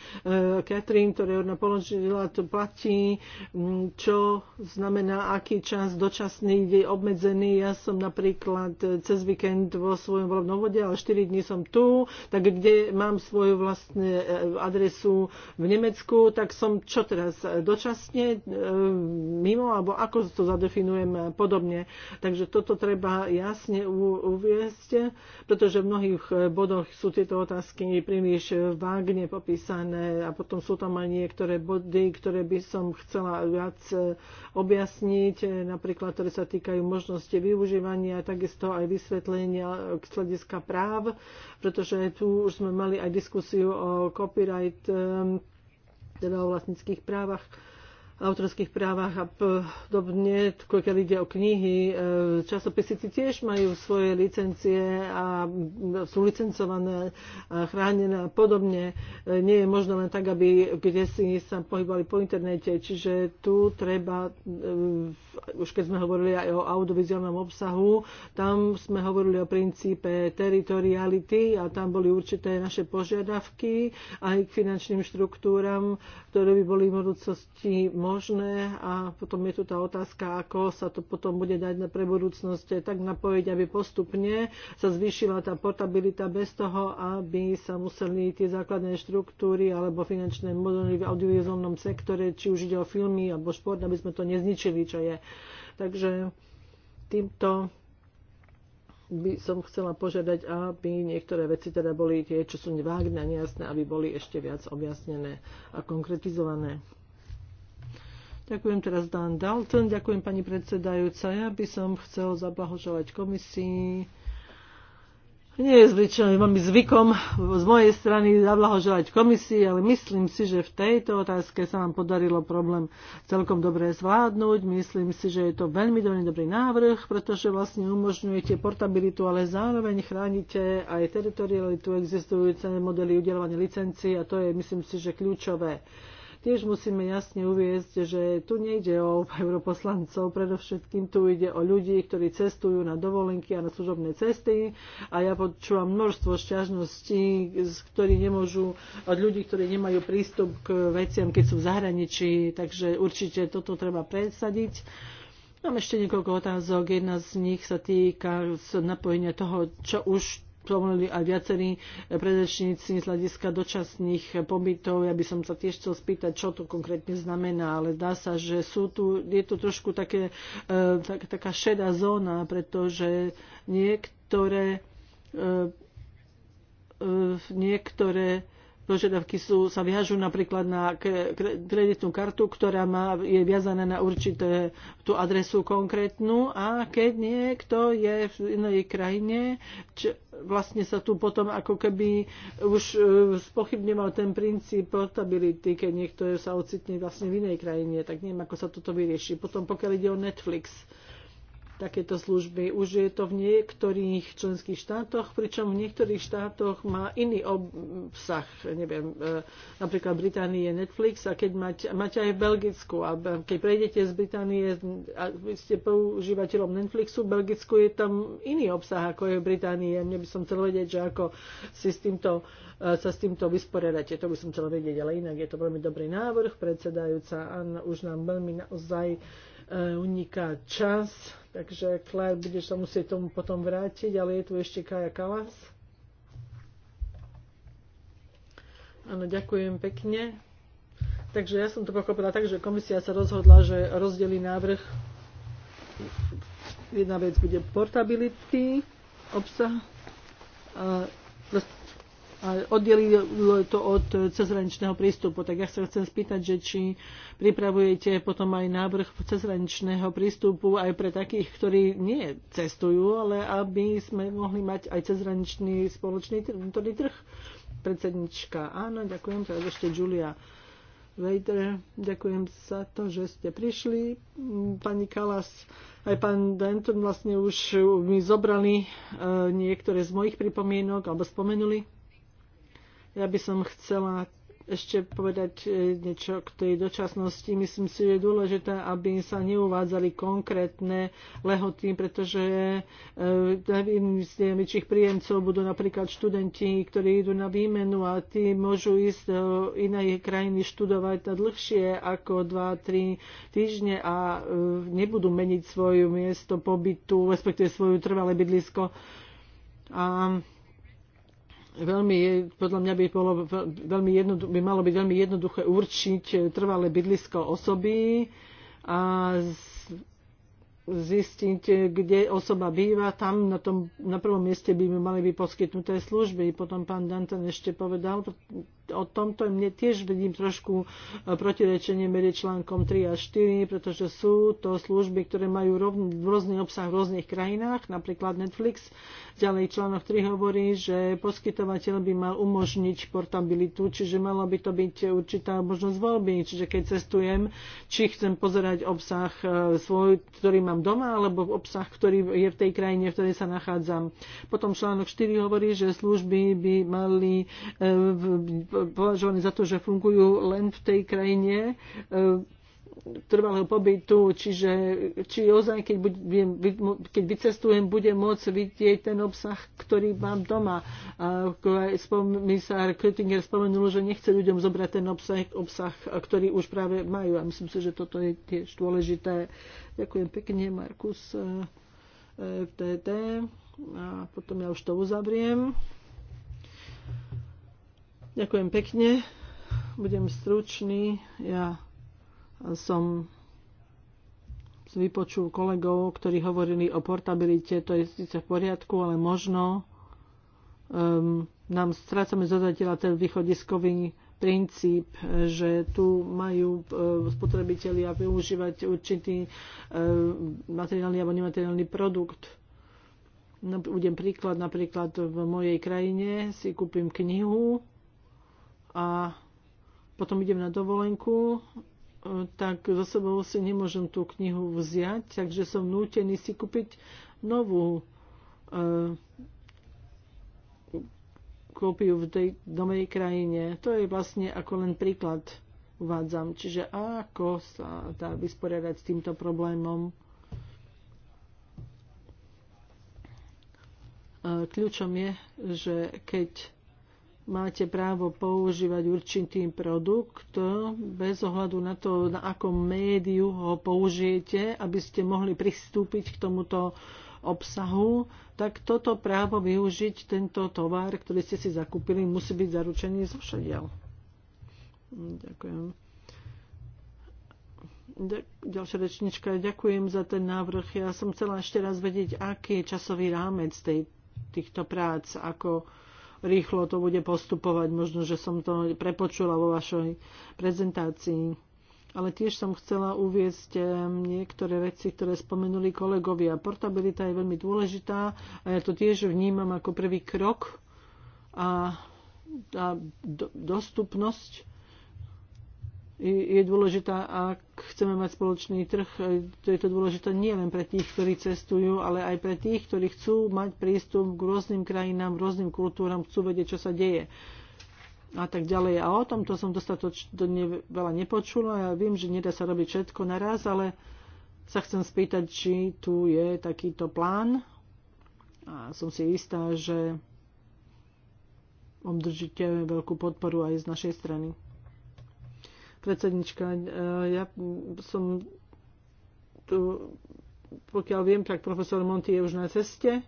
Katrin, ktoré je položila, to platí, mm, čo znamená, aký čas dočasný je obmedzený. Ja som napríklad e, cez víkend vo svojom volebnom vode, ale 4 dní som tu, tak kde mám svoju vlastnú e, adresu v Nemecku, tak som čo teraz e, dočasne mimo, alebo ako to zadefinujem podobne. Takže toto treba jasne uviesť, pretože v mnohých bodoch sú tieto otázky príliš vágne popísané a potom sú tam aj niektoré body, ktoré by som chcela viac e, objasniť, e, napríklad, ktoré sa týkajú možnosti využívania, takisto aj vysvetlenia k slediska práv, pretože tu už sme mali aj diskusiu o copyright, e, teda o vlastnických právach autorských právach a podobne, keď ide o knihy, e, časopisy tiež majú svoje licencie a sú licencované, a chránené a podobne. E, nie je možno len tak, aby kde si sa pohybovali po internete, čiže tu treba e, už keď sme hovorili aj o audiovizuálnom obsahu, tam sme hovorili o princípe teritoriality a tam boli určité naše požiadavky aj k finančným štruktúram, ktoré by boli v budúcnosti možné a potom je tu tá otázka, ako sa to potom bude dať na pre budúcnosť tak napojiť, aby postupne sa zvýšila tá portabilita bez toho, aby sa museli tie základné štruktúry alebo finančné modely v audiovizuálnom sektore, či už ide o filmy alebo šport, aby sme to nezničili, čo je Takže týmto by som chcela požiadať, aby niektoré veci teda boli tie, čo sú vágne a nejasné, aby boli ešte viac objasnené a konkretizované. Ďakujem teraz Dan Dalton, ďakujem pani predsedajúca. Ja by som chcel zablahoželať komisii nie je zvyčajne veľmi zvykom z mojej strany zablahoželať komisii, ale myslím si, že v tejto otázke sa nám podarilo problém celkom dobre zvládnuť. Myslím si, že je to veľmi dobrý, dobrý návrh, pretože vlastne umožňujete portabilitu, ale zároveň chránite aj teritorialitu existujúce modely udelovania licencií a to je, myslím si, že kľúčové. Tiež musíme jasne uviezť, že tu nejde o europoslancov, predovšetkým tu ide o ľudí, ktorí cestujú na dovolenky a na služobné cesty a ja počúvam množstvo šťažností, ktorí nemôžu, od ľudí, ktorí nemajú prístup k veciam, keď sú v zahraničí, takže určite toto treba presadiť. Mám ešte niekoľko otázok. Jedna z nich sa týka napojenia toho, čo už spomenuli aj viacerí predrečníci z hľadiska dočasných pobytov. Ja by som sa tiež chcel spýtať, čo to konkrétne znamená, ale dá sa, že sú tu, je tu trošku také, e, tak, taká šedá zóna, pretože niektoré e, e, niektoré požiadavky sú, sa viažú napríklad na kreditnú kartu, ktorá má, je viazaná na určité tú adresu konkrétnu a keď niekto je v inej krajine, či, vlastne sa tu potom ako keby už e, spochybňoval ten princíp portability, keď niekto sa ocitne vlastne v inej krajine, tak neviem, ako sa toto vyrieši. Potom pokiaľ ide o Netflix, takéto služby. Už je to v niektorých členských štátoch, pričom v niektorých štátoch má iný obsah. Neviem, e, napríklad v Británii je Netflix a keď máte, máte aj v Belgicku a keď prejdete z Británie a vy ste používateľom Netflixu, v Belgicku je tam iný obsah ako je v Británii. A mne by som chcel vedieť, že ako si s týmto, e, sa s týmto vysporiadate. To by som chcel vedieť, ale inak je to veľmi dobrý návrh. Predsedajúca Anna už nám veľmi naozaj E, uniká čas, takže Claire, budeš sa musieť tomu potom vrátiť, ale je tu ešte Kaja Kalas. Áno, ďakujem pekne. Takže ja som to pochopila tak, že komisia sa rozhodla, že rozdelí návrh. Jedna vec bude portability, obsah a oddelilo to od cezhraničného prístupu. Tak ja sa chcem spýtať, že či pripravujete potom aj návrh cezhraničného prístupu aj pre takých, ktorí nie cestujú, ale aby sme mohli mať aj cezhraničný spoločný vnútorný trh. Predsednička, áno, ďakujem. Teraz ešte Julia. Vader, ďakujem za to, že ste prišli. Mm, pani Kalas, aj pán Denton vlastne už mi zobrali e, niektoré z mojich pripomienok alebo spomenuli. Ja by som chcela ešte povedať e, niečo k tej dočasnosti. Myslím si, že je dôležité, aby sa neuvádzali konkrétne lehoty, pretože e, e, z najväčších príjemcov budú napríklad študenti, ktorí idú na výmenu a tí môžu ísť do inej krajiny študovať na dlhšie ako 2-3 týždne a nebudú meniť svoje miesto pobytu, respektíve svoju trvalé bydlisko. A veľmi, podľa mňa by, bolo, veľmi jednodu, by malo byť veľmi jednoduché určiť eh, trvalé bydlisko osoby a zistiť, kde osoba býva. Tam na, tom, na prvom mieste by mali byť poskytnuté služby. Potom pán Danton ešte povedal, o tomto mne tiež vidím trošku e, protirečenie medzi článkom 3 a 4, pretože sú to služby, ktoré majú rovný, rôzny obsah v rôznych krajinách, napríklad Netflix. Ďalej článok 3 hovorí, že poskytovateľ by mal umožniť portabilitu, čiže mala by to byť určitá možnosť voľby. Čiže keď cestujem, či chcem pozerať obsah e, svoj, ktorý mám doma, alebo obsah, ktorý je v tej krajine, v ktorej sa nachádzam. Potom článok 4 hovorí, že služby by mali e, považovaní za to, že fungujú len v tej krajine e, trvalého pobytu, čiže či ozaj, keď, budem, keď vycestujem, budem môcť vidieť ten obsah, ktorý mám doma. A komisár Krötinger spomenul, že nechce ľuďom zobrať ten obsah, obsah, ktorý už práve majú. A myslím si, že toto je tiež dôležité. Ďakujem pekne, Markus FTT. E, e, a potom ja už to uzavriem. Ďakujem pekne. Budem stručný. Ja som vypočul kolegov, ktorí hovorili o portabilite. To je síce v poriadku, ale možno um, nám strácame zadateľa ten východiskový princíp, že tu majú e, spotrebitelia využívať určitý e, materiálny alebo nemateriálny produkt. No, budem príklad, napríklad v mojej krajine si kúpim knihu, a potom idem na dovolenku, e, tak za sebou si nemôžem tú knihu vziať, takže som nútený si kúpiť novú e, kópiu v tej domej krajine. To je vlastne ako len príklad uvádzam. Čiže ako sa dá vysporiadať s týmto problémom? E, kľúčom je, že keď máte právo používať určitý produkt bez ohľadu na to, na akom médiu ho použijete, aby ste mohli pristúpiť k tomuto obsahu, tak toto právo využiť, tento tovar, ktorý ste si zakúpili, musí byť zaručený zo všadiaľ. Ďakujem. Ďalšia rečnička, ďakujem za ten návrh. Ja som chcela ešte raz vedieť, aký je časový rámec tej, týchto prác, ako rýchlo to bude postupovať. Možno, že som to prepočula vo vašej prezentácii. Ale tiež som chcela uviezť eh, niektoré veci, ktoré spomenuli kolegovia. Portabilita je veľmi dôležitá a ja to tiež vnímam ako prvý krok a, a dostupnosť je dôležitá, ak chceme mať spoločný trh, e, to je to dôležité nie len pre tých, ktorí cestujú, ale aj pre tých, ktorí chcú mať prístup k rôznym krajinám, rôznym kultúram, chcú vedieť, čo sa deje a tak ďalej. A o tomto som dostatočne veľa nepočula. Ja viem, že nedá sa robiť všetko naraz, ale sa chcem spýtať, či tu je takýto plán. A som si istá, že obdržíte veľkú podporu aj z našej strany predsednička. E, ja som tu, pokiaľ viem, tak profesor Monty je už na ceste.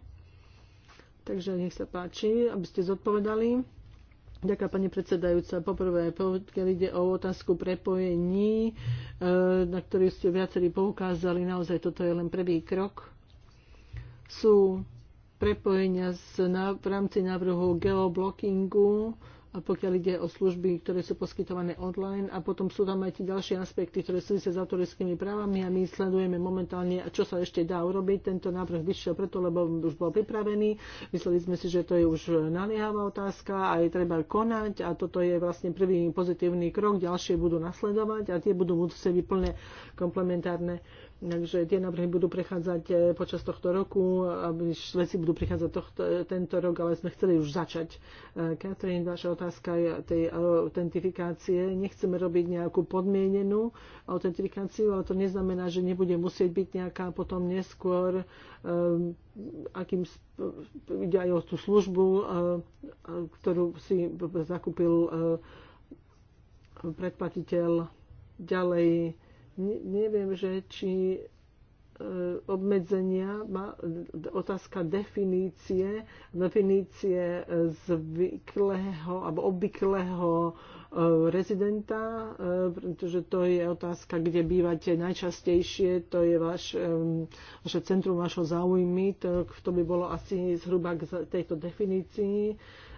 Takže nech sa páči, aby ste zodpovedali. Ďakujem, pani predsedajúca. Poprvé, keď ide o otázku prepojení, e, na ktorú ste viacerí poukázali, naozaj toto je len prvý krok. Sú prepojenia z, na, v rámci návrhu geoblockingu, pokiaľ ide o služby, ktoré sú poskytované online a potom sú tam aj tie ďalšie aspekty, ktoré súvisia s autorskými právami a my sledujeme momentálne, čo sa ešte dá urobiť. Tento návrh vyšiel preto, lebo už bol pripravený. Mysleli sme si, že to je už naliehavá otázka a je treba konať a toto je vlastne prvý pozitívny krok. Ďalšie budú nasledovať a tie budú musieť byť plne komplementárne Takže tie návrhy budú prechádzať e, počas tohto roku, aby veci budú prichádzať tohto, e, tento rok, ale sme chceli už začať. Katrin, e, vaša otázka je tej autentifikácie. Nechceme robiť nejakú podmienenú autentifikáciu, ale to neznamená, že nebude musieť byť nejaká potom neskôr, akým ide aj o tú službu, ktorú si zakúpil predplatiteľ ďalej Ne, neviem, že či e, obmedzenia, otázka definície, definície e, zvyklého alebo obvyklého e, rezidenta, pretože to je otázka, kde bývate najčastejšie, to je vaš, vaše centrum vašho záujmy, to, to by bolo asi zhruba k tejto definícii.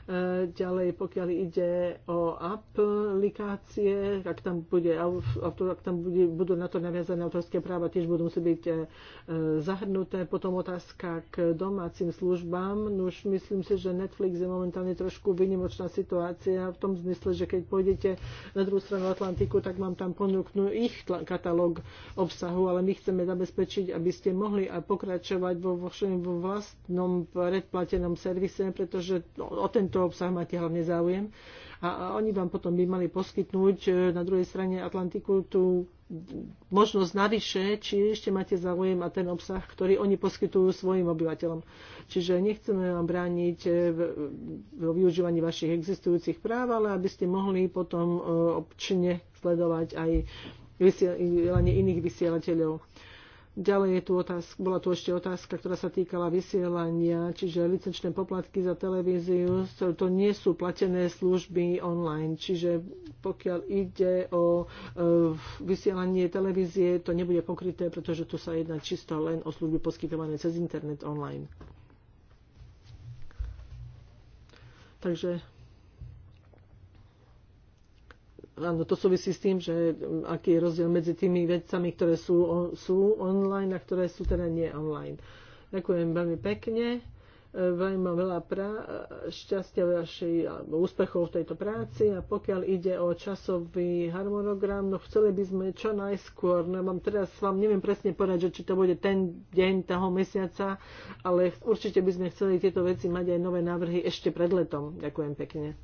E, ďalej, pokiaľ ide o aplikácie, ak tam, bude, ak tam bude, budú na to naviazané autorské práva, tiež budú musieť byť e, e, zahrnuté. Potom otázka k domácim službám. No už myslím si, že Netflix je momentálne trošku vynimočná situácia v tom zmysle, že keď pôjdete na druhú stranu Atlantiku, tak vám tam ponúknú ich katalóg obsahu, ale my chceme zabezpečiť, aby ste mohli pokračovať vo, vo vlastnom predplatenom servise, pretože no, o ten tento obsah máte hlavne záujem. A, a oni vám potom by mali poskytnúť na druhej strane Atlantiku tú možnosť navyše, či ešte máte záujem a ten obsah, ktorý oni poskytujú svojim obyvateľom. Čiže nechceme vám brániť vo využívaní vašich existujúcich práv, ale aby ste mohli potom občine sledovať aj vysielanie iných vysielateľov. Ďalej je tu otázka, bola tu ešte otázka, ktorá sa týkala vysielania, čiže licenčné poplatky za televíziu, to nie sú platené služby online, čiže pokiaľ ide o e, vysielanie televízie, to nebude pokryté, pretože tu sa jedná čisto len o služby poskytované cez internet online. Takže Áno to súvisí s tým, že um, aký je rozdiel medzi tými vecami, ktoré sú, sú online a ktoré sú teda nie online. Ďakujem veľmi pekne. E, veľmi mám veľa pra- šťastia vašej, alebo úspechov v tejto práci a pokiaľ ide o časový harmonogram, no chceli by sme čo najskôr, no mám teraz vám neviem presne povedať, že či to bude ten deň toho mesiaca, ale určite by sme chceli tieto veci mať aj nové návrhy ešte pred letom. Ďakujem pekne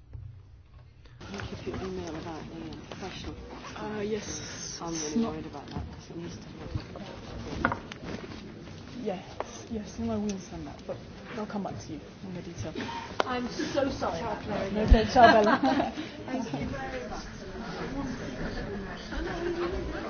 think if you email about the um, professional. Uh, yes. I'm really worried about that because it needs to be Yes, yes, no, I will send that, but I'll come back to you on the detail. I'm so sorry. Ciao, Claire. ciao, Bella. Thank you very much. No, no, no,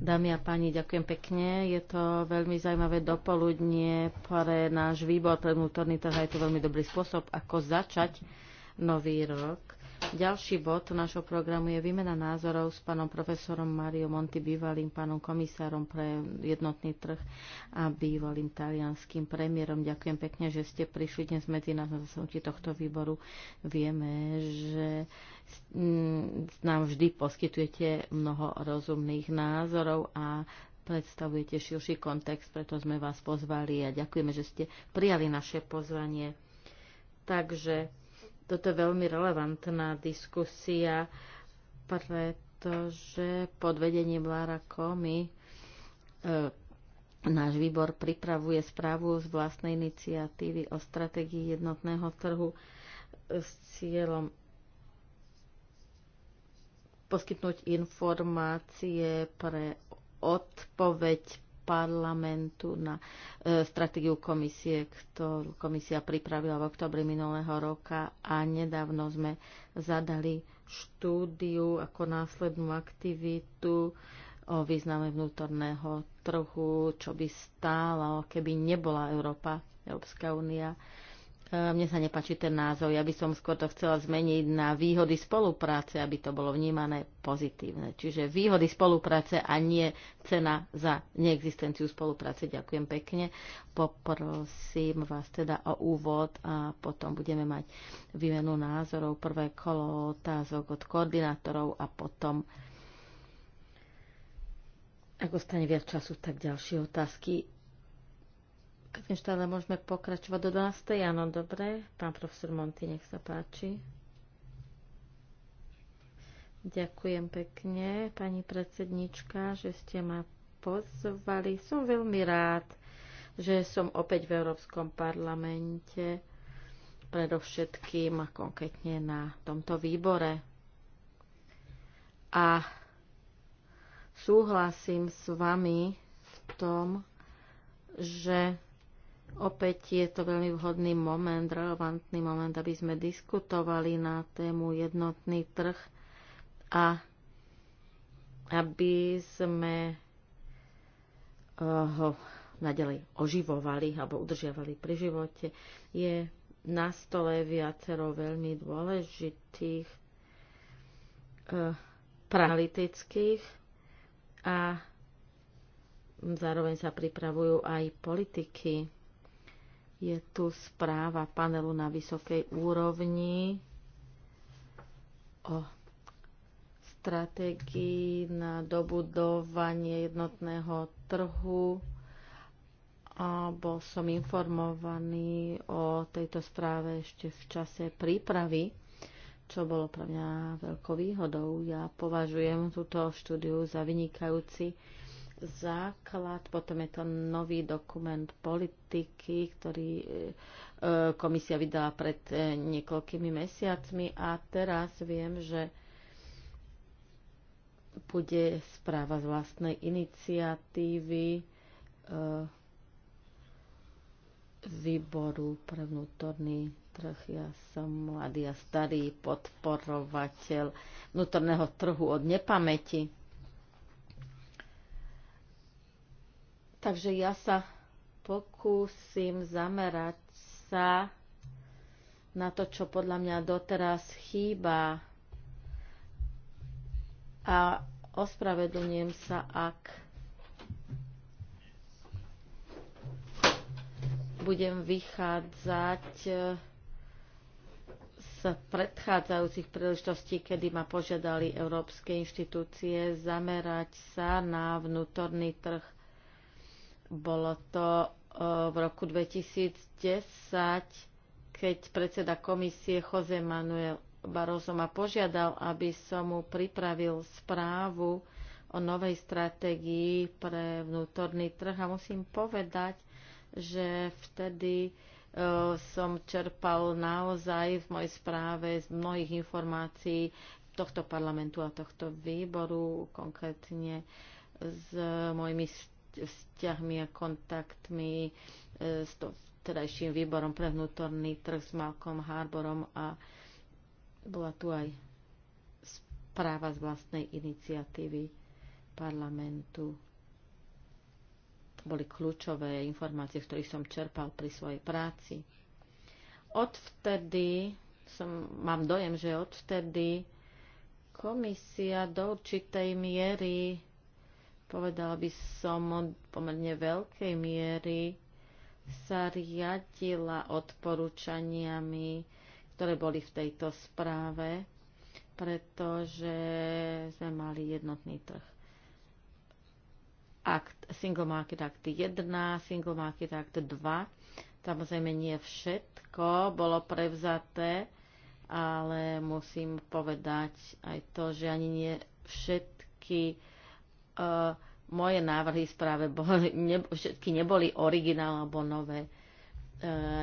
Dámy a páni, ďakujem pekne. Je to veľmi zaujímavé dopoludnie pre náš výbor, pre vnútorný trh. Je to veľmi dobrý spôsob, ako začať nový rok ďalší bod našho programu je výmena názorov s pánom profesorom Mario Monti, bývalým pánom komisárom pre jednotný trh a bývalým talianským premiérom. Ďakujem pekne, že ste prišli dnes medzi nás na zasadnutí tohto výboru. Vieme, že nám vždy poskytujete mnoho rozumných názorov a predstavujete širší kontext, preto sme vás pozvali a ďakujeme, že ste prijali naše pozvanie. Takže toto je veľmi relevantná diskusia, pretože pod vedením Lara Komi e, náš výbor pripravuje správu z vlastnej iniciatívy o strategii jednotného trhu s cieľom poskytnúť informácie pre odpoveď parlamentu na e, stratégiu komisie, ktorú komisia pripravila v oktobri minulého roka a nedávno sme zadali štúdiu ako následnú aktivitu o význame vnútorného trhu, čo by stálo, keby nebola Európa, Európska únia. E, E, mne sa nepačí ten názov, ja by som skôr to chcela zmeniť na výhody spolupráce, aby to bolo vnímané pozitívne. Čiže výhody spolupráce a nie cena za neexistenciu spolupráce. Ďakujem pekne. Poprosím vás teda o úvod a potom budeme mať výmenu názorov, prvé kolo otázok od koordinátorov a potom ak ostane viac času, tak ďalšie otázky dnes ale teda môžeme pokračovať do 12. Áno, dobre. Pán profesor Monty, nech sa páči. Ďakujem pekne, pani predsednička, že ste ma pozvali. Som veľmi rád, že som opäť v Európskom parlamente, predovšetkým a konkrétne na tomto výbore. A súhlasím s vami v tom, že Opäť je to veľmi vhodný moment, relevantný moment, aby sme diskutovali na tému jednotný trh a aby sme eh, ho nadalej oživovali alebo udržiavali pri živote. Je na stole viacero veľmi dôležitých eh, paralitických a zároveň sa pripravujú aj politiky je tu správa panelu na vysokej úrovni o stratégii na dobudovanie jednotného trhu. A bol som informovaný o tejto správe ešte v čase prípravy, čo bolo pre mňa veľkou výhodou. Ja považujem túto štúdiu za vynikajúci základ, potom je to nový dokument politiky, ktorý e, e, komisia vydala pred e, niekoľkými mesiacmi a teraz viem, že bude správa z vlastnej iniciatívy výboru pre vnútorný trh. Ja som mladý a starý podporovateľ vnútorného trhu od nepamäti Takže ja sa pokúsim zamerať sa na to, čo podľa mňa doteraz chýba. A ospravedlňujem sa, ak budem vychádzať eh, z predchádzajúcich príležitostí, kedy ma požiadali európske inštitúcie zamerať sa na vnútorný trh bolo to e, v roku 2010, keď predseda komisie Jose Manuel Barroso ma požiadal, aby som mu pripravil správu o novej stratégii pre vnútorný trh. A musím povedať, že vtedy e, som čerpal naozaj v mojej správe z mnohých informácií tohto parlamentu a tohto výboru, konkrétne s mojimi vzťahmi a kontaktmi e, s to, vtedajším výborom pre vnútorný trh s Malcolm Harborom a bola tu aj správa z vlastnej iniciatívy parlamentu. To boli kľúčové informácie, ktoré som čerpal pri svojej práci. Odvtedy, som, mám dojem, že odvtedy komisia do určitej miery povedala by som, od pomerne veľkej miery sa riadila odporúčaniami, ktoré boli v tejto správe, pretože sme mali jednotný trh. Act, Single Market Act 1, Single Market Act 2. Samozrejme nie všetko bolo prevzaté, ale musím povedať aj to, že ani nie všetky E, moje návrhy správe boli, ne, všetky neboli originál alebo nové. E,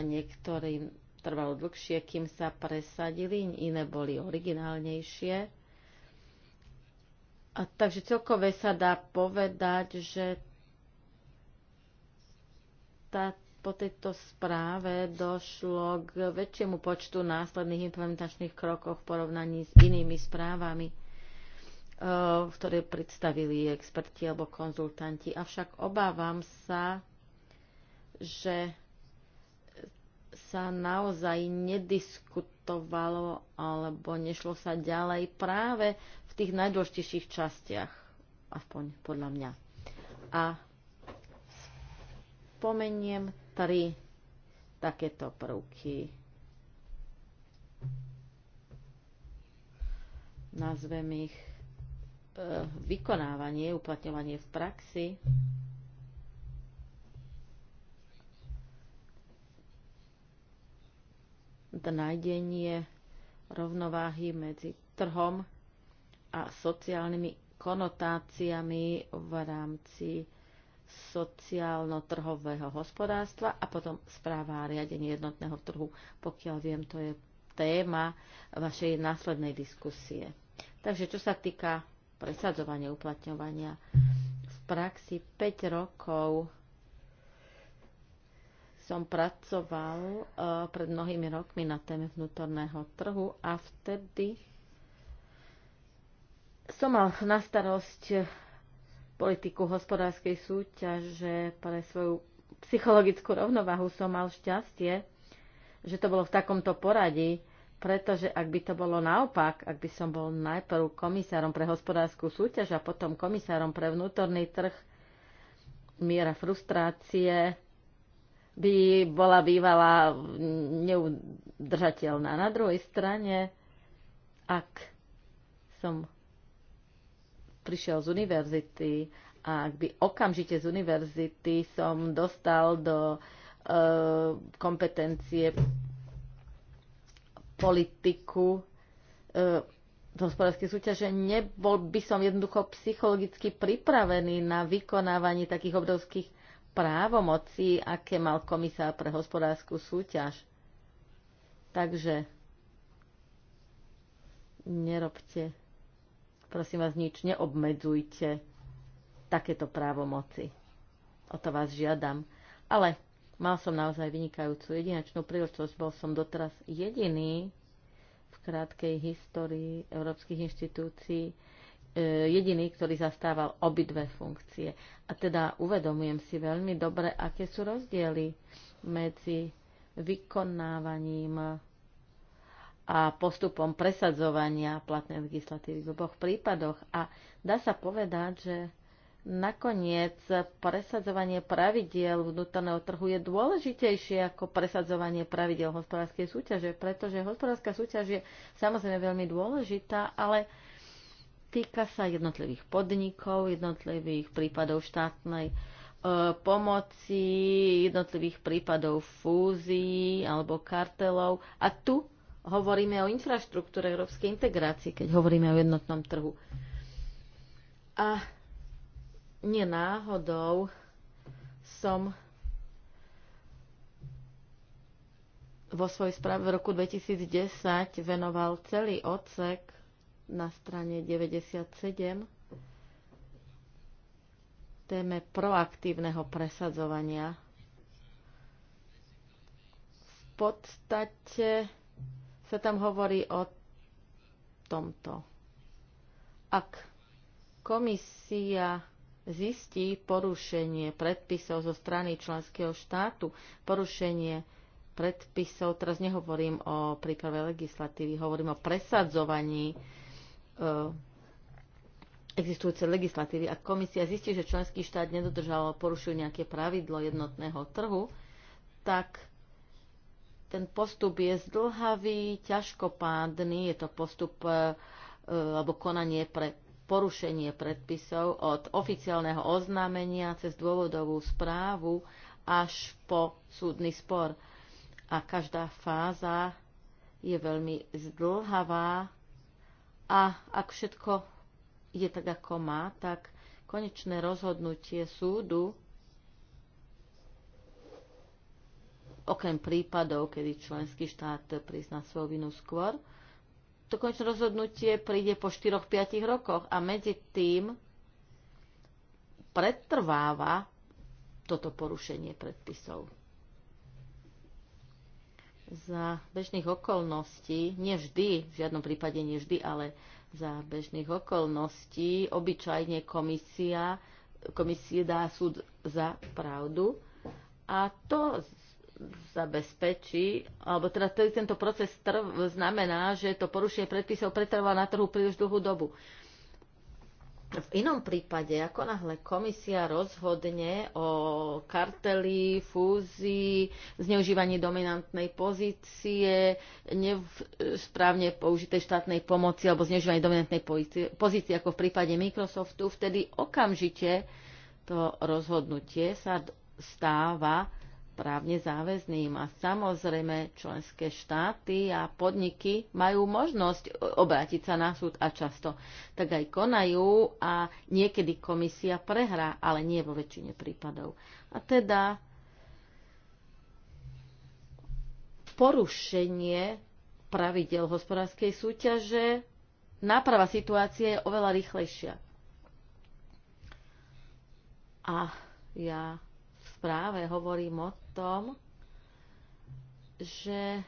Niektorí trvalo dlhšie, kým sa presadili, iné boli originálnejšie. A takže celkové sa dá povedať, že tá, po tejto správe došlo k väčšiemu počtu následných implementačných krokov v porovnaní s inými správami v eh, predstavili experti alebo konzultanti. Avšak obávam sa, že sa naozaj nediskutovalo alebo nešlo sa ďalej práve v tých najdôležitejších častiach, aspoň podľa mňa. A spomeniem tri takéto prvky. Nazvem ich E, vykonávanie, uplatňovanie v praxi nájdenie rovnováhy medzi trhom a sociálnymi konotáciami v rámci sociálno-trhového hospodárstva a potom správa a riadenie jednotného trhu. Pokiaľ viem, to je téma vašej následnej diskusie. Takže čo sa týka presadzovanie uplatňovania. V praxi 5 rokov som pracoval e, pred mnohými rokmi na téme vnútorného trhu a vtedy som mal na starosť politiku hospodárskej súťaže pre svoju psychologickú rovnovahu som mal šťastie, že to bolo v takomto poradí pretože ak by to bolo naopak, ak by som bol najprv komisárom pre hospodárskú súťaž a potom komisárom pre vnútorný trh, miera frustrácie by bola bývala neudržateľná. Na druhej strane, ak som prišiel z univerzity a ak by okamžite z univerzity som dostal do eh, kompetencie politiku e, hospodárskej súťaže, nebol by som jednoducho psychologicky pripravený na vykonávanie takých obrovských právomocí, aké mal komisár pre hospodárskú súťaž. Takže nerobte, prosím vás, nič, neobmedzujte takéto právomoci. O to vás žiadam. Ale Mal som naozaj vynikajúcu jedinečnú príležitosť, bol som doteraz jediný v krátkej histórii európskych inštitúcií, e, jediný, ktorý zastával obidve funkcie. A teda uvedomujem si veľmi dobre, aké sú rozdiely medzi vykonávaním a postupom presadzovania platnej legislatívy v oboch prípadoch. A dá sa povedať, že Nakoniec presadzovanie pravidiel vnútorného trhu je dôležitejšie ako presadzovanie pravidiel hospodárskej súťaže, pretože hospodárska súťaž je samozrejme veľmi dôležitá, ale týka sa jednotlivých podnikov, jednotlivých prípadov štátnej e, pomoci, jednotlivých prípadov fúzií alebo kartelov. A tu hovoríme o infraštruktúre európskej integrácie, keď hovoríme o jednotnom trhu. A nenáhodou som vo svojej správe v roku 2010 venoval celý odsek na strane 97 téme proaktívneho presadzovania. V podstate sa tam hovorí o tomto. Ak komisia zistí porušenie predpisov zo strany členského štátu, porušenie predpisov, teraz nehovorím o príprave legislatívy, hovorím o presadzovaní e, existujúcej legislatívy. Ak komisia zistí, že členský štát nedodržal porušil nejaké pravidlo jednotného trhu, tak ten postup je zdlhavý, ťažkopádny, je to postup e, alebo konanie pre porušenie predpisov od oficiálneho oznámenia cez dôvodovú správu až po súdny spor. A každá fáza je veľmi zdlhavá a ak všetko je tak, ako má, tak konečné rozhodnutie súdu, okrem prípadov, kedy členský štát prizná svoju vinu skôr, to konečné rozhodnutie príde po 4-5 rokoch a medzi tým pretrváva toto porušenie predpisov. Za bežných okolností, nie vždy, v žiadnom prípade nie vždy, ale za bežných okolností obyčajne komisia, komisie dá súd za pravdu a to zabezpečí, alebo teda celý tento proces trv, znamená, že to porušenie predpisov pretrvá na trhu príliš dlhú dobu. V inom prípade, ako náhle komisia rozhodne o karteli, fúzii, zneužívaní dominantnej pozície, nesprávne použitej štátnej pomoci alebo zneužívaní dominantnej pozície, ako v prípade Microsoftu, vtedy okamžite to rozhodnutie sa stáva právne záväzným. A samozrejme členské štáty a podniky majú možnosť obrátiť sa na súd a často tak aj konajú a niekedy komisia prehrá, ale nie vo väčšine prípadov. A teda porušenie pravidel hospodárskej súťaže, náprava situácie je oveľa rýchlejšia. A ja správe hovorím o tom, že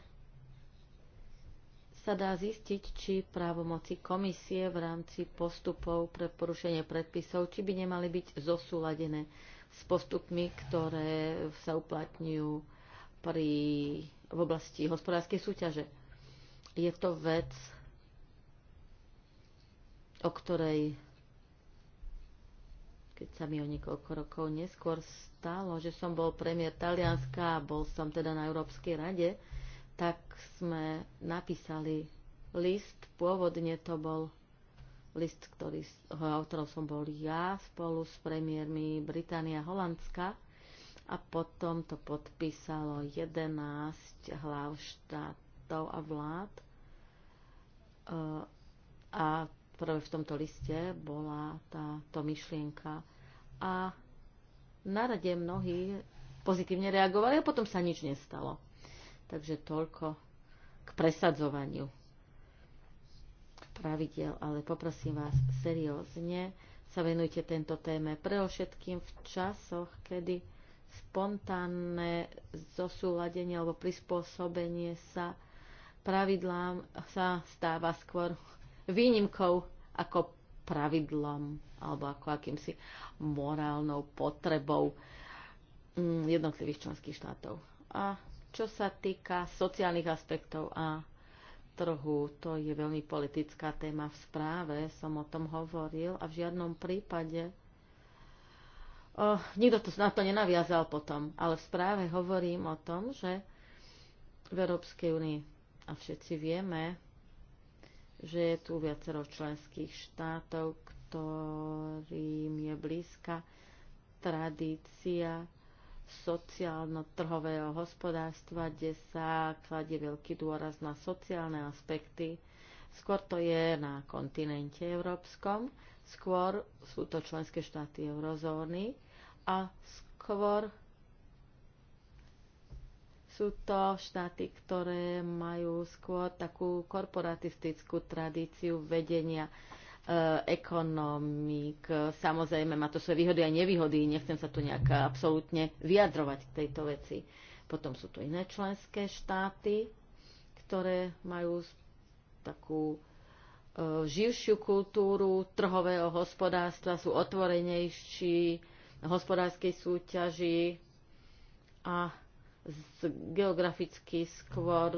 sa dá zistiť, či právomoci komisie v rámci postupov pre porušenie predpisov, či by nemali byť zosúladené s postupmi, ktoré sa uplatňujú pri, v oblasti hospodárskej súťaže. Je to vec, o ktorej keď sa mi o niekoľko rokov neskôr stalo, že som bol premiér Talianska a bol som teda na Európskej rade, tak sme napísali list. Pôvodne to bol list, ktorý, autorov som bol ja spolu s premiérmi Británia a Holandska a potom to podpísalo 11 hlav štátov a vlád. E, a práve v tomto liste bola táto myšlienka a na rade mnohí pozitívne reagovali a potom sa nič nestalo. Takže toľko k presadzovaniu pravidel, ale poprosím vás seriózne sa venujte tento téme všetkým v časoch, kedy spontánne zosúladenie alebo prispôsobenie sa pravidlám sa stáva skôr výnimkou ako pravidlom alebo ako akýmsi morálnou potrebou mm, jednotlivých členských štátov. A čo sa týka sociálnych aspektov a trhu, to je veľmi politická téma v správe, som o tom hovoril a v žiadnom prípade oh, nikto to na to nenaviazal potom, ale v správe hovorím o tom, že v Európskej únii a všetci vieme, že je tu viacero členských štátov, ktorým je blízka tradícia sociálno-trhového hospodárstva, kde sa kladie veľký dôraz na sociálne aspekty. Skôr to je na kontinente európskom, skôr sú to členské štáty eurozóny a skôr sú to štáty, ktoré majú skôr takú korporatistickú tradíciu vedenia e, ekonomík. Samozrejme, má to svoje výhody a nevýhody. Nechcem sa tu nejak absolútne vyjadrovať k tejto veci. Potom sú tu iné členské štáty, ktoré majú takú e, živšiu kultúru trhového hospodárstva, sú otvorenejší hospodárskej súťaži a z, geograficky skôr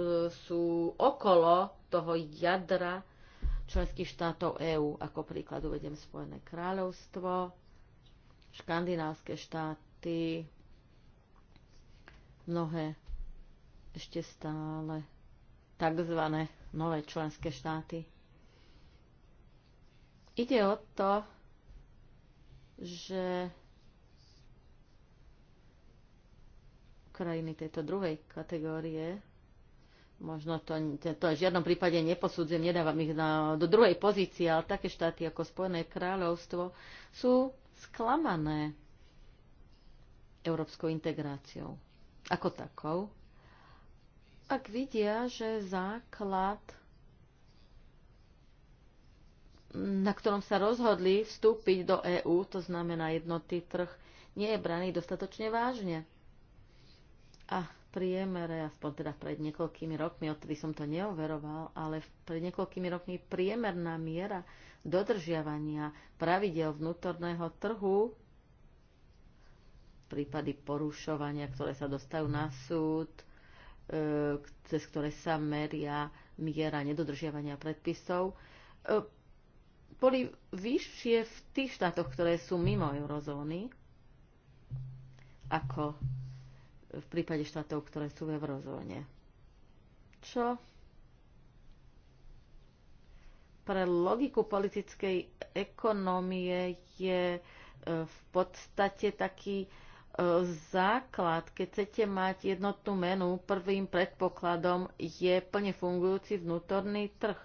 sú okolo toho jadra členských štátov EÚ. Ako príklad uvediem Spojené kráľovstvo, škandinávské štáty, mnohé ešte stále tzv. nové členské štáty. Ide o to, že krajiny tejto druhej kategórie. Možno to, to v žiadnom prípade neposudzujem, nedávam ich na, do druhej pozície, ale také štáty ako Spojené kráľovstvo sú sklamané európskou integráciou ako takou. Ak vidia, že základ na ktorom sa rozhodli vstúpiť do EÚ, to znamená jednotný trh, nie je braný dostatočne vážne. A v priemere, aspoň teda pred niekoľkými rokmi, odtedy som to neoveroval, ale pred niekoľkými rokmi priemerná miera dodržiavania pravidel vnútorného trhu prípady porušovania, ktoré sa dostajú na súd, e, cez ktoré sa meria miera nedodržiavania predpisov, e, boli vyššie v tých štátoch, ktoré sú mimo eurozóny, ako v prípade štátov, ktoré sú v eurozóne. Čo pre logiku politickej ekonomie je e, v podstate taký e, základ, keď chcete mať jednotnú menu, prvým predpokladom je plne fungujúci vnútorný trh.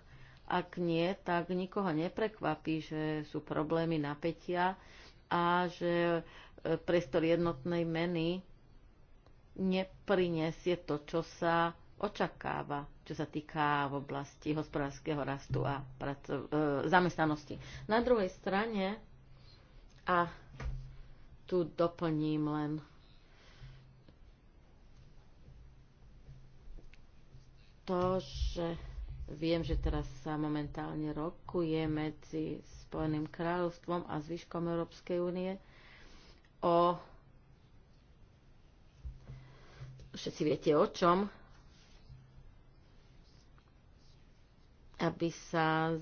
Ak nie, tak nikoho neprekvapí, že sú problémy napätia a že e, priestor jednotnej meny neprinesie to, čo sa očakáva, čo sa týka v oblasti hospodárskeho rastu a praco- e, zamestnanosti. Na druhej strane, a tu doplním len to, že viem, že teraz sa momentálne rokuje medzi Spojeným kráľovstvom a zvyškom Európskej únie o všetci viete o čom, aby sa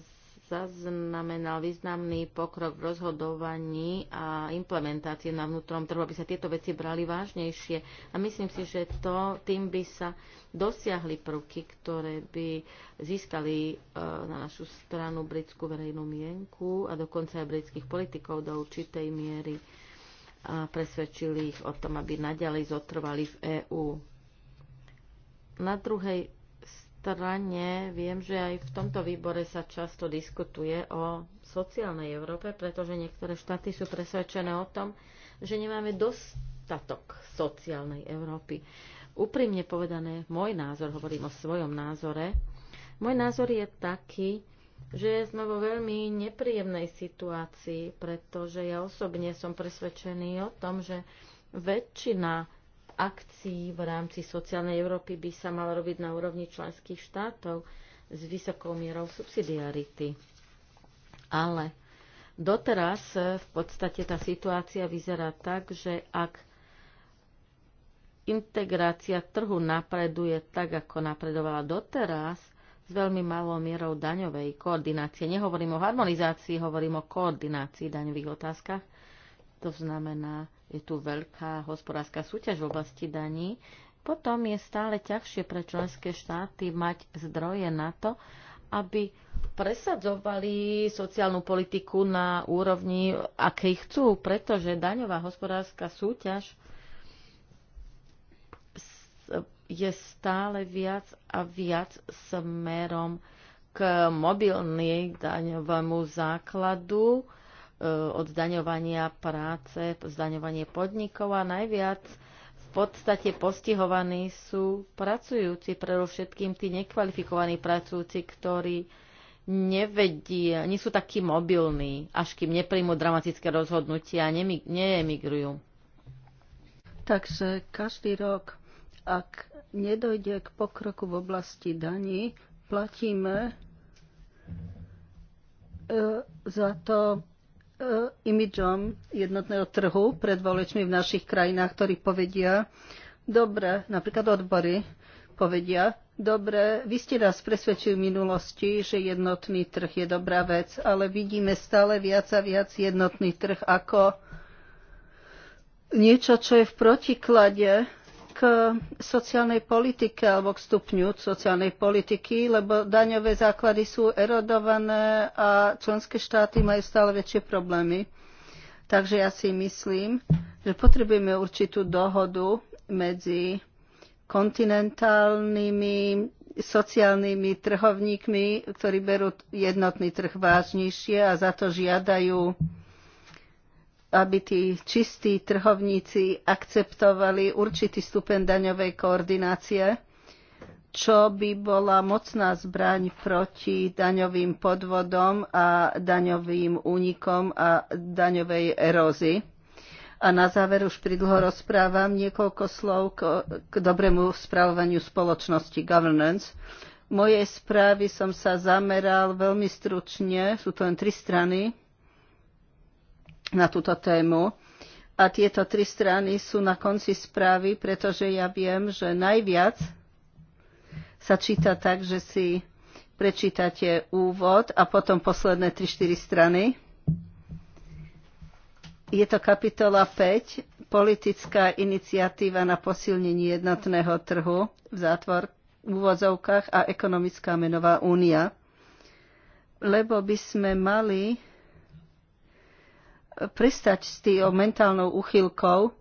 zaznamenal významný pokrok v rozhodovaní a implementácii na vnútrom trhu, aby sa tieto veci brali vážnejšie. A myslím si, že to, tým by sa dosiahli prvky, ktoré by získali e, na našu stranu britskú verejnú mienku a dokonca aj britských politikov do určitej miery a presvedčili ich o tom, aby naďalej zotrvali v EÚ. Na druhej strane viem, že aj v tomto výbore sa často diskutuje o sociálnej Európe, pretože niektoré štáty sú presvedčené o tom, že nemáme dostatok sociálnej Európy. Úprimne povedané, môj názor, hovorím o svojom názore, môj názor je taký, že sme vo veľmi nepríjemnej situácii, pretože ja osobne som presvedčený o tom, že väčšina akcií v rámci sociálnej Európy by sa mala robiť na úrovni členských štátov s vysokou mierou subsidiarity. Ale doteraz v podstate tá situácia vyzerá tak, že ak integrácia trhu napreduje tak, ako napredovala doteraz – s veľmi malou mierou daňovej koordinácie. Nehovorím o harmonizácii, hovorím o koordinácii daňových otázkach. To znamená, je tu veľká hospodárska súťaž v oblasti daní. Potom je stále ťažšie pre členské štáty mať zdroje na to, aby presadzovali sociálnu politiku na úrovni, akej chcú, pretože daňová hospodárska súťaž je stále viac a viac smerom k mobilnej daňovému základu e, od zdaňovania práce, zdaňovanie podnikov a najviac v podstate postihovaní sú pracujúci, predovšetkým tí nekvalifikovaní pracujúci, ktorí nevedia, nie sú takí mobilní, až kým nepríjmu dramatické rozhodnutia a neemigrujú. Takže každý rok, ak nedojde k pokroku v oblasti daní, platíme e, za to e, imidžom jednotného trhu pred volečmi v našich krajinách, ktorí povedia, dobre, napríklad odbory povedia, dobre, vy ste nás presvedčili v minulosti, že jednotný trh je dobrá vec, ale vidíme stále viac a viac jednotný trh ako niečo, čo je v protiklade k eh, sociálnej politike alebo k stupňu sociálnej politiky, lebo daňové základy sú erodované a členské štáty majú stále väčšie problémy. Takže ja si myslím, že potrebujeme určitú dohodu medzi kontinentálnymi sociálnymi trhovníkmi, ktorí berú jednotný trh vážnejšie a za to žiadajú aby tí čistí trhovníci akceptovali určitý stupeň daňovej koordinácie, čo by bola mocná zbraň proti daňovým podvodom a daňovým únikom a daňovej erózii. A na záver už pridlho rozprávam niekoľko slov k, k dobrému spravovaniu spoločnosti governance. V mojej správy som sa zameral veľmi stručne, sú to len tri strany, na túto tému. A tieto tri strany sú na konci správy, pretože ja viem, že najviac sa číta tak, že si prečítate úvod a potom posledné 3-4 strany. Je to kapitola 5, politická iniciatíva na posilnenie jednotného trhu v zátvor v úvodzovkách a ekonomická menová únia. Lebo by sme mali prestať s tým mentálnou uchylkou,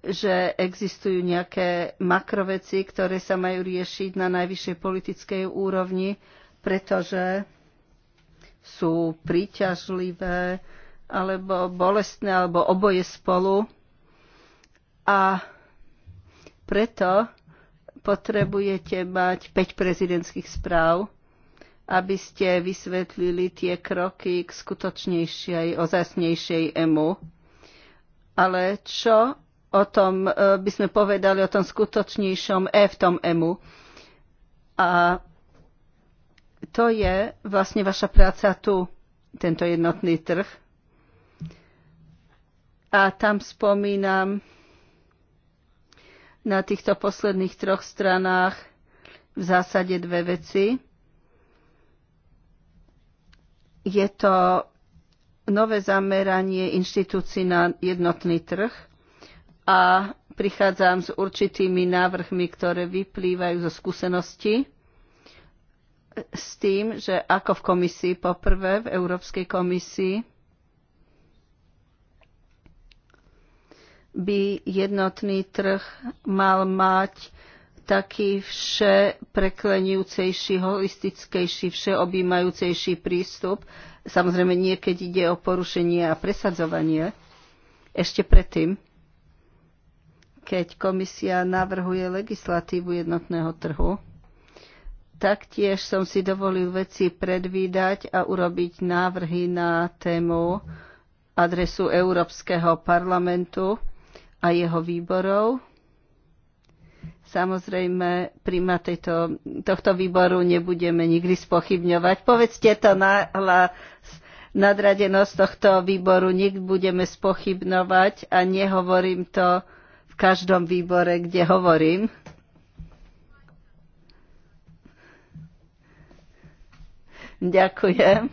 že existujú nejaké makroveci, ktoré sa majú riešiť na najvyššej politickej úrovni, pretože sú príťažlivé alebo bolestné alebo oboje spolu. A preto potrebujete mať 5 prezidentských správ, aby ste vysvetlili tie kroky k skutočnejšej, ozasnejšej EMU. Ale čo o tom e, by sme povedali, o tom skutočnejšom E v tom EMU? A to je vlastne vaša práca tu, tento jednotný trh. A tam spomínam na týchto posledných troch stranách v zásade dve veci je to nové zameranie inštitúcií na jednotný trh a prichádzam s určitými návrhmi, ktoré vyplývajú zo skúsenosti s tým, že ako v komisii, poprvé v Európskej komisii, by jednotný trh mal mať taký vše preklenujúcejší, holistickejší, všeobjímajúcejší prístup. Samozrejme niekedy ide o porušenie a presadzovanie. Ešte predtým, keď komisia navrhuje legislatívu jednotného trhu, taktiež som si dovolil veci predvídať a urobiť návrhy na tému adresu Európskeho parlamentu a jeho výborov Samozrejme, príma tejto, tohto výboru nebudeme nikdy spochybňovať. Povedzte to na hlas. Nadradenosť tohto výboru budeme spochybnovať a nehovorím to v každom výbore, kde hovorím. Ďakujem.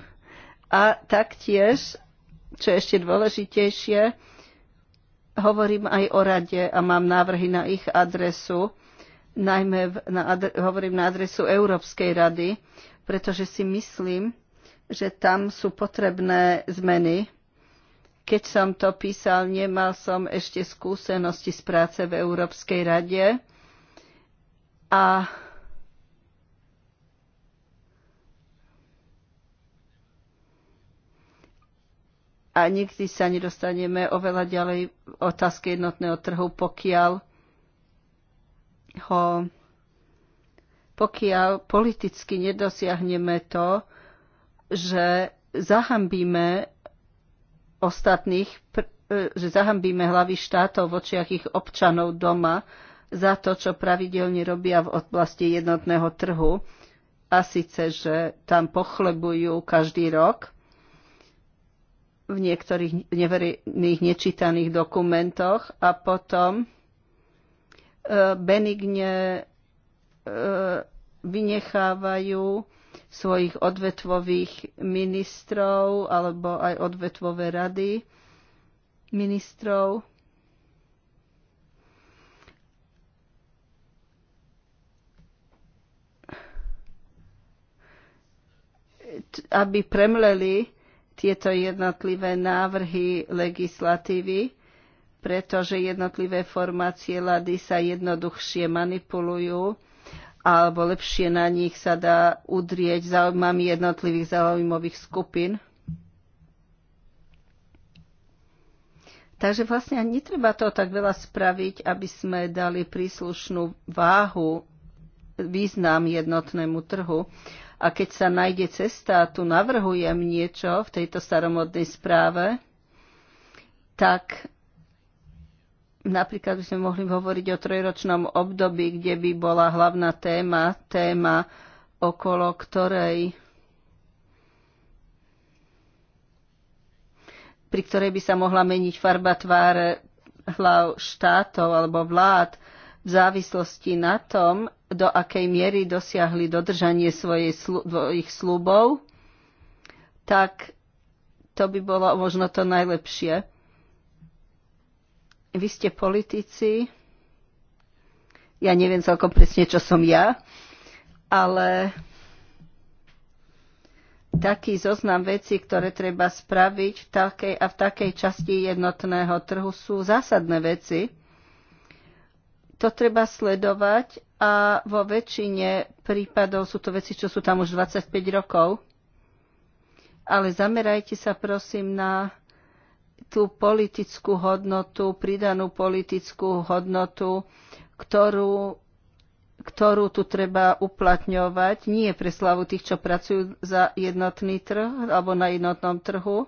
A taktiež, čo je ešte dôležitejšie, Hovorím aj o rade a mám návrhy na ich adresu, najmä v, na adre, hovorím na adresu Európskej rady, pretože si myslím, že tam sú potrebné zmeny. Keď som to písal, nemal som ešte skúsenosti z práce v Európskej rade a a nikdy sa nedostaneme oveľa ďalej v otázke jednotného trhu, pokiaľ ho pokiaľ politicky nedosiahneme to, že zahambíme ostatných, e, že zahambíme hlavy štátov v očiach ich občanov doma za to, čo pravidelne robia v oblasti jednotného trhu, a síce, že tam pochlebujú každý rok v niektorých neverejných nečítaných dokumentoch a potom e, benigne e, vynechávajú svojich odvetvových ministrov alebo aj odvetvové rady ministrov. aby premleli tieto jednotlivé návrhy legislatívy, pretože jednotlivé formácie lady sa jednoduchšie manipulujú alebo lepšie na nich sa dá udrieť zaujímami jednotlivých zaujímavých skupín. Takže vlastne ani netreba to tak veľa spraviť, aby sme dali príslušnú váhu, význam jednotnému trhu. A keď sa nájde cesta, tu navrhujem niečo v tejto staromodnej správe, tak napríklad by sme mohli hovoriť o trojročnom období, kde by bola hlavná téma, téma, okolo ktorej pri ktorej by sa mohla meniť farba tváre hlav štátov alebo vlád, v závislosti na tom, do akej miery dosiahli dodržanie svojej, svojich slubov, tak to by bolo možno to najlepšie. Vy ste politici, ja neviem celkom presne, čo som ja, ale taký zoznam vecí, ktoré treba spraviť v takej a v takej časti jednotného trhu sú zásadné veci. To treba sledovať a vo väčšine prípadov sú to veci, čo sú tam už 25 rokov. Ale zamerajte sa prosím na tú politickú hodnotu, pridanú politickú hodnotu, ktorú, ktorú tu treba uplatňovať, nie pre slavu tých, čo pracujú za jednotný trh alebo na jednotnom trhu,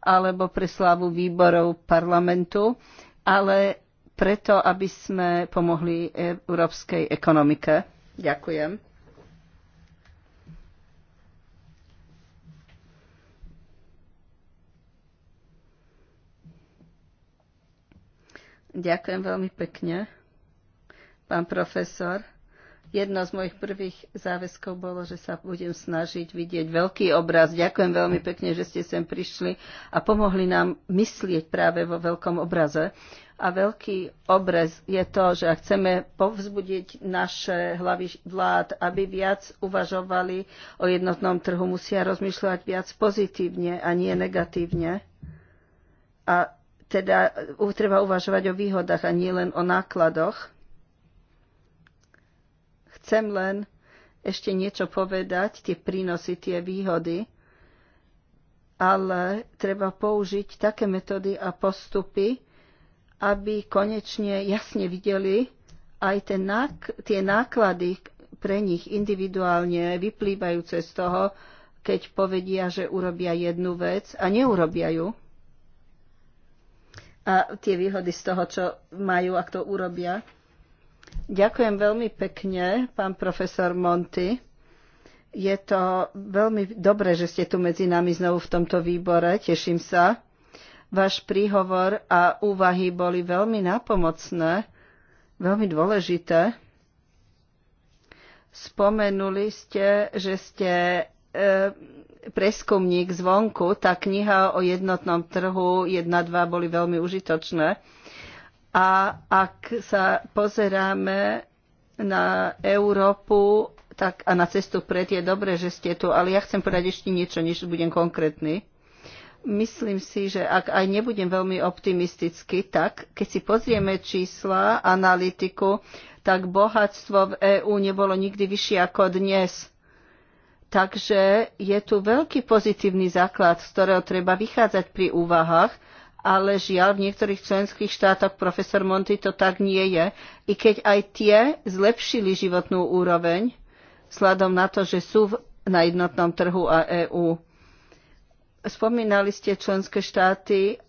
alebo pre slavu výborov parlamentu, ale preto, aby sme pomohli európskej ekonomike. Ďakujem. Ďakujem veľmi pekne, pán profesor. Jedno z mojich prvých záväzkov bolo, že sa budem snažiť vidieť veľký obraz. Ďakujem veľmi pekne, že ste sem prišli a pomohli nám myslieť práve vo veľkom obraze. A veľký obraz je to, že ak chceme povzbudiť naše hlavy vlád, aby viac uvažovali o jednotnom trhu, musia rozmýšľať viac pozitívne a nie negatívne. A teda treba uvažovať o výhodách a nie len o nákladoch. Chcem len ešte niečo povedať, tie prínosy, tie výhody, ale treba použiť také metódy a postupy, aby konečne jasne videli aj ten nák- tie náklady pre nich individuálne vyplývajúce z toho, keď povedia, že urobia jednu vec a neurobia ju. A tie výhody z toho, čo majú, ak to urobia. Ďakujem veľmi pekne, pán profesor Monty. Je to veľmi dobré, že ste tu medzi nami znovu v tomto výbore. Teším sa. Váš príhovor a úvahy boli veľmi napomocné, veľmi dôležité. Spomenuli ste, že ste e, preskumník zvonku. Tá kniha o jednotnom trhu 1.2 boli veľmi užitočné. A ak sa pozeráme na Európu tak, a na cestu pred, je dobré, že ste tu, ale ja chcem povedať ešte niečo, než budem konkrétny myslím si, že ak aj nebudem veľmi optimisticky, tak keď si pozrieme čísla, analytiku, tak bohatstvo v EÚ nebolo nikdy vyššie ako dnes. Takže je tu veľký pozitívny základ, z ktorého treba vychádzať pri úvahách, ale žiaľ v niektorých členských štátoch profesor Monty to tak nie je. I keď aj tie zlepšili životnú úroveň, vzhľadom na to, že sú na jednotnom trhu a EÚ. Spomínali ste členské štáty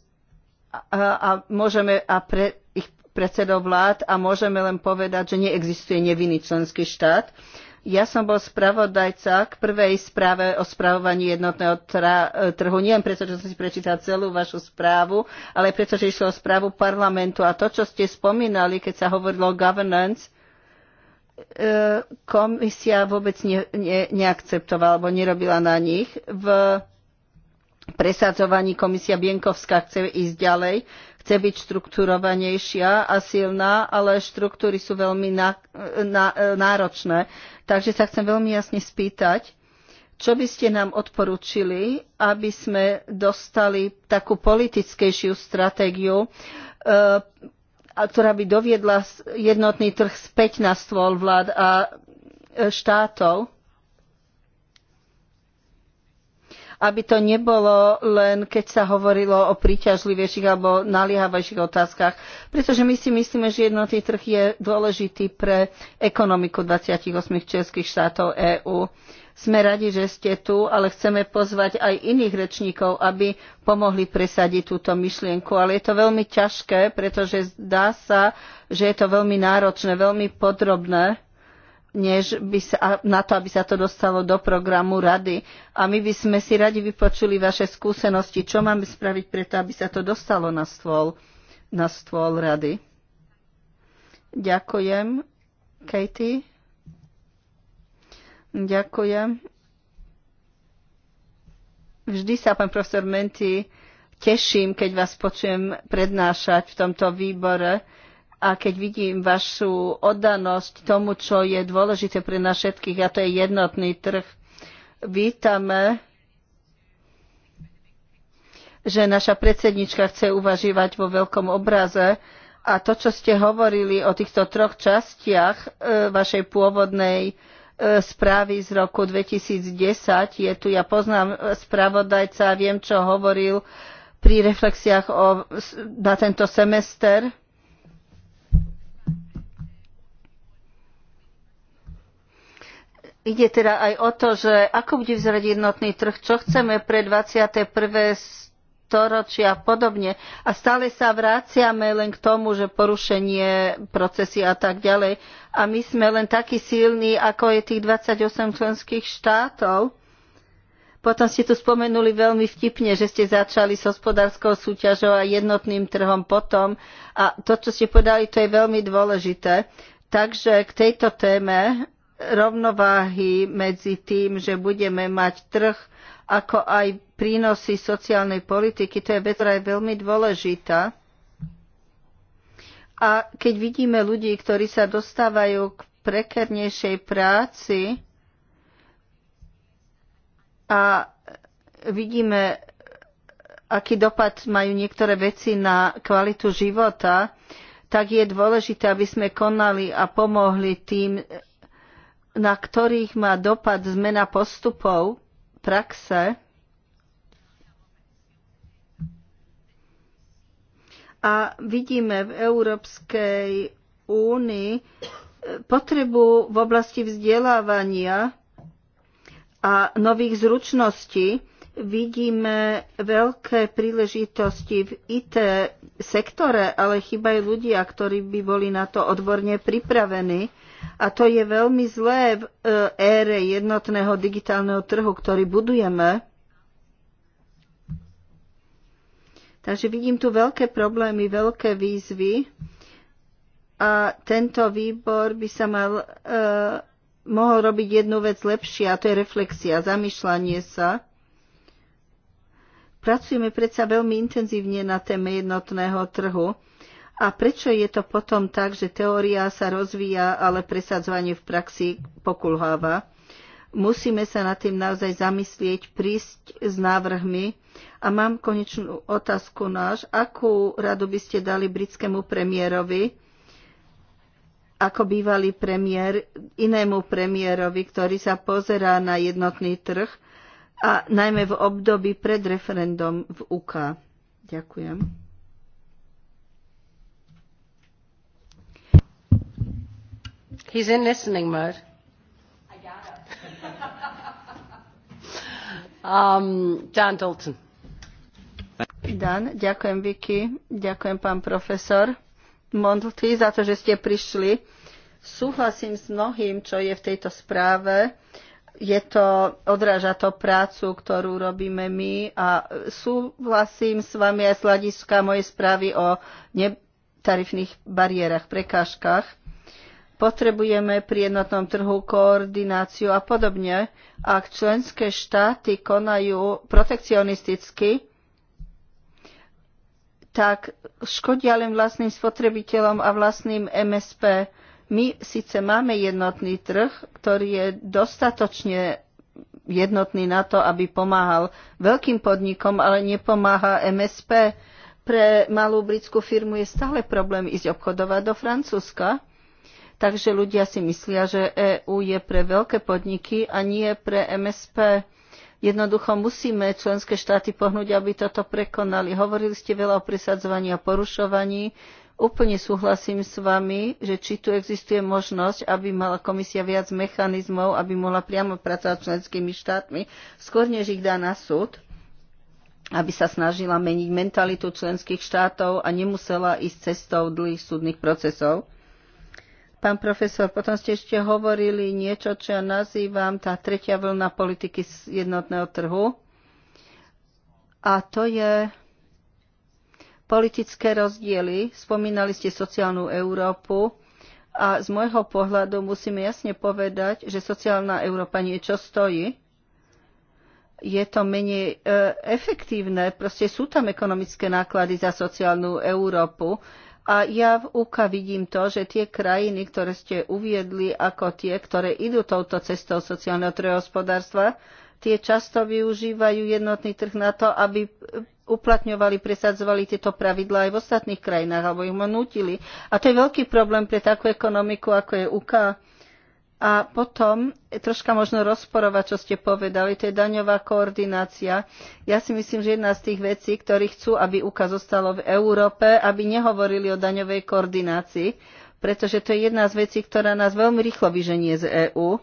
a, a, môžeme, a pre ich predsedov vlád a môžeme len povedať, že neexistuje nevinný členský štát. Ja som bol spravodajca k prvej správe o spravovaní jednotného e, trhu. Nie len preto, že som si prečítal celú vašu správu, ale preto, že išlo o správu parlamentu. A to, čo ste spomínali, keď sa hovorilo o governance, e, komisia vôbec ne, ne, neakceptovala alebo nerobila na nich. V presadzovaní komisia Bienkovská chce ísť ďalej, chce byť štrukturovanejšia a silná, ale štruktúry sú veľmi na, na, náročné. Takže sa chcem veľmi jasne spýtať, čo by ste nám odporučili, aby sme dostali takú politickejšiu stratégiu, eh, ktorá by doviedla jednotný trh späť na stôl vlád a štátov? aby to nebolo len, keď sa hovorilo o príťažlivejších alebo naliehavejších otázkach, pretože my si myslíme, že jednotný trh je dôležitý pre ekonomiku 28 členských štátov EÚ. Sme radi, že ste tu, ale chceme pozvať aj iných rečníkov, aby pomohli presadiť túto myšlienku. Ale je to veľmi ťažké, pretože zdá sa, že je to veľmi náročné, veľmi podrobné než by sa, na to, aby sa to dostalo do programu rady. A my by sme si radi vypočuli vaše skúsenosti, čo máme spraviť preto, aby sa to dostalo na stôl, na stôl rady. Ďakujem, Katie. Ďakujem. Vždy sa, pán profesor Menti, teším, keď vás počujem prednášať v tomto výbore a keď vidím vašu oddanosť tomu, čo je dôležité pre nás všetkých, a to je jednotný trh, vítame, že naša predsednička chce uvažívať vo veľkom obraze a to, čo ste hovorili o týchto troch častiach e, vašej pôvodnej e, správy z roku 2010, je tu, ja poznám spravodajca viem, čo hovoril pri reflexiách o, na tento semester, Ide teda aj o to, že ako bude vzerať jednotný trh, čo chceme pre 21. storočia a podobne. A stále sa vráciame len k tomu, že porušenie procesy a tak ďalej. A my sme len takí silní, ako je tých 28 členských štátov. Potom ste tu spomenuli veľmi vtipne, že ste začali s hospodárskou súťažou a jednotným trhom potom. A to, čo ste povedali, to je veľmi dôležité. Takže k tejto téme rovnováhy medzi tým, že budeme mať trh, ako aj prínosy sociálnej politiky. To je vec, ktorá je veľmi dôležitá. A keď vidíme ľudí, ktorí sa dostávajú k prekernejšej práci a vidíme, aký dopad majú niektoré veci na kvalitu života, tak je dôležité, aby sme konali a pomohli tým na ktorých má dopad zmena postupov, praxe a vidíme v Európskej únii e, potrebu v oblasti vzdelávania a nových zručností. Vidíme veľké príležitosti v IT sektore, ale chýbajú ľudia, ktorí by boli na to odborne pripravení a to je veľmi zlé v e, ére jednotného digitálneho trhu, ktorý budujeme. Takže vidím tu veľké problémy, veľké výzvy a tento výbor by sa mal, e, mohol robiť jednu vec lepšie a to je reflexia, zamýšľanie sa. Pracujeme predsa veľmi intenzívne na téme jednotného trhu a prečo je to potom tak, že teória sa rozvíja, ale presadzovanie v praxi pokulháva? Musíme sa nad tým naozaj zamyslieť, prísť s návrhmi. A mám konečnú otázku náš. Akú radu by ste dali britskému premiérovi, ako bývalý premiér, inému premiérovi, ktorý sa pozerá na jednotný trh a najmä v období pred referendum v UK? Ďakujem. He's in listening mode. I got um, Dan Dalton. Dan, ďakujem Vicky, ďakujem pán profesor Mondlty za to, že ste prišli. Súhlasím s mnohým, čo je v tejto správe. Je to, odráža to prácu, ktorú robíme my a súhlasím s vami aj z hľadiska mojej správy o netarifných bariérach, prekážkach Potrebujeme pri jednotnom trhu koordináciu a podobne. Ak členské štáty konajú protekcionisticky, tak škodia len vlastným spotrebiteľom a vlastným MSP. My síce máme jednotný trh, ktorý je dostatočne jednotný na to, aby pomáhal veľkým podnikom, ale nepomáha MSP. Pre malú britskú firmu je stále problém ísť obchodovať do Francúzska. Takže ľudia si myslia, že EÚ je pre veľké podniky a nie pre MSP. Jednoducho musíme členské štáty pohnúť, aby toto prekonali. Hovorili ste veľa o presadzovaní a porušovaní. Úplne súhlasím s vami, že či tu existuje možnosť, aby mala komisia viac mechanizmov, aby mohla priamo pracovať s členskými štátmi, skôr než ich dá na súd, aby sa snažila meniť mentalitu členských štátov a nemusela ísť cestou dlhých súdnych procesov. Pán profesor, potom ste ešte hovorili niečo, čo ja nazývam tá tretia vlna politiky jednotného trhu. A to je politické rozdiely. Spomínali ste sociálnu Európu. A z môjho pohľadu musíme jasne povedať, že sociálna Európa niečo stojí. Je to menej e, efektívne, proste sú tam ekonomické náklady za sociálnu Európu. E, a ja v UK vidím to, že tie krajiny, ktoré ste uviedli ako tie, ktoré idú touto cestou sociálneho trojhospodárstva, tie často využívajú jednotný trh na to, aby uplatňovali, presadzovali tieto pravidlá aj v ostatných krajinách, alebo ich nútili. nutili. A to je veľký problém pre takú ekonomiku, ako je UK a potom troška možno rozporovať, čo ste povedali, to je daňová koordinácia. Ja si myslím, že jedna z tých vecí, ktorí chcú, aby UKA zostalo v Európe, aby nehovorili o daňovej koordinácii, pretože to je jedna z vecí, ktorá nás veľmi rýchlo vyženie z EÚ.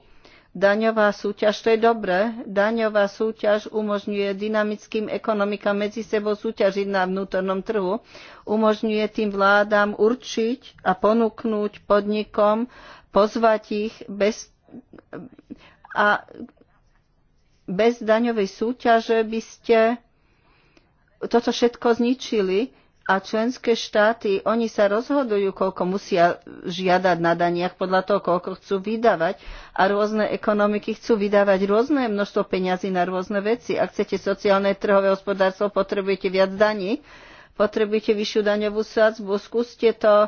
Daňová súťaž, to je dobré, daňová súťaž umožňuje dynamickým ekonomikám medzi sebou súťažiť na vnútornom trhu, umožňuje tým vládám určiť a ponúknuť podnikom, pozvať ich bez, a bez daňovej súťaže by ste toto všetko zničili a členské štáty, oni sa rozhodujú, koľko musia žiadať na daniach podľa toho, koľko chcú vydávať a rôzne ekonomiky chcú vydávať rôzne množstvo peňazí na rôzne veci. Ak chcete sociálne trhové hospodárstvo, potrebujete viac daní, potrebujete vyššiu daňovú sadzbu, skúste to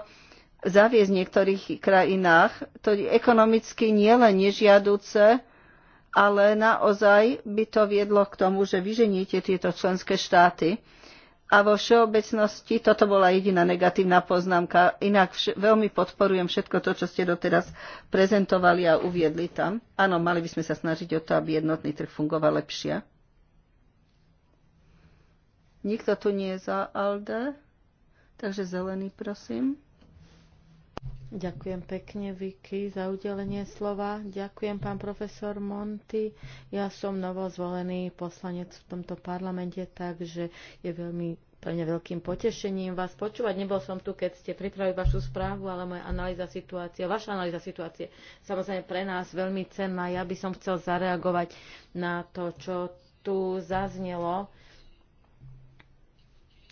zaviesť v niektorých krajinách. To je ekonomicky nielen nežiaduce, ale naozaj by to viedlo k tomu, že vyženíte tieto členské štáty. A vo všeobecnosti toto bola jediná negatívna poznámka. Inak vš- veľmi podporujem všetko to, čo ste doteraz prezentovali a uviedli tam. Áno, mali by sme sa snažiť o to, aby jednotný trh fungoval lepšie. Nikto tu nie je za ALDE, takže zelený prosím. Ďakujem pekne, Vicky, za udelenie slova. Ďakujem, pán profesor Monty. Ja som novozvolený poslanec v tomto parlamente, takže je veľmi pre mňa veľkým potešením vás počúvať. Nebol som tu, keď ste pripravili vašu správu, ale moja analýza situácie, vaša analýza situácie, samozrejme pre nás veľmi cenná. Ja by som chcel zareagovať na to, čo tu zaznelo.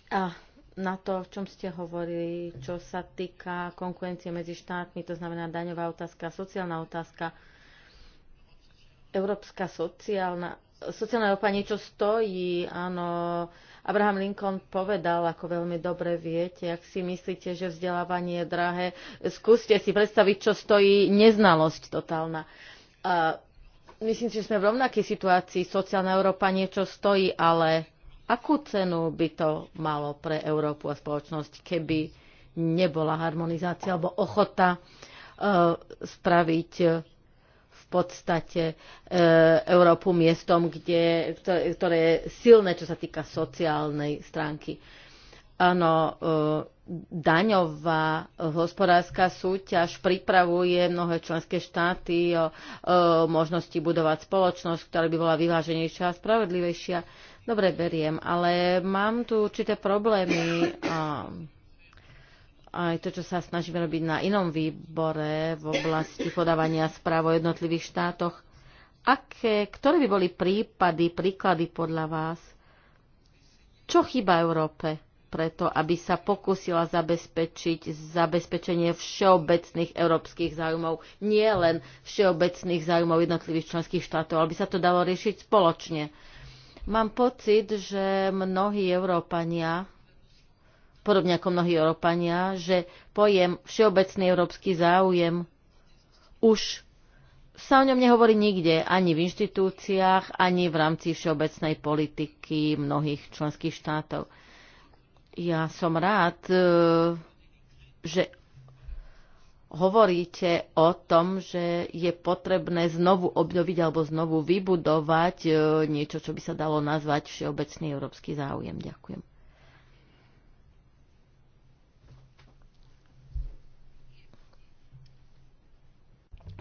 A na to, o čom ste hovorili, čo sa týka konkurencie medzi štátmi, to znamená daňová otázka, sociálna otázka. Európska sociálna sociálna Európa niečo stojí, áno. Abraham Lincoln povedal, ako veľmi dobre viete, ak si myslíte, že vzdelávanie je drahé, skúste si predstaviť, čo stojí neznalosť totálna. A myslím si, že sme v rovnakej situácii. Sociálna Európa niečo stojí, ale Akú cenu by to malo pre Európu a spoločnosť, keby nebola harmonizácia alebo ochota e, spraviť e, v podstate e, Európu miestom, kde, ktoré, ktoré je silné, čo sa týka sociálnej stránky. Áno, e, daňová hospodárska súťaž pripravuje mnohé členské štáty o, o možnosti budovať spoločnosť, ktorá by bola vyváženejšia a spravedlivejšia. Dobre, beriem, ale mám tu určité problémy. A aj to, čo sa snažíme robiť na inom výbore v oblasti podávania správ o jednotlivých štátoch. Aké, ktoré by boli prípady, príklady podľa vás? Čo chýba Európe preto, aby sa pokúsila zabezpečiť zabezpečenie všeobecných európskych záujmov, nie len všeobecných záujmov jednotlivých členských štátov, aby sa to dalo riešiť spoločne? Mám pocit, že mnohí Európania, podobne ako mnohí Európania, že pojem všeobecný európsky záujem už sa o ňom nehovorí nikde, ani v inštitúciách, ani v rámci všeobecnej politiky mnohých členských štátov. Ja som rád, e, že hovoríte o tom, že je potrebné znovu obnoviť alebo znovu vybudovať e, niečo, čo by sa dalo nazvať všeobecný európsky záujem. Ďakujem.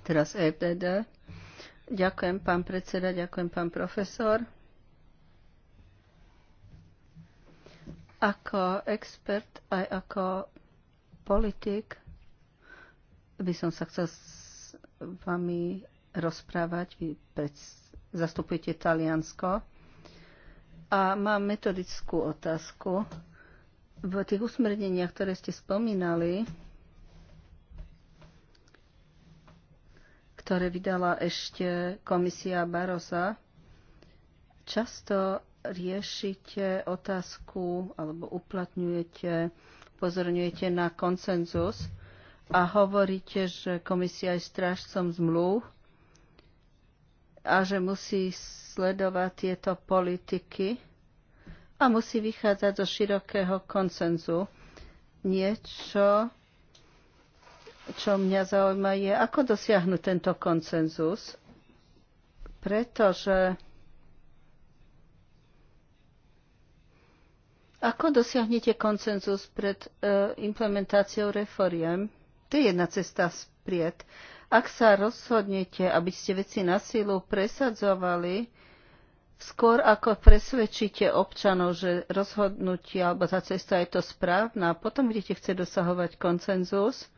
Teraz EPD. Ďakujem, pán predseda, ďakujem, pán profesor. Ako expert aj ako politik by som sa chcel s vami rozprávať. Vy pred, zastupujete Taliansko. A mám metodickú otázku. V tých usmerneniach, ktoré ste spomínali, ktoré vydala ešte komisia Barosa, často riešite otázku alebo uplatňujete, pozorňujete na konsenzus a hovoríte, že komisia je strážcom zmluv a že musí sledovať tieto politiky a musí vychádzať zo širokého koncenzu. Niečo, čo mňa zaujíma, je, ako dosiahnuť tento koncenzus, pretože ako dosiahnete koncenzus pred e, implementáciou reforiem? To je jedna cesta spriet. Ak sa rozhodnete, aby ste veci na sílu presadzovali, skôr ako presvedčíte občanov, že rozhodnutie alebo tá cesta je to správna, potom budete chcieť dosahovať koncenzus,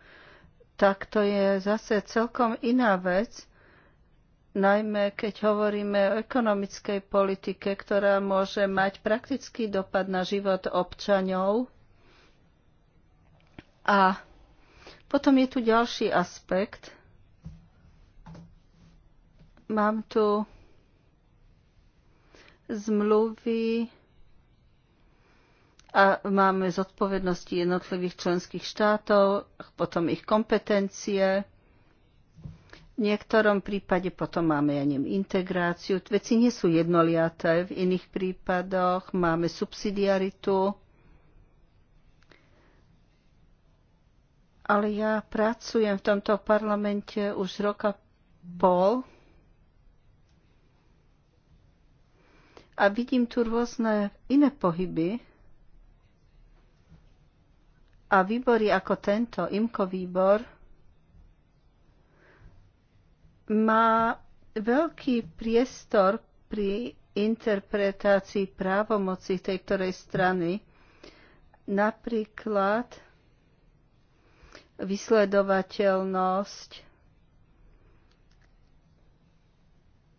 tak to je zase celkom iná vec, najmä keď hovoríme o ekonomickej politike, ktorá môže mať praktický dopad na život občanov a potom je tu ďalší aspekt. Mám tu zmluvy a máme zodpovednosti jednotlivých členských štátov, potom ich kompetencie. V niektorom prípade potom máme, ja neviem, integráciu. Veci nie sú jednoliaté, v iných prípadoch máme subsidiaritu. ale ja pracujem v tomto parlamente už roka pol a vidím tu rôzne iné pohyby a výbory ako tento, IMKO výbor, má veľký priestor pri interpretácii právomoci tej ktorej strany. Napríklad vysledovateľnosť.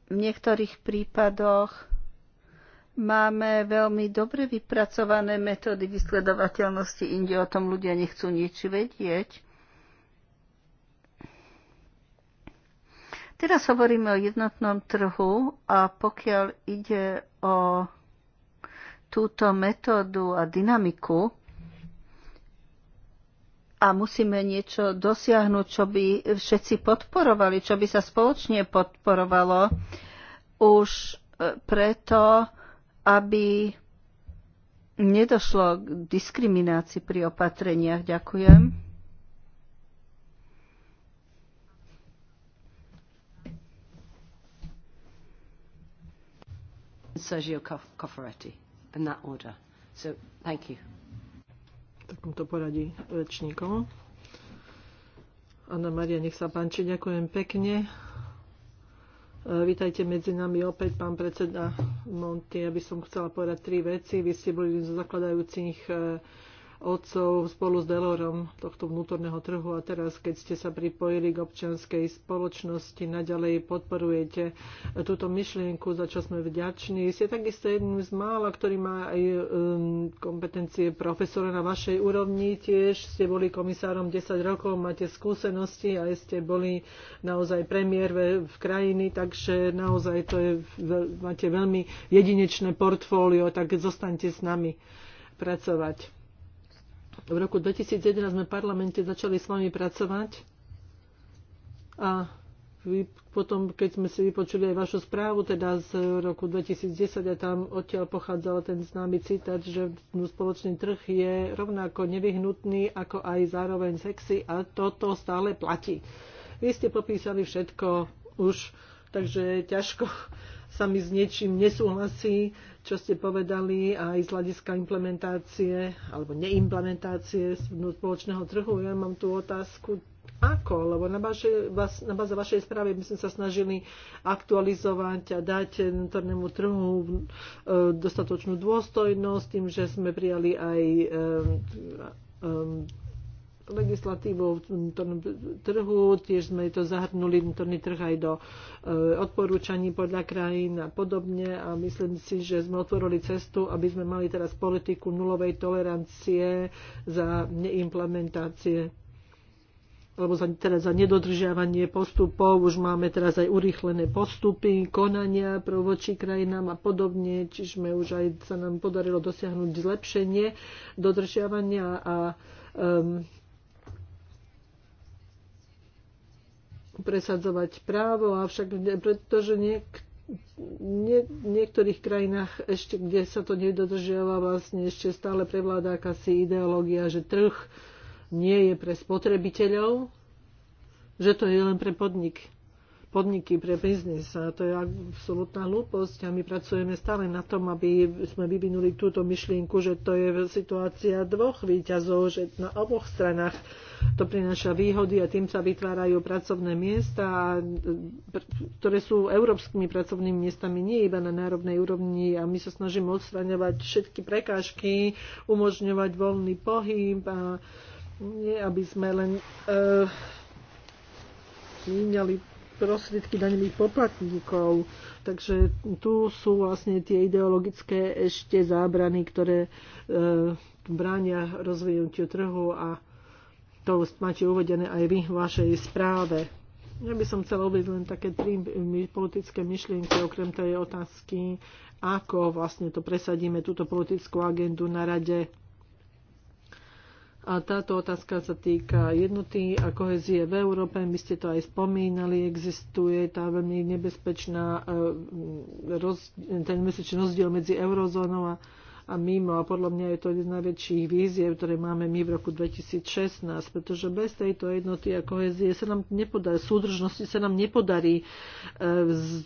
V niektorých prípadoch máme veľmi dobre vypracované metódy vysledovateľnosti, inde o tom ľudia nechcú nič vedieť. Teraz hovoríme o jednotnom trhu a pokiaľ ide o túto metódu a dynamiku, a musíme niečo dosiahnuť, čo by všetci podporovali, čo by sa spoločne podporovalo už e, preto, aby nedošlo k diskriminácii pri opatreniach. Ďakujem. Sergio Cofferetti, in that order. So, thank you takomto poradí rečníkom. Anna Maria, nech sa páči, ďakujem pekne. E, vítajte medzi nami opäť, pán predseda Monty. Ja by som chcela povedať tri veci. Vy ste boli z zakladajúcich e, otcov spolu s Delorom tohto vnútorného trhu a teraz, keď ste sa pripojili k občianskej spoločnosti, naďalej podporujete túto myšlienku, za čo sme vďační. Ste takisto jedným z mála, ktorý má aj um, kompetencie profesora na vašej úrovni. Tiež ste boli komisárom 10 rokov, máte skúsenosti a ste boli naozaj premiér v krajiny, takže naozaj to je, máte veľmi jedinečné portfólio, tak zostaňte s nami pracovať. V roku 2011 sme v parlamente začali s vami pracovať a vy, potom, keď sme si vypočuli aj vašu správu, teda z roku 2010 a tam odtiaľ pochádzal ten známy citát, že no, spoločný trh je rovnako nevyhnutný, ako aj zároveň sexy a toto stále platí. Vy ste popísali všetko už, takže ťažko sa mi s niečím nesúhlasí, čo ste povedali aj z hľadiska implementácie alebo neimplementácie spoločného trhu. Ja mám tú otázku, ako? Lebo na, vaše, na báze vašej správy by sme sa snažili aktualizovať a dať vnútornému trhu e, dostatočnú dôstojnosť tým, že sme prijali aj e, e, legislatívou trhu, tiež sme to zahrnuli vnútorný trh aj do e, odporúčaní podľa krajín a podobne a myslím si, že sme otvorili cestu, aby sme mali teraz politiku nulovej tolerancie za neimplementácie alebo za, teraz za nedodržiavanie postupov, už máme teraz aj urýchlené postupy, konania voči krajinám a podobne, čiže sme už aj sa nám podarilo dosiahnuť zlepšenie dodržiavania a um, presadzovať právo, avšak pretože niek, nie, v niektorých krajinách ešte, kde sa to nedodržiava, vlastne ešte stále prevláda akási ideológia, že trh nie je pre spotrebiteľov, že to je len pre podnik podniky pre biznis. A to je absolútna hlúposť a my pracujeme stále na tom, aby sme vyvinuli túto myšlienku, že to je situácia dvoch výťazov, že na oboch stranách to prináša výhody a tým sa vytvárajú pracovné miesta, ktoré sú európskymi pracovnými miestami, nie iba na národnej úrovni a my sa snažíme odstraňovať všetky prekážky, umožňovať voľný pohyb a nie, aby sme len uh, míňali prostriedky daňových poplatníkov. Takže tu sú vlastne tie ideologické ešte zábrany, ktoré e, bránia rozvinutiu trhu a to máte uvedené aj vy v vašej správe. Ja by som chcela uvedieť len také tri politické myšlienky, okrem tej otázky, ako vlastne to presadíme, túto politickú agendu na rade a táto otázka sa týka jednoty a kohezie v Európe. My ste to aj spomínali, existuje tá veľmi nebezpečná eh, roz, ten mesečný rozdiel medzi eurozónou a a mimo. A podľa mňa je to jedna z najväčších víziev, ktoré máme my v roku 2016, pretože bez tejto jednoty a kohezie sa nám nepodarí, súdržnosti sa nám nepodarí eh,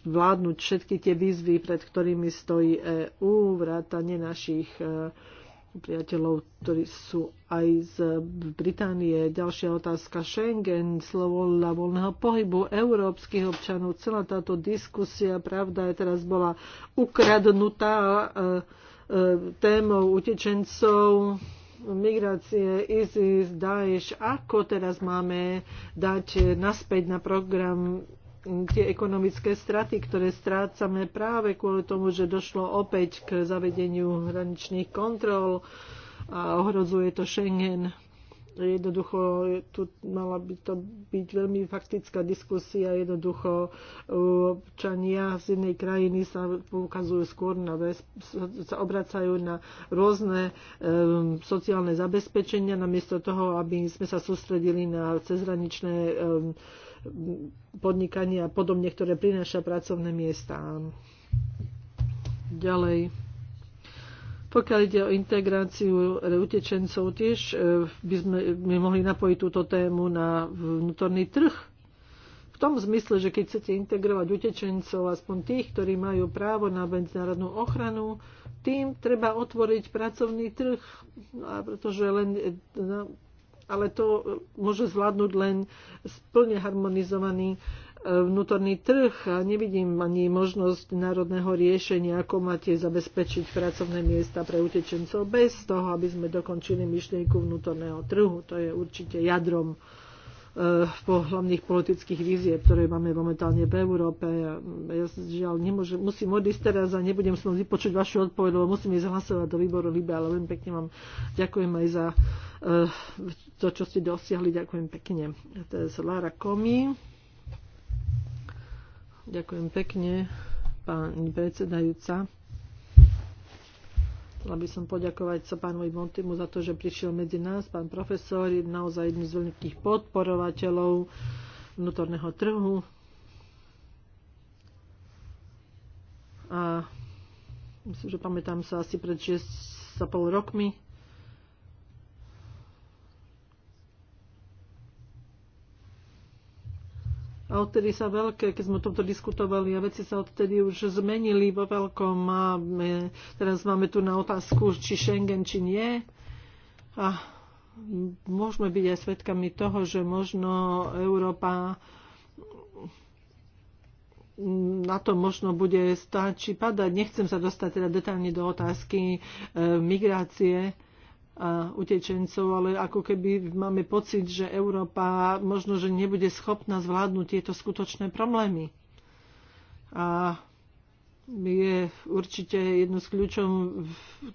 zvládnuť všetky tie výzvy, pred ktorými stojí EÚ, vrátanie našich eh, priateľov, ktorí sú aj z Británie. Ďalšia otázka Schengen, slovo voľného pohybu európskych občanov. Celá táto diskusia, pravda, je teraz bola ukradnutá e, e, témou utečencov migrácie, ISIS, Daesh, ako teraz máme dať naspäť na program tie ekonomické straty, ktoré strácame práve kvôli tomu, že došlo opäť k zavedeniu hraničných kontrol a ohrozuje to Schengen. Jednoducho, tu mala by to byť veľmi faktická diskusia. Jednoducho, občania z jednej krajiny sa poukazujú skôr na, sa obracajú na rôzne um, sociálne zabezpečenia, namiesto toho, aby sme sa sústredili na cezhraničné um, podnikanie a podobne, ktoré prináša pracovné miesta. Ďalej. Pokiaľ ide o integráciu utečencov, tiež e, by sme by mohli napojiť túto tému na vnútorný trh, v tom zmysle, že keď chcete integrovať utečencov, aspoň tých, ktorí majú právo na medzinárodnú ochranu, tým treba otvoriť pracovný trh, a pretože len e, no, ale to e, môže zvládnuť len plne harmonizovaný e, vnútorný trh a nevidím ani možnosť národného riešenia, ako máte zabezpečiť pracovné miesta pre utečencov bez toho, aby sme dokončili myšlienku vnútorného trhu. To je určite jadrom Eh, po hlavných politických vízie, ktoré máme momentálne v Európe. Ja žiaľ nemôžem, musím odísť teraz a nebudem som vypočuť vašu odpoveď, lebo musím ísť hlasovať do výboru Libe, ale veľmi pekne vám ďakujem aj za eh, to, čo ste dosiahli. Ďakujem pekne. To je Lara Komi. Ďakujem pekne, pani predsedajúca. Chcela by som poďakovať sa pánovi Montimu za to, že prišiel medzi nás. Pán profesor je naozaj jedný z veľkých podporovateľov vnútorného trhu. A myslím, že pamätám sa asi pred 6,5 rokmi A odtedy sa veľké, keď sme o tomto diskutovali a veci sa odtedy už zmenili vo veľkom. Máme, teraz máme tu na otázku, či Schengen, či nie. A môžeme byť aj svedkami toho, že možno Európa na to možno bude stáť či padať. Nechcem sa dostať teda detálne do otázky e, migrácie, a utečencov, ale ako keby máme pocit, že Európa možno, že nebude schopná zvládnuť tieto skutočné problémy. A je určite jedno z, kľúčom,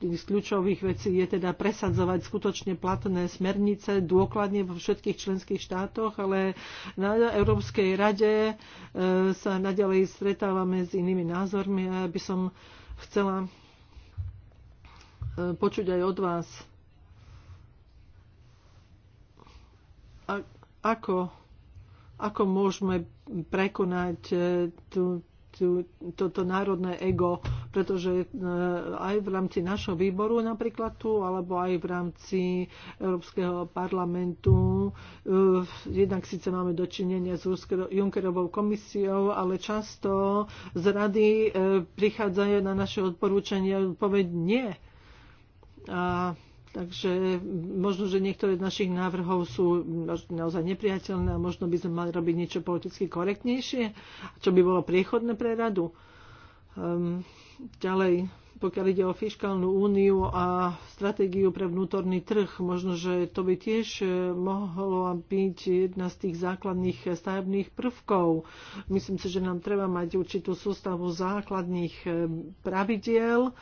z kľúčových vecí je teda presadzovať skutočne platné smernice dôkladne vo všetkých členských štátoch, ale na Európskej rade e, sa naďalej stretávame s inými názormi a ja by som chcela e, počuť aj od vás ako, ako môžeme prekonať e, tú, tú, toto národné ego, pretože e, aj v rámci našho výboru napríklad tu, alebo aj v rámci Európskeho parlamentu, e, jednak síce máme dočinenia s Junckerovou komisiou, ale často z rady prichádzajú na naše odporúčania odpoveď nie. A Takže možno, že niektoré z našich návrhov sú naozaj nepriateľné a možno by sme mali robiť niečo politicky korektnejšie, čo by bolo priechodné pre radu. Um, ďalej, pokiaľ ide o fiskálnu úniu a stratégiu pre vnútorný trh, možno, že to by tiež e, mohlo byť jedna z tých základných stavebných prvkov. Myslím si, že nám treba mať určitú sústavu základných e, pravidiel,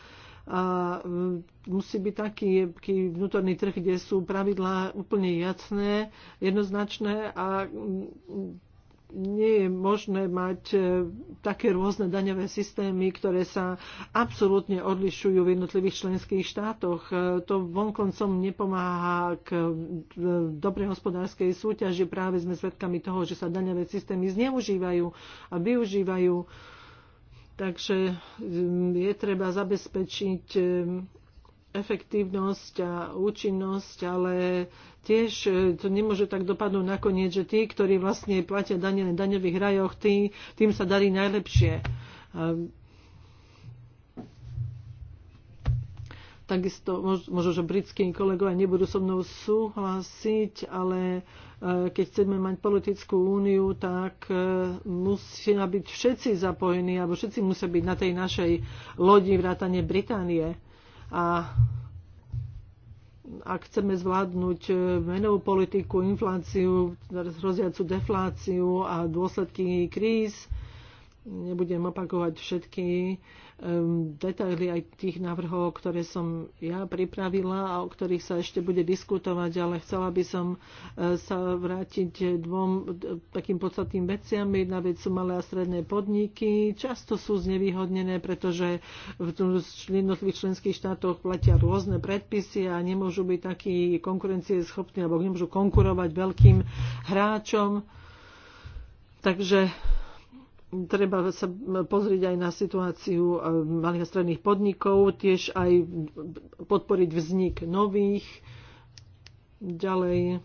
a mm, musí byť taký, taký vnútorný trh, kde sú pravidlá úplne jasné, jednoznačné a mm, nie je možné mať e, také rôzne daňové systémy, ktoré sa absolútne odlišujú v jednotlivých členských štátoch. E, to vonkoncom nepomáha k e, dobrej hospodárskej súťaži. Práve sme svedkami toho, že sa daňové systémy zneužívajú a využívajú Takže mm, je treba zabezpečiť e, efektívnosť a účinnosť, ale tiež e, to nemôže tak dopadnúť nakoniec, že tí, ktorí vlastne platia dane na daňových rajoch, tí, tým sa darí najlepšie. E, takisto možno, že britskí kolegovia nebudú so mnou súhlasiť, ale E, keď chceme mať politickú úniu, tak e, musia byť všetci zapojení, alebo všetci musia byť na tej našej lodi vrátane Británie. A ak chceme zvládnuť e, menovú politiku, infláciu, hroziacu defláciu a dôsledky kríz, nebudem opakovať všetky Ehm, detaily aj tých návrhov, ktoré som ja pripravila a o ktorých sa ešte bude diskutovať, ale chcela by som eh, sa vrátiť dvom takým podstatným veciam. Jedna vec sú malé a stredné podniky. Často sú znevýhodnené, pretože v jednotlivých členských štátoch platia rôzne predpisy a nemôžu byť takí konkurencieschopní alebo nemôžu konkurovať veľkým hráčom. Takže treba sa pozrieť aj na situáciu eh, malých a stredných podnikov, tiež aj podporiť vznik nových. Ďalej,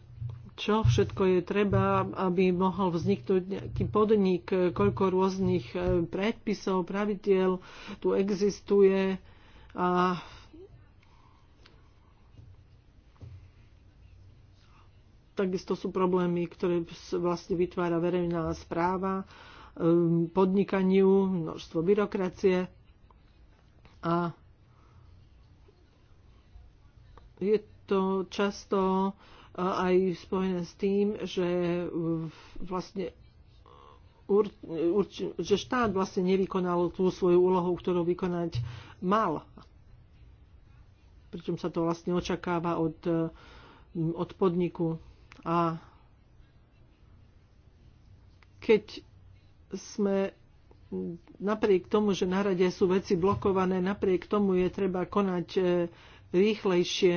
čo všetko je treba, aby mohol vzniknúť nejaký podnik, koľko rôznych eh, predpisov, pravidiel tu existuje. A takisto sú problémy, ktoré vlastne vytvára verejná správa Um, podnikaniu, množstvo byrokracie a je to často aj spojené s tým, že um, vlastne ur, ur, že štát vlastne nevykonal tú svoju úlohu, ktorú vykonať mal. Pričom sa to vlastne očakáva od, um, od podniku. A keď sme napriek tomu, že na rade sú veci blokované, napriek tomu je treba konať e, rýchlejšie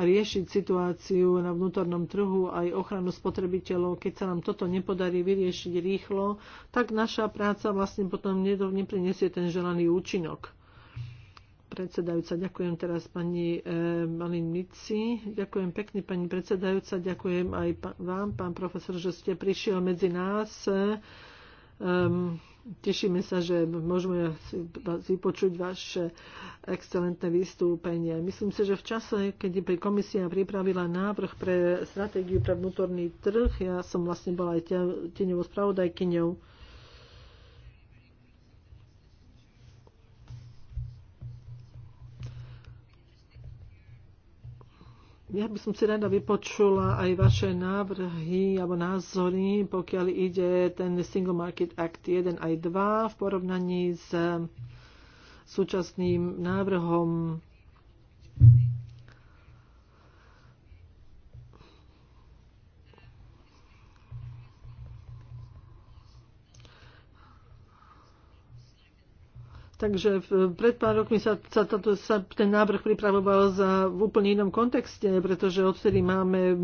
a riešiť situáciu na vnútornom trhu aj ochranu spotrebiteľov. Keď sa nám toto nepodarí vyriešiť rýchlo, tak naša práca vlastne potom neprinesie ten želaný účinok. Predsedajúca, ďakujem teraz pani e, Malin Mici. Ďakujem pekne pani predsedajúca, ďakujem aj vám, pán profesor, že ste prišiel medzi nás. E, Um, tešíme sa, že môžeme si vypočuť vaše excelentné vystúpenie. Myslím si, že v čase, keď komisia pripravila návrh pre stratégiu pre vnútorný trh, ja som vlastne bola aj tieňovou spravodajkyňou, Ja by som si rada vypočula aj vaše návrhy alebo názory, pokiaľ ide ten Single Market Act 1 aj 2 v porovnaní s súčasným návrhom Takže v pred pár rokmi sa, sa, tato, sa ten návrh pripravoval za, v úplne inom kontexte, pretože odtedy máme mm,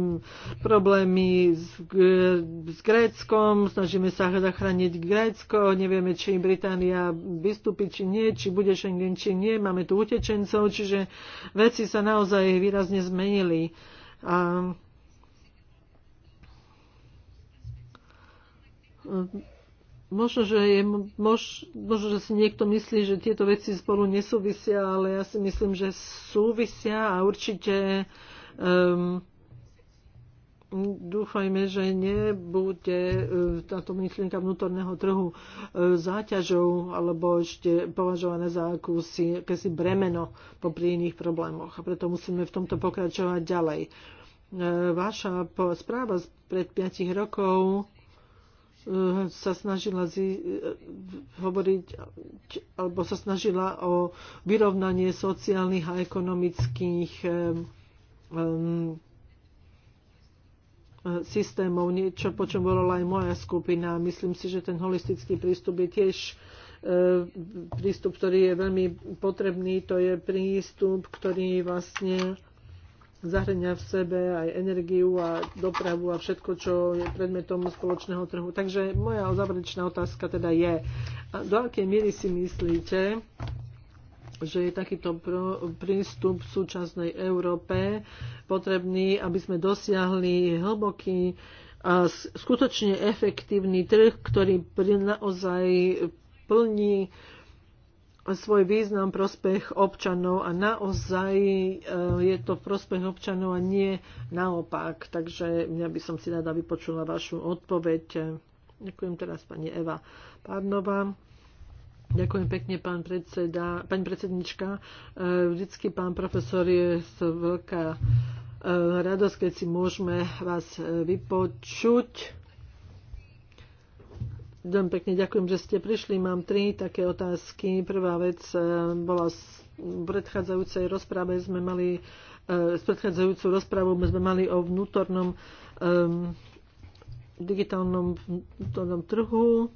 problémy s, e, s Gréckom, snažíme sa zachrániť Grécko, nevieme, či Británia vystúpi, či nie, či bude Schengen, či nie, máme tu utečencov, čiže veci sa naozaj výrazne zmenili. A, možno, že, je, mož, možno, že si niekto myslí, že tieto veci spolu nesúvisia, ale ja si myslím, že súvisia a určite um, dúfajme, že nebude e, táto myšlienka vnútorného trhu e, záťažou alebo ešte považované za akúsi, akési bremeno popri iných problémoch. A preto musíme v tomto pokračovať ďalej. E, vaša správa pred 5 rokov sa snažila zi- hovoriť alebo sa snažila o vyrovnanie sociálnych a ekonomických um, systémov, niečo, po čom volala aj moja skupina. Myslím si, že ten holistický prístup je tiež e, prístup, ktorý je veľmi potrebný. To je prístup, ktorý vlastne zahrania v sebe aj energiu a dopravu a všetko, čo je predmetom spoločného trhu. Takže moja záverečná otázka teda je, do akej miery si myslíte, že je takýto prístup v súčasnej Európe potrebný, aby sme dosiahli hlboký a skutočne efektívny trh, ktorý naozaj plní svoj význam prospech občanov a naozaj eh, je to prospech občanov a nie naopak. Takže mňa by som si rada vypočula vašu odpoveď. Ďakujem teraz pani Eva Párnová. Ďakujem pekne, pán predseda, pani predsednička. Eh, vždycky pán profesor je veľká eh, radosť, keď si môžeme vás vypočuť Veľmi pekne ďakujem, že ste prišli. Mám tri také otázky. Prvá vec eh, bola v predchádzajúcej rozprave sme mali s eh, predchádzajúcu rozprávou sme mali o vnútornom um, digitálnom vnútornom trhu.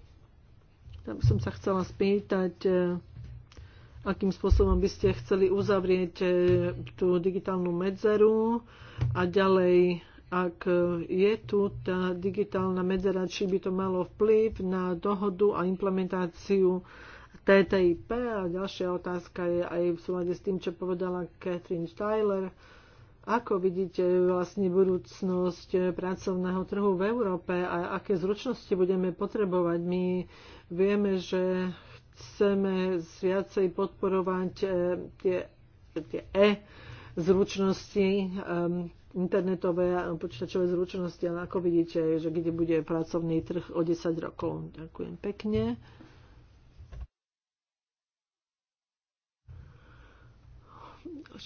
Tam som sa chcela spýtať, akým spôsobom by ste chceli uzavrieť tú digitálnu medzeru a ďalej ak je tu tá digitálna medzera, či by to malo vplyv na dohodu a implementáciu TTIP. A ďalšia otázka je aj v súlade s tým, čo povedala Catherine Styler. Ako vidíte vlastne budúcnosť pracovného trhu v Európe a aké zručnosti budeme potrebovať? My vieme, že chceme viacej podporovať eh, tie, tie e zručnosti, ehm, internetové a počítačové zručnosti, ale ako vidíte, že kde bude pracovný trh o 10 rokov. Ďakujem pekne.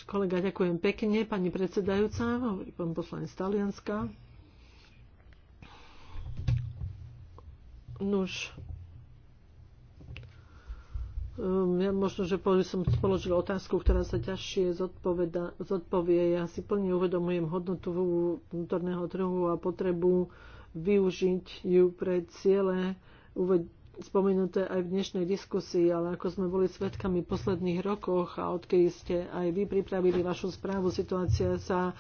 Kolega, ďakujem pekne. Pani predsedajúca, hovorí pán poslanec Talianska. Nuž, Ehm, ja možno, že som položila otázku, ktorá sa ťažšie zodpoveda, zodpovie. Ja si plne uvedomujem hodnotu vnútorného trhu a potrebu využiť ju pre ciele spomenuté aj v dnešnej diskusii, ale ako sme boli svedkami v posledných rokoch a odkedy ste aj vy pripravili vašu správu, situácia sa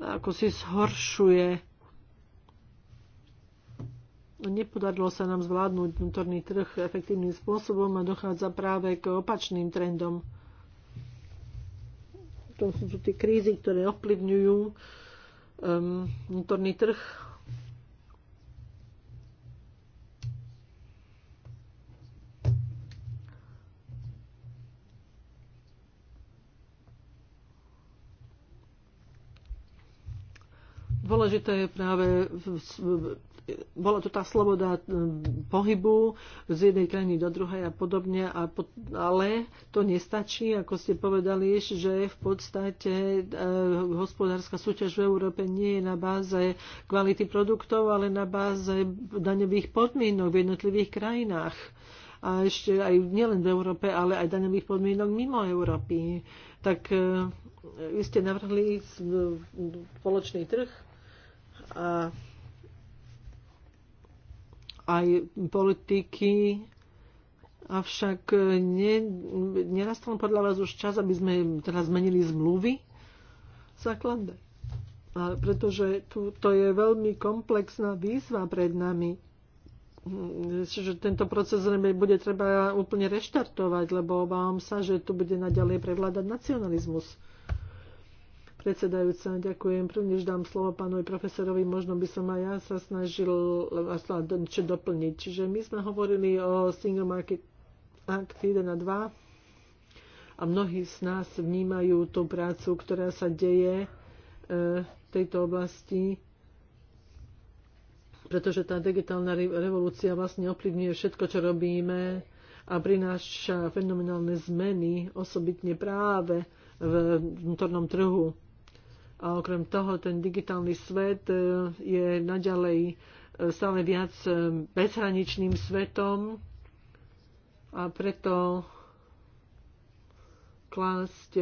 ako si zhoršuje nepodarilo sa nám zvládnuť vnútorný trh efektívnym spôsobom a dochádza práve k opačným trendom. To sú tu tie krízy, ktoré ovplyvňujú um, vnútorný trh. Dôležité je práve bola to tá sloboda e, pohybu z jednej krajiny do druhej a podobne, a po, ale to nestačí, ako ste povedali, že v podstate e, hospodárska súťaž v Európe nie je na báze kvality produktov, ale na báze daňových podmienok v jednotlivých krajinách. A ešte aj nielen v Európe, ale aj daňových podmienok mimo Európy. Tak e, vy ste navrhli spoločný trh a aj politiky, avšak e, ne, nenastal podľa vás už čas, aby sme teraz zmenili zmluvy základné. Ale pretože tu, to je veľmi komplexná výzva pred nami. Že tento proces zrejme bude treba úplne reštartovať, lebo obávam sa, že tu bude naďalej prevládať nacionalizmus predsedajúca. Ďakujem. Prvnež dám slovo pánovi profesorovi. Možno by som aj ja sa snažil čo doplniť. Čiže my sme hovorili o Single Market Act 1 a 2 a mnohí z nás vnímajú tú prácu, ktorá sa deje e, v tejto oblasti pretože tá digitálna revolúcia vlastne ovplyvňuje všetko, čo robíme a prináša fenomenálne zmeny, osobitne práve v vnútornom trhu. A okrem toho ten digitálny svet e, je naďalej e, stále viac e, bezhraničným svetom a preto klásť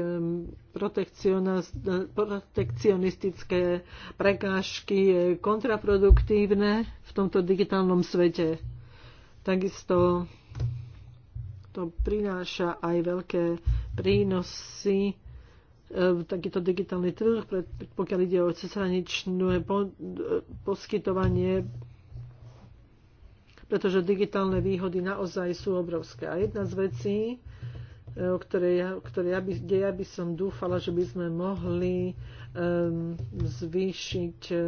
protekcionistické prekážky je kontraproduktívne v tomto digitálnom svete. Takisto to prináša aj veľké prínosy E, takýto digitálny trh, pokiaľ ide o cezhraničné poskytovanie, pretože digitálne výhody naozaj sú obrovské. A jedna z vecí, e, o ktorej, ktorej ja by, kde ja by som dúfala, že by sme mohli um, zvýšiť e,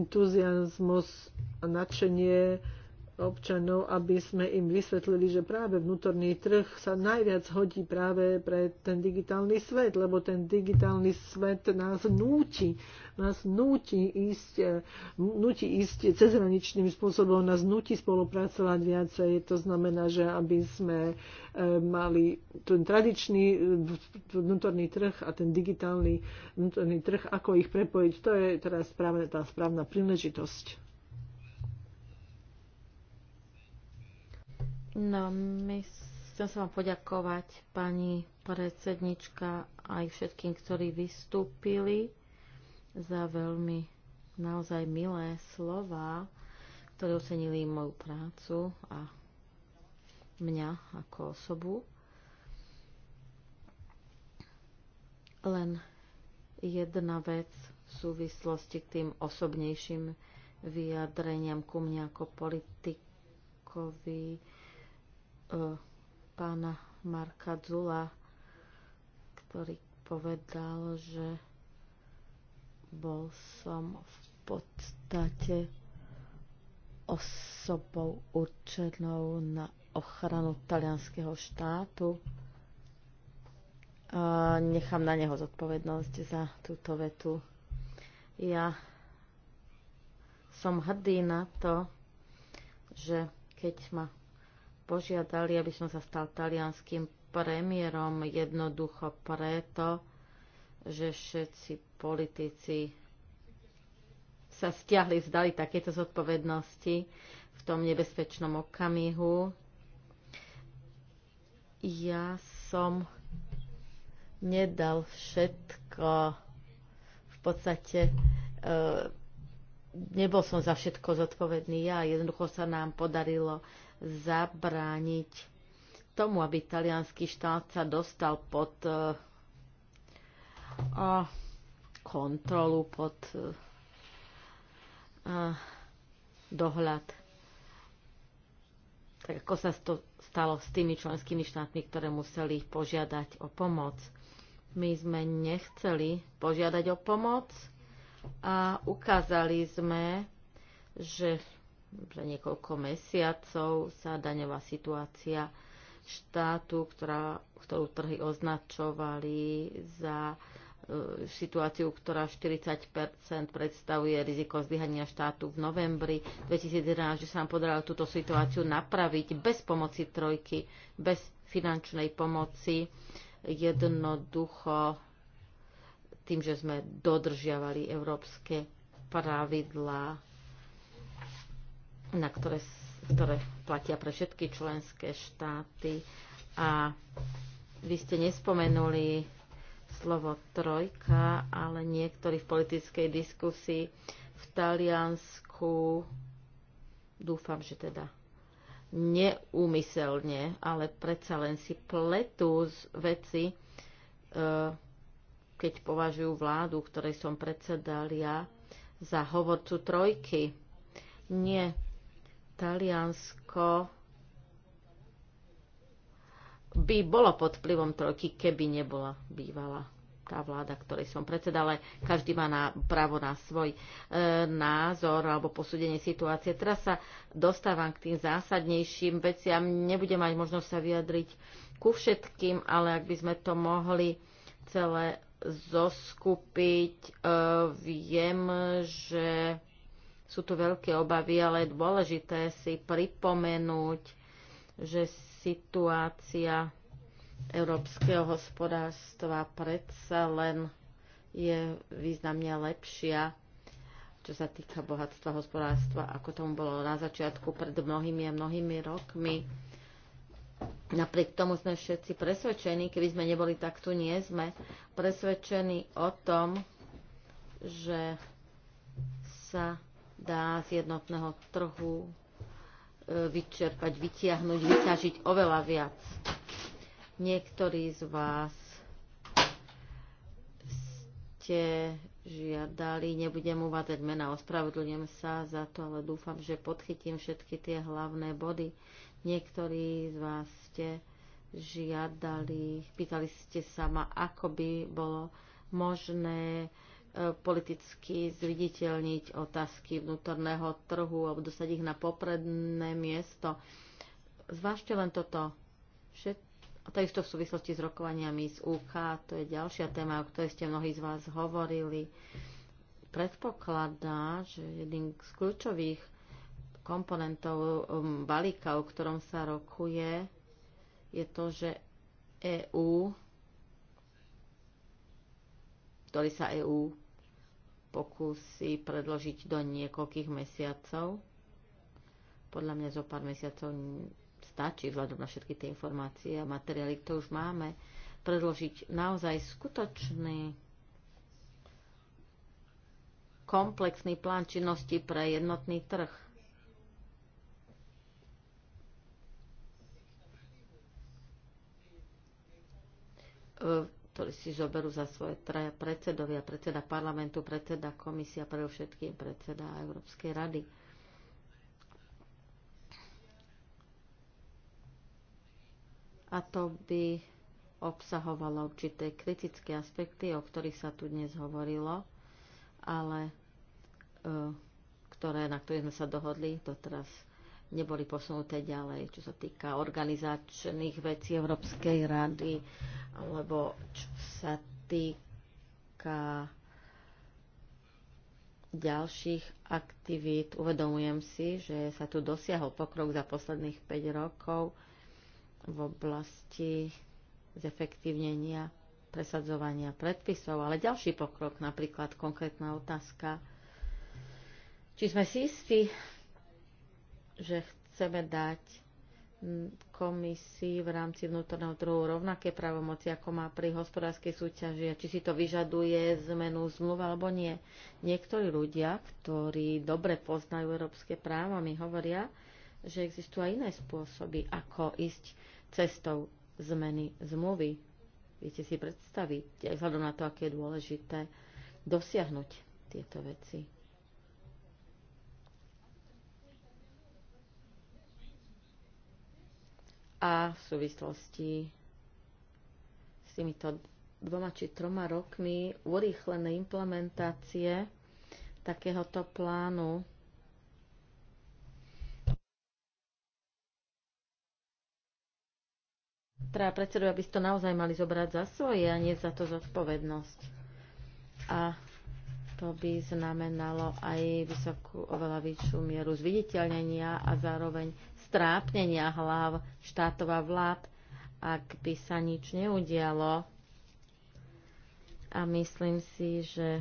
entuziasmus a nadšenie občanov, aby sme im vysvetlili, že práve vnútorný trh sa najviac hodí práve pre ten digitálny svet, lebo ten digitálny svet nás núti, nás núti ísť, núti ísť cezhraničným spôsobom, nás núti spolupracovať viacej. To znamená, že aby sme e, mali ten tradičný vnútorný trh a ten digitálny vnútorný trh, ako ich prepojiť, to je teraz práve tá správna príležitosť. No, my chcem sa vám poďakovať, pani predsednička, aj všetkým, ktorí vystúpili za veľmi naozaj milé slova, ktoré ocenili moju prácu a mňa ako osobu. Len jedna vec v súvislosti k tým osobnejším vyjadreniam ku mne ako politikovi E, pána Marka Dzula, ktorý povedal, že bol som v podstate osobou určenou na ochranu talianského štátu. A nechám na neho zodpovednosť za túto vetu. Ja som hrdý na to, že keď ma požiadali, aby som sa stal talianským premiérom jednoducho preto, že všetci politici sa stiahli, vzdali takéto zodpovednosti v tom nebezpečnom okamihu. Ja som nedal všetko. V podstate e, nebol som za všetko zodpovedný ja. Jednoducho sa nám podarilo zabrániť tomu, aby talianský štát sa dostal pod uh, kontrolu, pod uh, dohľad. Tak ako sa to stalo s tými členskými štátmi, ktoré museli požiadať o pomoc. My sme nechceli požiadať o pomoc a ukázali sme, že za niekoľko mesiacov sa daňová situácia štátu, ktorá, ktorú trhy označovali za e, situáciu, ktorá 40 predstavuje riziko zlyhania štátu v novembri 2011, že sa nám podarilo túto situáciu napraviť bez pomoci trojky, bez finančnej pomoci, jednoducho tým, že sme dodržiavali európske pravidlá na ktoré, ktoré platia pre všetky členské štáty. A vy ste nespomenuli slovo trojka, ale niektorí v politickej diskusii v Taliansku, dúfam, že teda neúmyselne, ale predsa len si pletú z veci, e, keď považujú vládu, ktorej som predsedal ja, za hovorcu trojky. Nie, Taliansko by bolo pod vplyvom trojky, keby nebola bývala tá vláda, ktorej som predseda, ale každý má na, právo na svoj e, názor alebo posúdenie situácie. Teraz sa dostávam k tým zásadnejším veciam. Nebudem mať možnosť sa vyjadriť ku všetkým, ale ak by sme to mohli celé zoskupiť, e, viem, že sú tu veľké obavy, ale je dôležité si pripomenúť, že situácia európskeho hospodárstva predsa len je významne lepšia, čo sa týka bohatstva hospodárstva, ako tomu bolo na začiatku pred mnohými a mnohými rokmi. Napriek tomu sme všetci presvedčení, keby sme neboli tak tu nie sme, presvedčení o tom, že sa dá z jednotného trhu e, vyčerpať, vytiahnuť, vyťažiť oveľa viac. Niektorí z vás ste žiadali, nebudem uvádzať mena, ospravedlňujem sa za to, ale dúfam, že podchytím všetky tie hlavné body. Niektorí z vás ste žiadali, pýtali ste sa ma, ako by bolo možné politicky zviditeľniť otázky vnútorného trhu alebo dostať ich na popredné miesto. Zvážte len toto. Všet... A takisto v súvislosti s rokovaniami z UK, to je ďalšia téma, o ktorej ste mnohí z vás hovorili, predpokladá, že jedným z kľúčových komponentov um, balíka, o ktorom sa rokuje, je to, že EU ktorý sa EU pokusy predložiť do niekoľkých mesiacov. Podľa mňa zo pár mesiacov stačí vzhľadom na všetky tie informácie a materiály, ktoré už máme, predložiť naozaj skutočný komplexný plán činnosti pre jednotný trh. E, ktorý si zoberú za svoje traja predsedovia, predseda parlamentu, predseda komisia, pre predseda Európskej rady. A to by obsahovalo určité kritické aspekty, o ktorých sa tu dnes hovorilo, ale e, ktoré, na ktorých sme sa dohodli doteraz neboli posunuté ďalej, čo sa týka organizačných vecí Európskej rady, alebo čo sa týka ďalších aktivít. Uvedomujem si, že sa tu dosiahol pokrok za posledných 5 rokov v oblasti zefektívnenia presadzovania predpisov, ale ďalší pokrok, napríklad konkrétna otázka, či sme si istí, že chceme dať komisii v rámci vnútorného trhu rovnaké právomoci, ako má pri hospodárskej súťaži a či si to vyžaduje zmenu zmluv alebo nie. Niektorí ľudia, ktorí dobre poznajú európske právo, mi hovoria, že existujú aj iné spôsoby, ako ísť cestou zmeny zmluvy. Viete si predstaviť, aj vzhľadom na to, aké je dôležité dosiahnuť tieto veci. a v súvislosti s týmito dvoma či troma rokmi urýchlené implementácie takéhoto plánu treba predsedu, aby ste to naozaj mali zobrať za svoje a nie za to zodpovednosť. A to by znamenalo aj vysokú, oveľa vyššiu mieru zviditeľnenia a zároveň strápnenia hlav štátov a vlád, ak by sa nič neudialo. A myslím si, že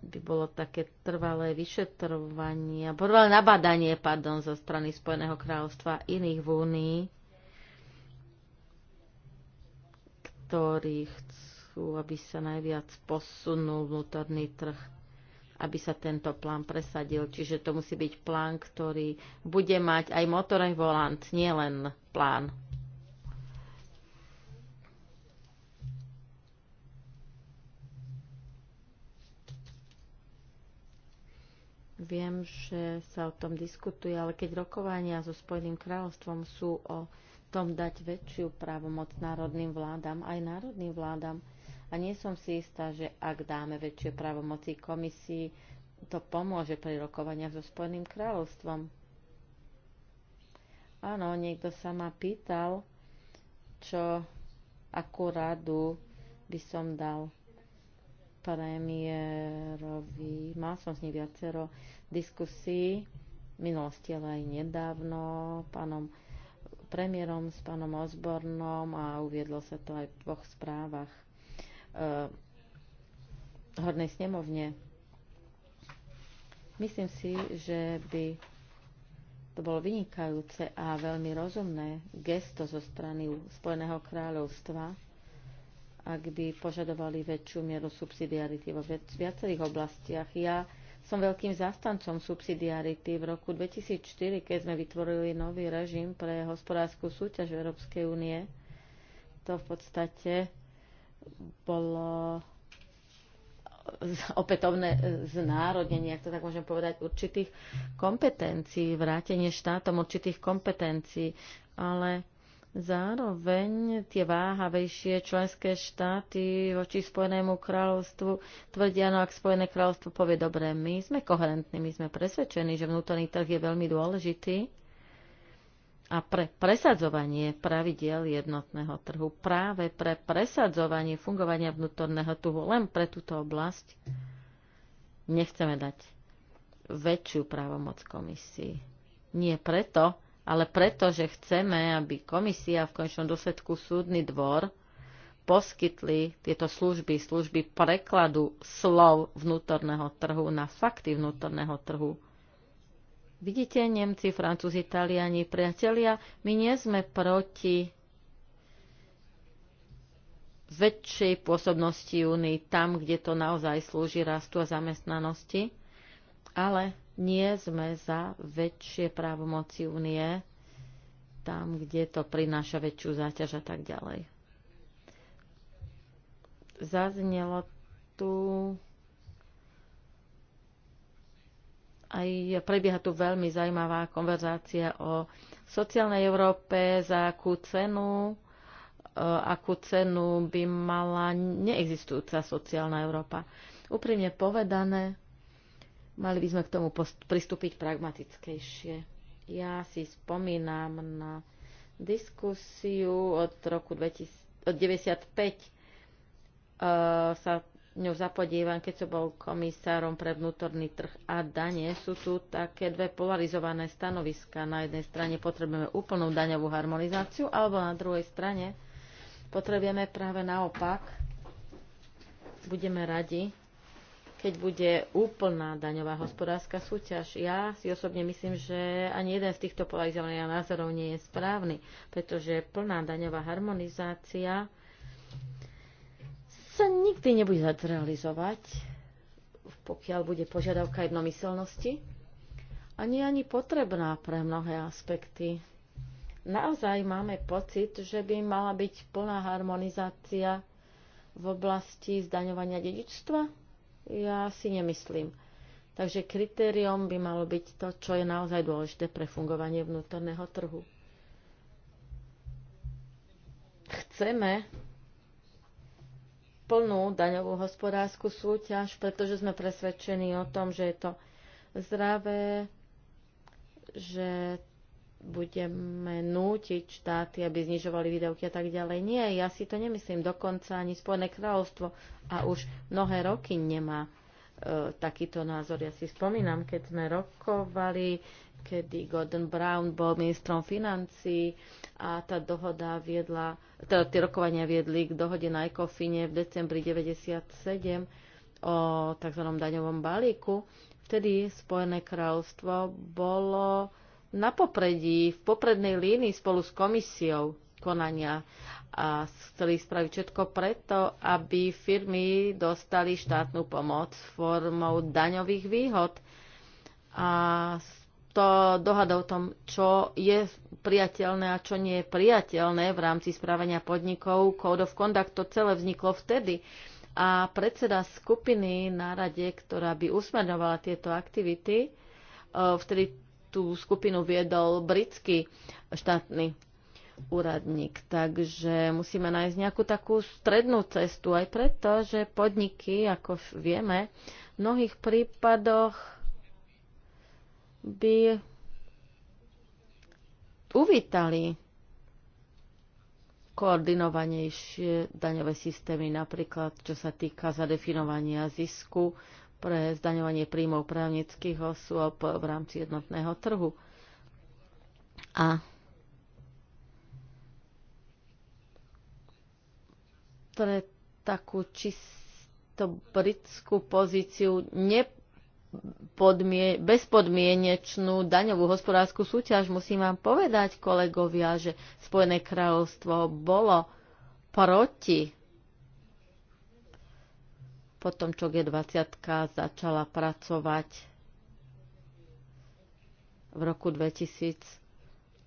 by bolo také trvalé vyšetrovanie, trvalé nabadanie, pardon, zo strany Spojeného kráľovstva a iných v Únii, ktorí chcú sú, aby sa najviac posunul vnútorný trh, aby sa tento plán presadil. Čiže to musí byť plán, ktorý bude mať aj motor, aj volant, nielen plán. Viem, že sa o tom diskutuje, ale keď rokovania so Spojeným kráľovstvom sú o tom dať väčšiu právomoc národným vládam, aj národným vládam, a nie som si istá, že ak dáme väčšie právomoci komisii, to pomôže pri rokovaniach so Spojeným kráľovstvom. Áno, niekto sa ma pýtal, čo, akú radu by som dal premiérovi. Mal som s ním viacero diskusí, v minulosti, ale aj nedávno, pánom premiérom, s pánom Osbornom a uviedlo sa to aj v dvoch správach Eh, hornej snemovne. Myslím si, že by to bolo vynikajúce a veľmi rozumné gesto zo strany Spojeného kráľovstva, ak by požadovali väčšiu mieru subsidiarity vo viacerých oblastiach. Ja som veľkým zastancom subsidiarity. V roku 2004, keď sme vytvorili nový režim pre hospodárskú súťaž Európskej únie, to v podstate bolo opätovné znárodnenie, ak to tak môžem povedať, určitých kompetencií, vrátenie štátom určitých kompetencií, ale zároveň tie váhavejšie členské štáty voči Spojenému kráľovstvu tvrdia, no ak Spojené kráľovstvo povie, dobre, my sme koherentní, my sme presvedčení, že vnútorný trh je veľmi dôležitý, a pre presadzovanie pravidiel jednotného trhu, práve pre presadzovanie fungovania vnútorného trhu len pre túto oblasť nechceme dať väčšiu právomoc komisii. Nie preto, ale preto, že chceme, aby komisia v končnom dôsledku súdny dvor poskytli tieto služby, služby prekladu slov vnútorného trhu na fakty vnútorného trhu Vidíte, Nemci, Francúzi, Italiani, priatelia, my nie sme proti väčšej pôsobnosti únii tam, kde to naozaj slúži rastu a zamestnanosti, ale nie sme za väčšie právomoci únie tam, kde to prináša väčšiu záťaž a tak ďalej. Zaznelo tu Aj prebieha tu veľmi zaujímavá konverzácia o sociálnej Európe, za akú cenu, e, akú cenu by mala neexistujúca sociálna Európa. Úprimne povedané, mali by sme k tomu pristúpiť pragmatickejšie. Ja si spomínam na diskusiu od roku 2000, od 95 e, sa ňou zapodívam, keď som bol komisárom pre vnútorný trh a dane, sú tu také dve polarizované stanoviska. Na jednej strane potrebujeme úplnú daňovú harmonizáciu, alebo na druhej strane potrebujeme práve naopak. Budeme radi, keď bude úplná daňová hospodárska súťaž. Ja si osobne myslím, že ani jeden z týchto polarizovaných názorov nie je správny, pretože plná daňová harmonizácia nikdy nebude zrealizovať, pokiaľ bude požiadavka jednomyselnosti. A nie ani potrebná pre mnohé aspekty. Naozaj máme pocit, že by mala byť plná harmonizácia v oblasti zdaňovania dedičstva? Ja si nemyslím. Takže kritériom by malo byť to, čo je naozaj dôležité pre fungovanie vnútorného trhu. Chceme plnú daňovú hospodárskú súťaž, pretože sme presvedčení o tom, že je to zdravé, že budeme nútiť štáty, aby znižovali výdavky a tak ďalej. Nie, ja si to nemyslím. Dokonca ani Spojené kráľovstvo a už mnohé roky nemá e, takýto názor. Ja si spomínam, keď sme rokovali kedy Gordon Brown bol ministrom financí a tá dohoda viedla, teda tie rokovania viedli k dohode na ECOFINE v decembri 1997 o tzv. daňovom balíku. Vtedy Spojené kráľovstvo bolo na popredí, v poprednej línii spolu s komisiou konania a chceli spraviť všetko preto, aby firmy dostali štátnu pomoc formou daňových výhod a to dohada o tom, čo je priateľné a čo nie je priateľné v rámci správania podnikov. Code of Conduct to celé vzniklo vtedy. A predseda skupiny na rade, ktorá by usmerňovala tieto aktivity, e, vtedy tú skupinu viedol britský štátny úradník. Takže musíme nájsť nejakú takú strednú cestu aj preto, že podniky, ako vieme, v mnohých prípadoch by uvítali koordinovanejšie daňové systémy, napríklad čo sa týka zadefinovania zisku pre zdaňovanie príjmov právnických osôb v rámci jednotného trhu. A pre takú čisto britskú pozíciu ne podmie- bezpodmienečnú daňovú hospodárskú súťaž. Musím vám povedať, kolegovia, že Spojené kráľovstvo bolo proti po tom, čo G20 začala pracovať v roku 2000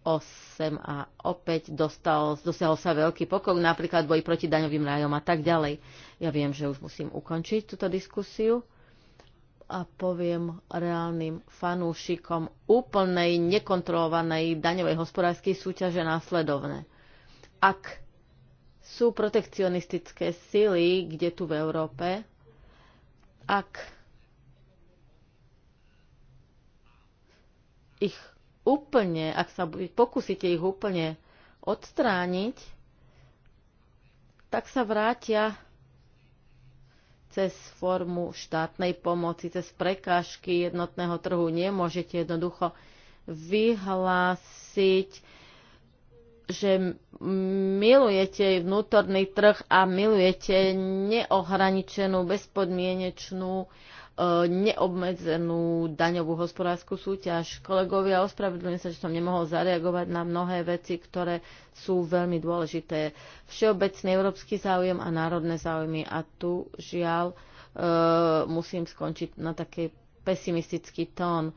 8 a opäť dostal, dosiahol sa veľký pokok, napríklad boj proti daňovým rájom a tak ďalej. Ja viem, že už musím ukončiť túto diskusiu a poviem reálnym fanúšikom úplnej nekontrolovanej daňovej hospodárskej súťaže následovné. Ak sú protekcionistické sily, kde tu v Európe, ak ich úplne, ak sa pokúsite ich úplne odstrániť, tak sa vrátia cez formu štátnej pomoci, cez prekážky jednotného trhu. Nemôžete jednoducho vyhlásiť, že milujete vnútorný trh a milujete neohraničenú, bezpodmienečnú uh, neobmedzenú daňovú hospodárskú súťaž. Kolegovia, ospravedlňujem sa, že som nemohol zareagovať na mnohé veci, ktoré sú veľmi dôležité. Všeobecný európsky záujem a národné záujmy. A tu žiaľ e, musím skončiť na taký pesimistický tón.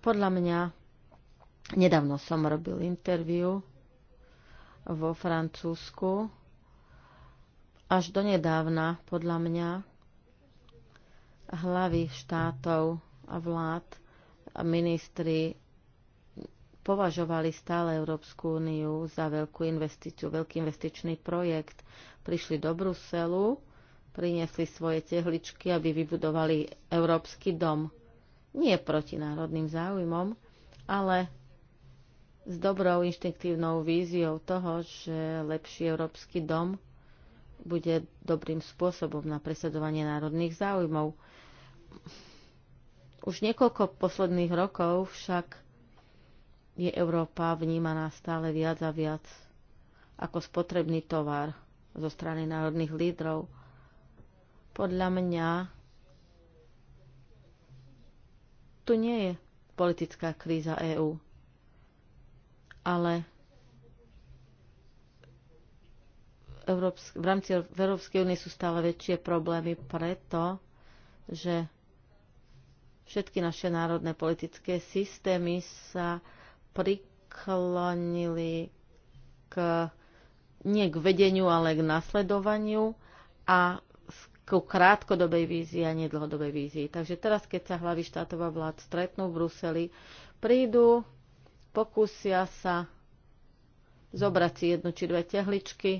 Podľa mňa, nedávno som robil interviu vo Francúzsku. Až donedávna, podľa mňa, hlavy štátov a vlád a ministri považovali stále Európsku úniu za veľkú investíciu, veľký investičný projekt. Prišli do Bruselu, priniesli svoje tehličky, aby vybudovali Európsky dom. Nie proti národným záujmom, ale s dobrou inštinktívnou víziou toho, že lepší Európsky dom bude dobrým spôsobom na presadovanie národných záujmov. Už niekoľko posledných rokov však je Európa vnímaná stále viac a viac ako spotrebný tovar zo strany národných lídrov. Podľa mňa tu nie je politická kríza EÚ, ale v rámci Európskej únie sú stále väčšie problémy preto, že všetky naše národné politické systémy sa priklonili k nie k vedeniu, ale k nasledovaniu a k krátkodobej vízii a nedlhodobej vízii. Takže teraz, keď sa hlavy štátov a vlád stretnú v Bruseli, prídu, pokúsia sa zobrať si jednu či dve tehličky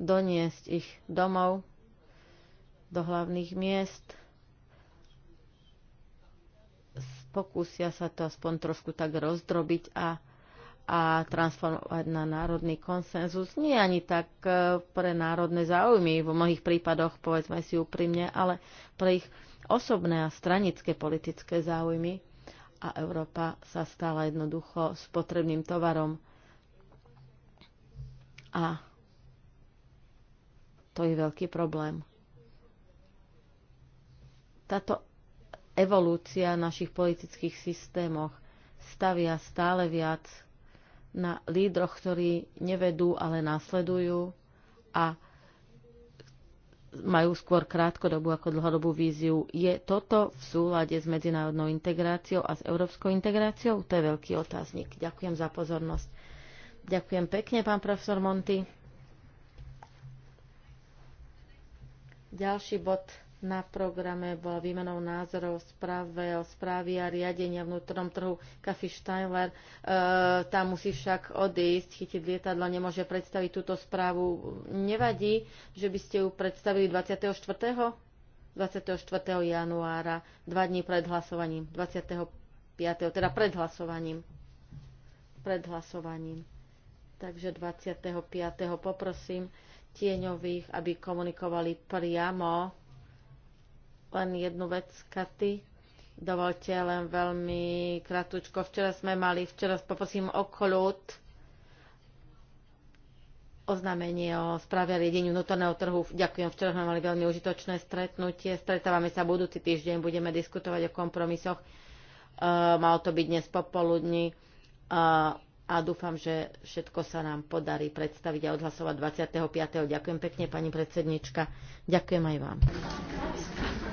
doniesť ich domov do hlavných miest. Pokúsia sa to aspoň trošku tak rozdrobiť a, a transformovať na národný konsenzus. Nie ani tak e, pre národné záujmy, v mnohých prípadoch, povedzme si úprimne, ale pre ich osobné a stranické politické záujmy. A Európa sa stala jednoducho spotrebným tovarom. A to je veľký problém. Táto evolúcia našich politických systémoch stavia stále viac na lídroch, ktorí nevedú, ale následujú a majú skôr krátkodobú ako dlhodobú víziu. Je toto v súlade s medzinárodnou integráciou a s európskou integráciou? To je veľký otáznik. Ďakujem za pozornosť. Ďakujem pekne, pán profesor Monty. Ďalší bod na programe bola výmenou názorov v správe o správy a riadenia vnútornom trhu Kafi Steinler. E, tá musí však odísť, chytiť lietadlo, nemôže predstaviť túto správu. Nevadí, že by ste ju predstavili 24. 24. januára, dva dní pred hlasovaním, 25. teda pred hlasovaním. Pred hlasovaním. Takže 25. poprosím tieňových, aby komunikovali priamo. Len jednu vec, Katy. Dovolte len veľmi kratučko. Včera sme mali, včera poprosím o kľud, oznámenie o správe riadeniu vnútorného trhu. Ďakujem, včera sme mali veľmi užitočné stretnutie. Stretávame sa budúci týždeň, budeme diskutovať o kompromisoch. E, malo to byť dnes popoludní. E, a dúfam, že všetko sa nám podarí predstaviť a odhlasovať 25. Ďakujem pekne, pani predsednička. Ďakujem aj vám.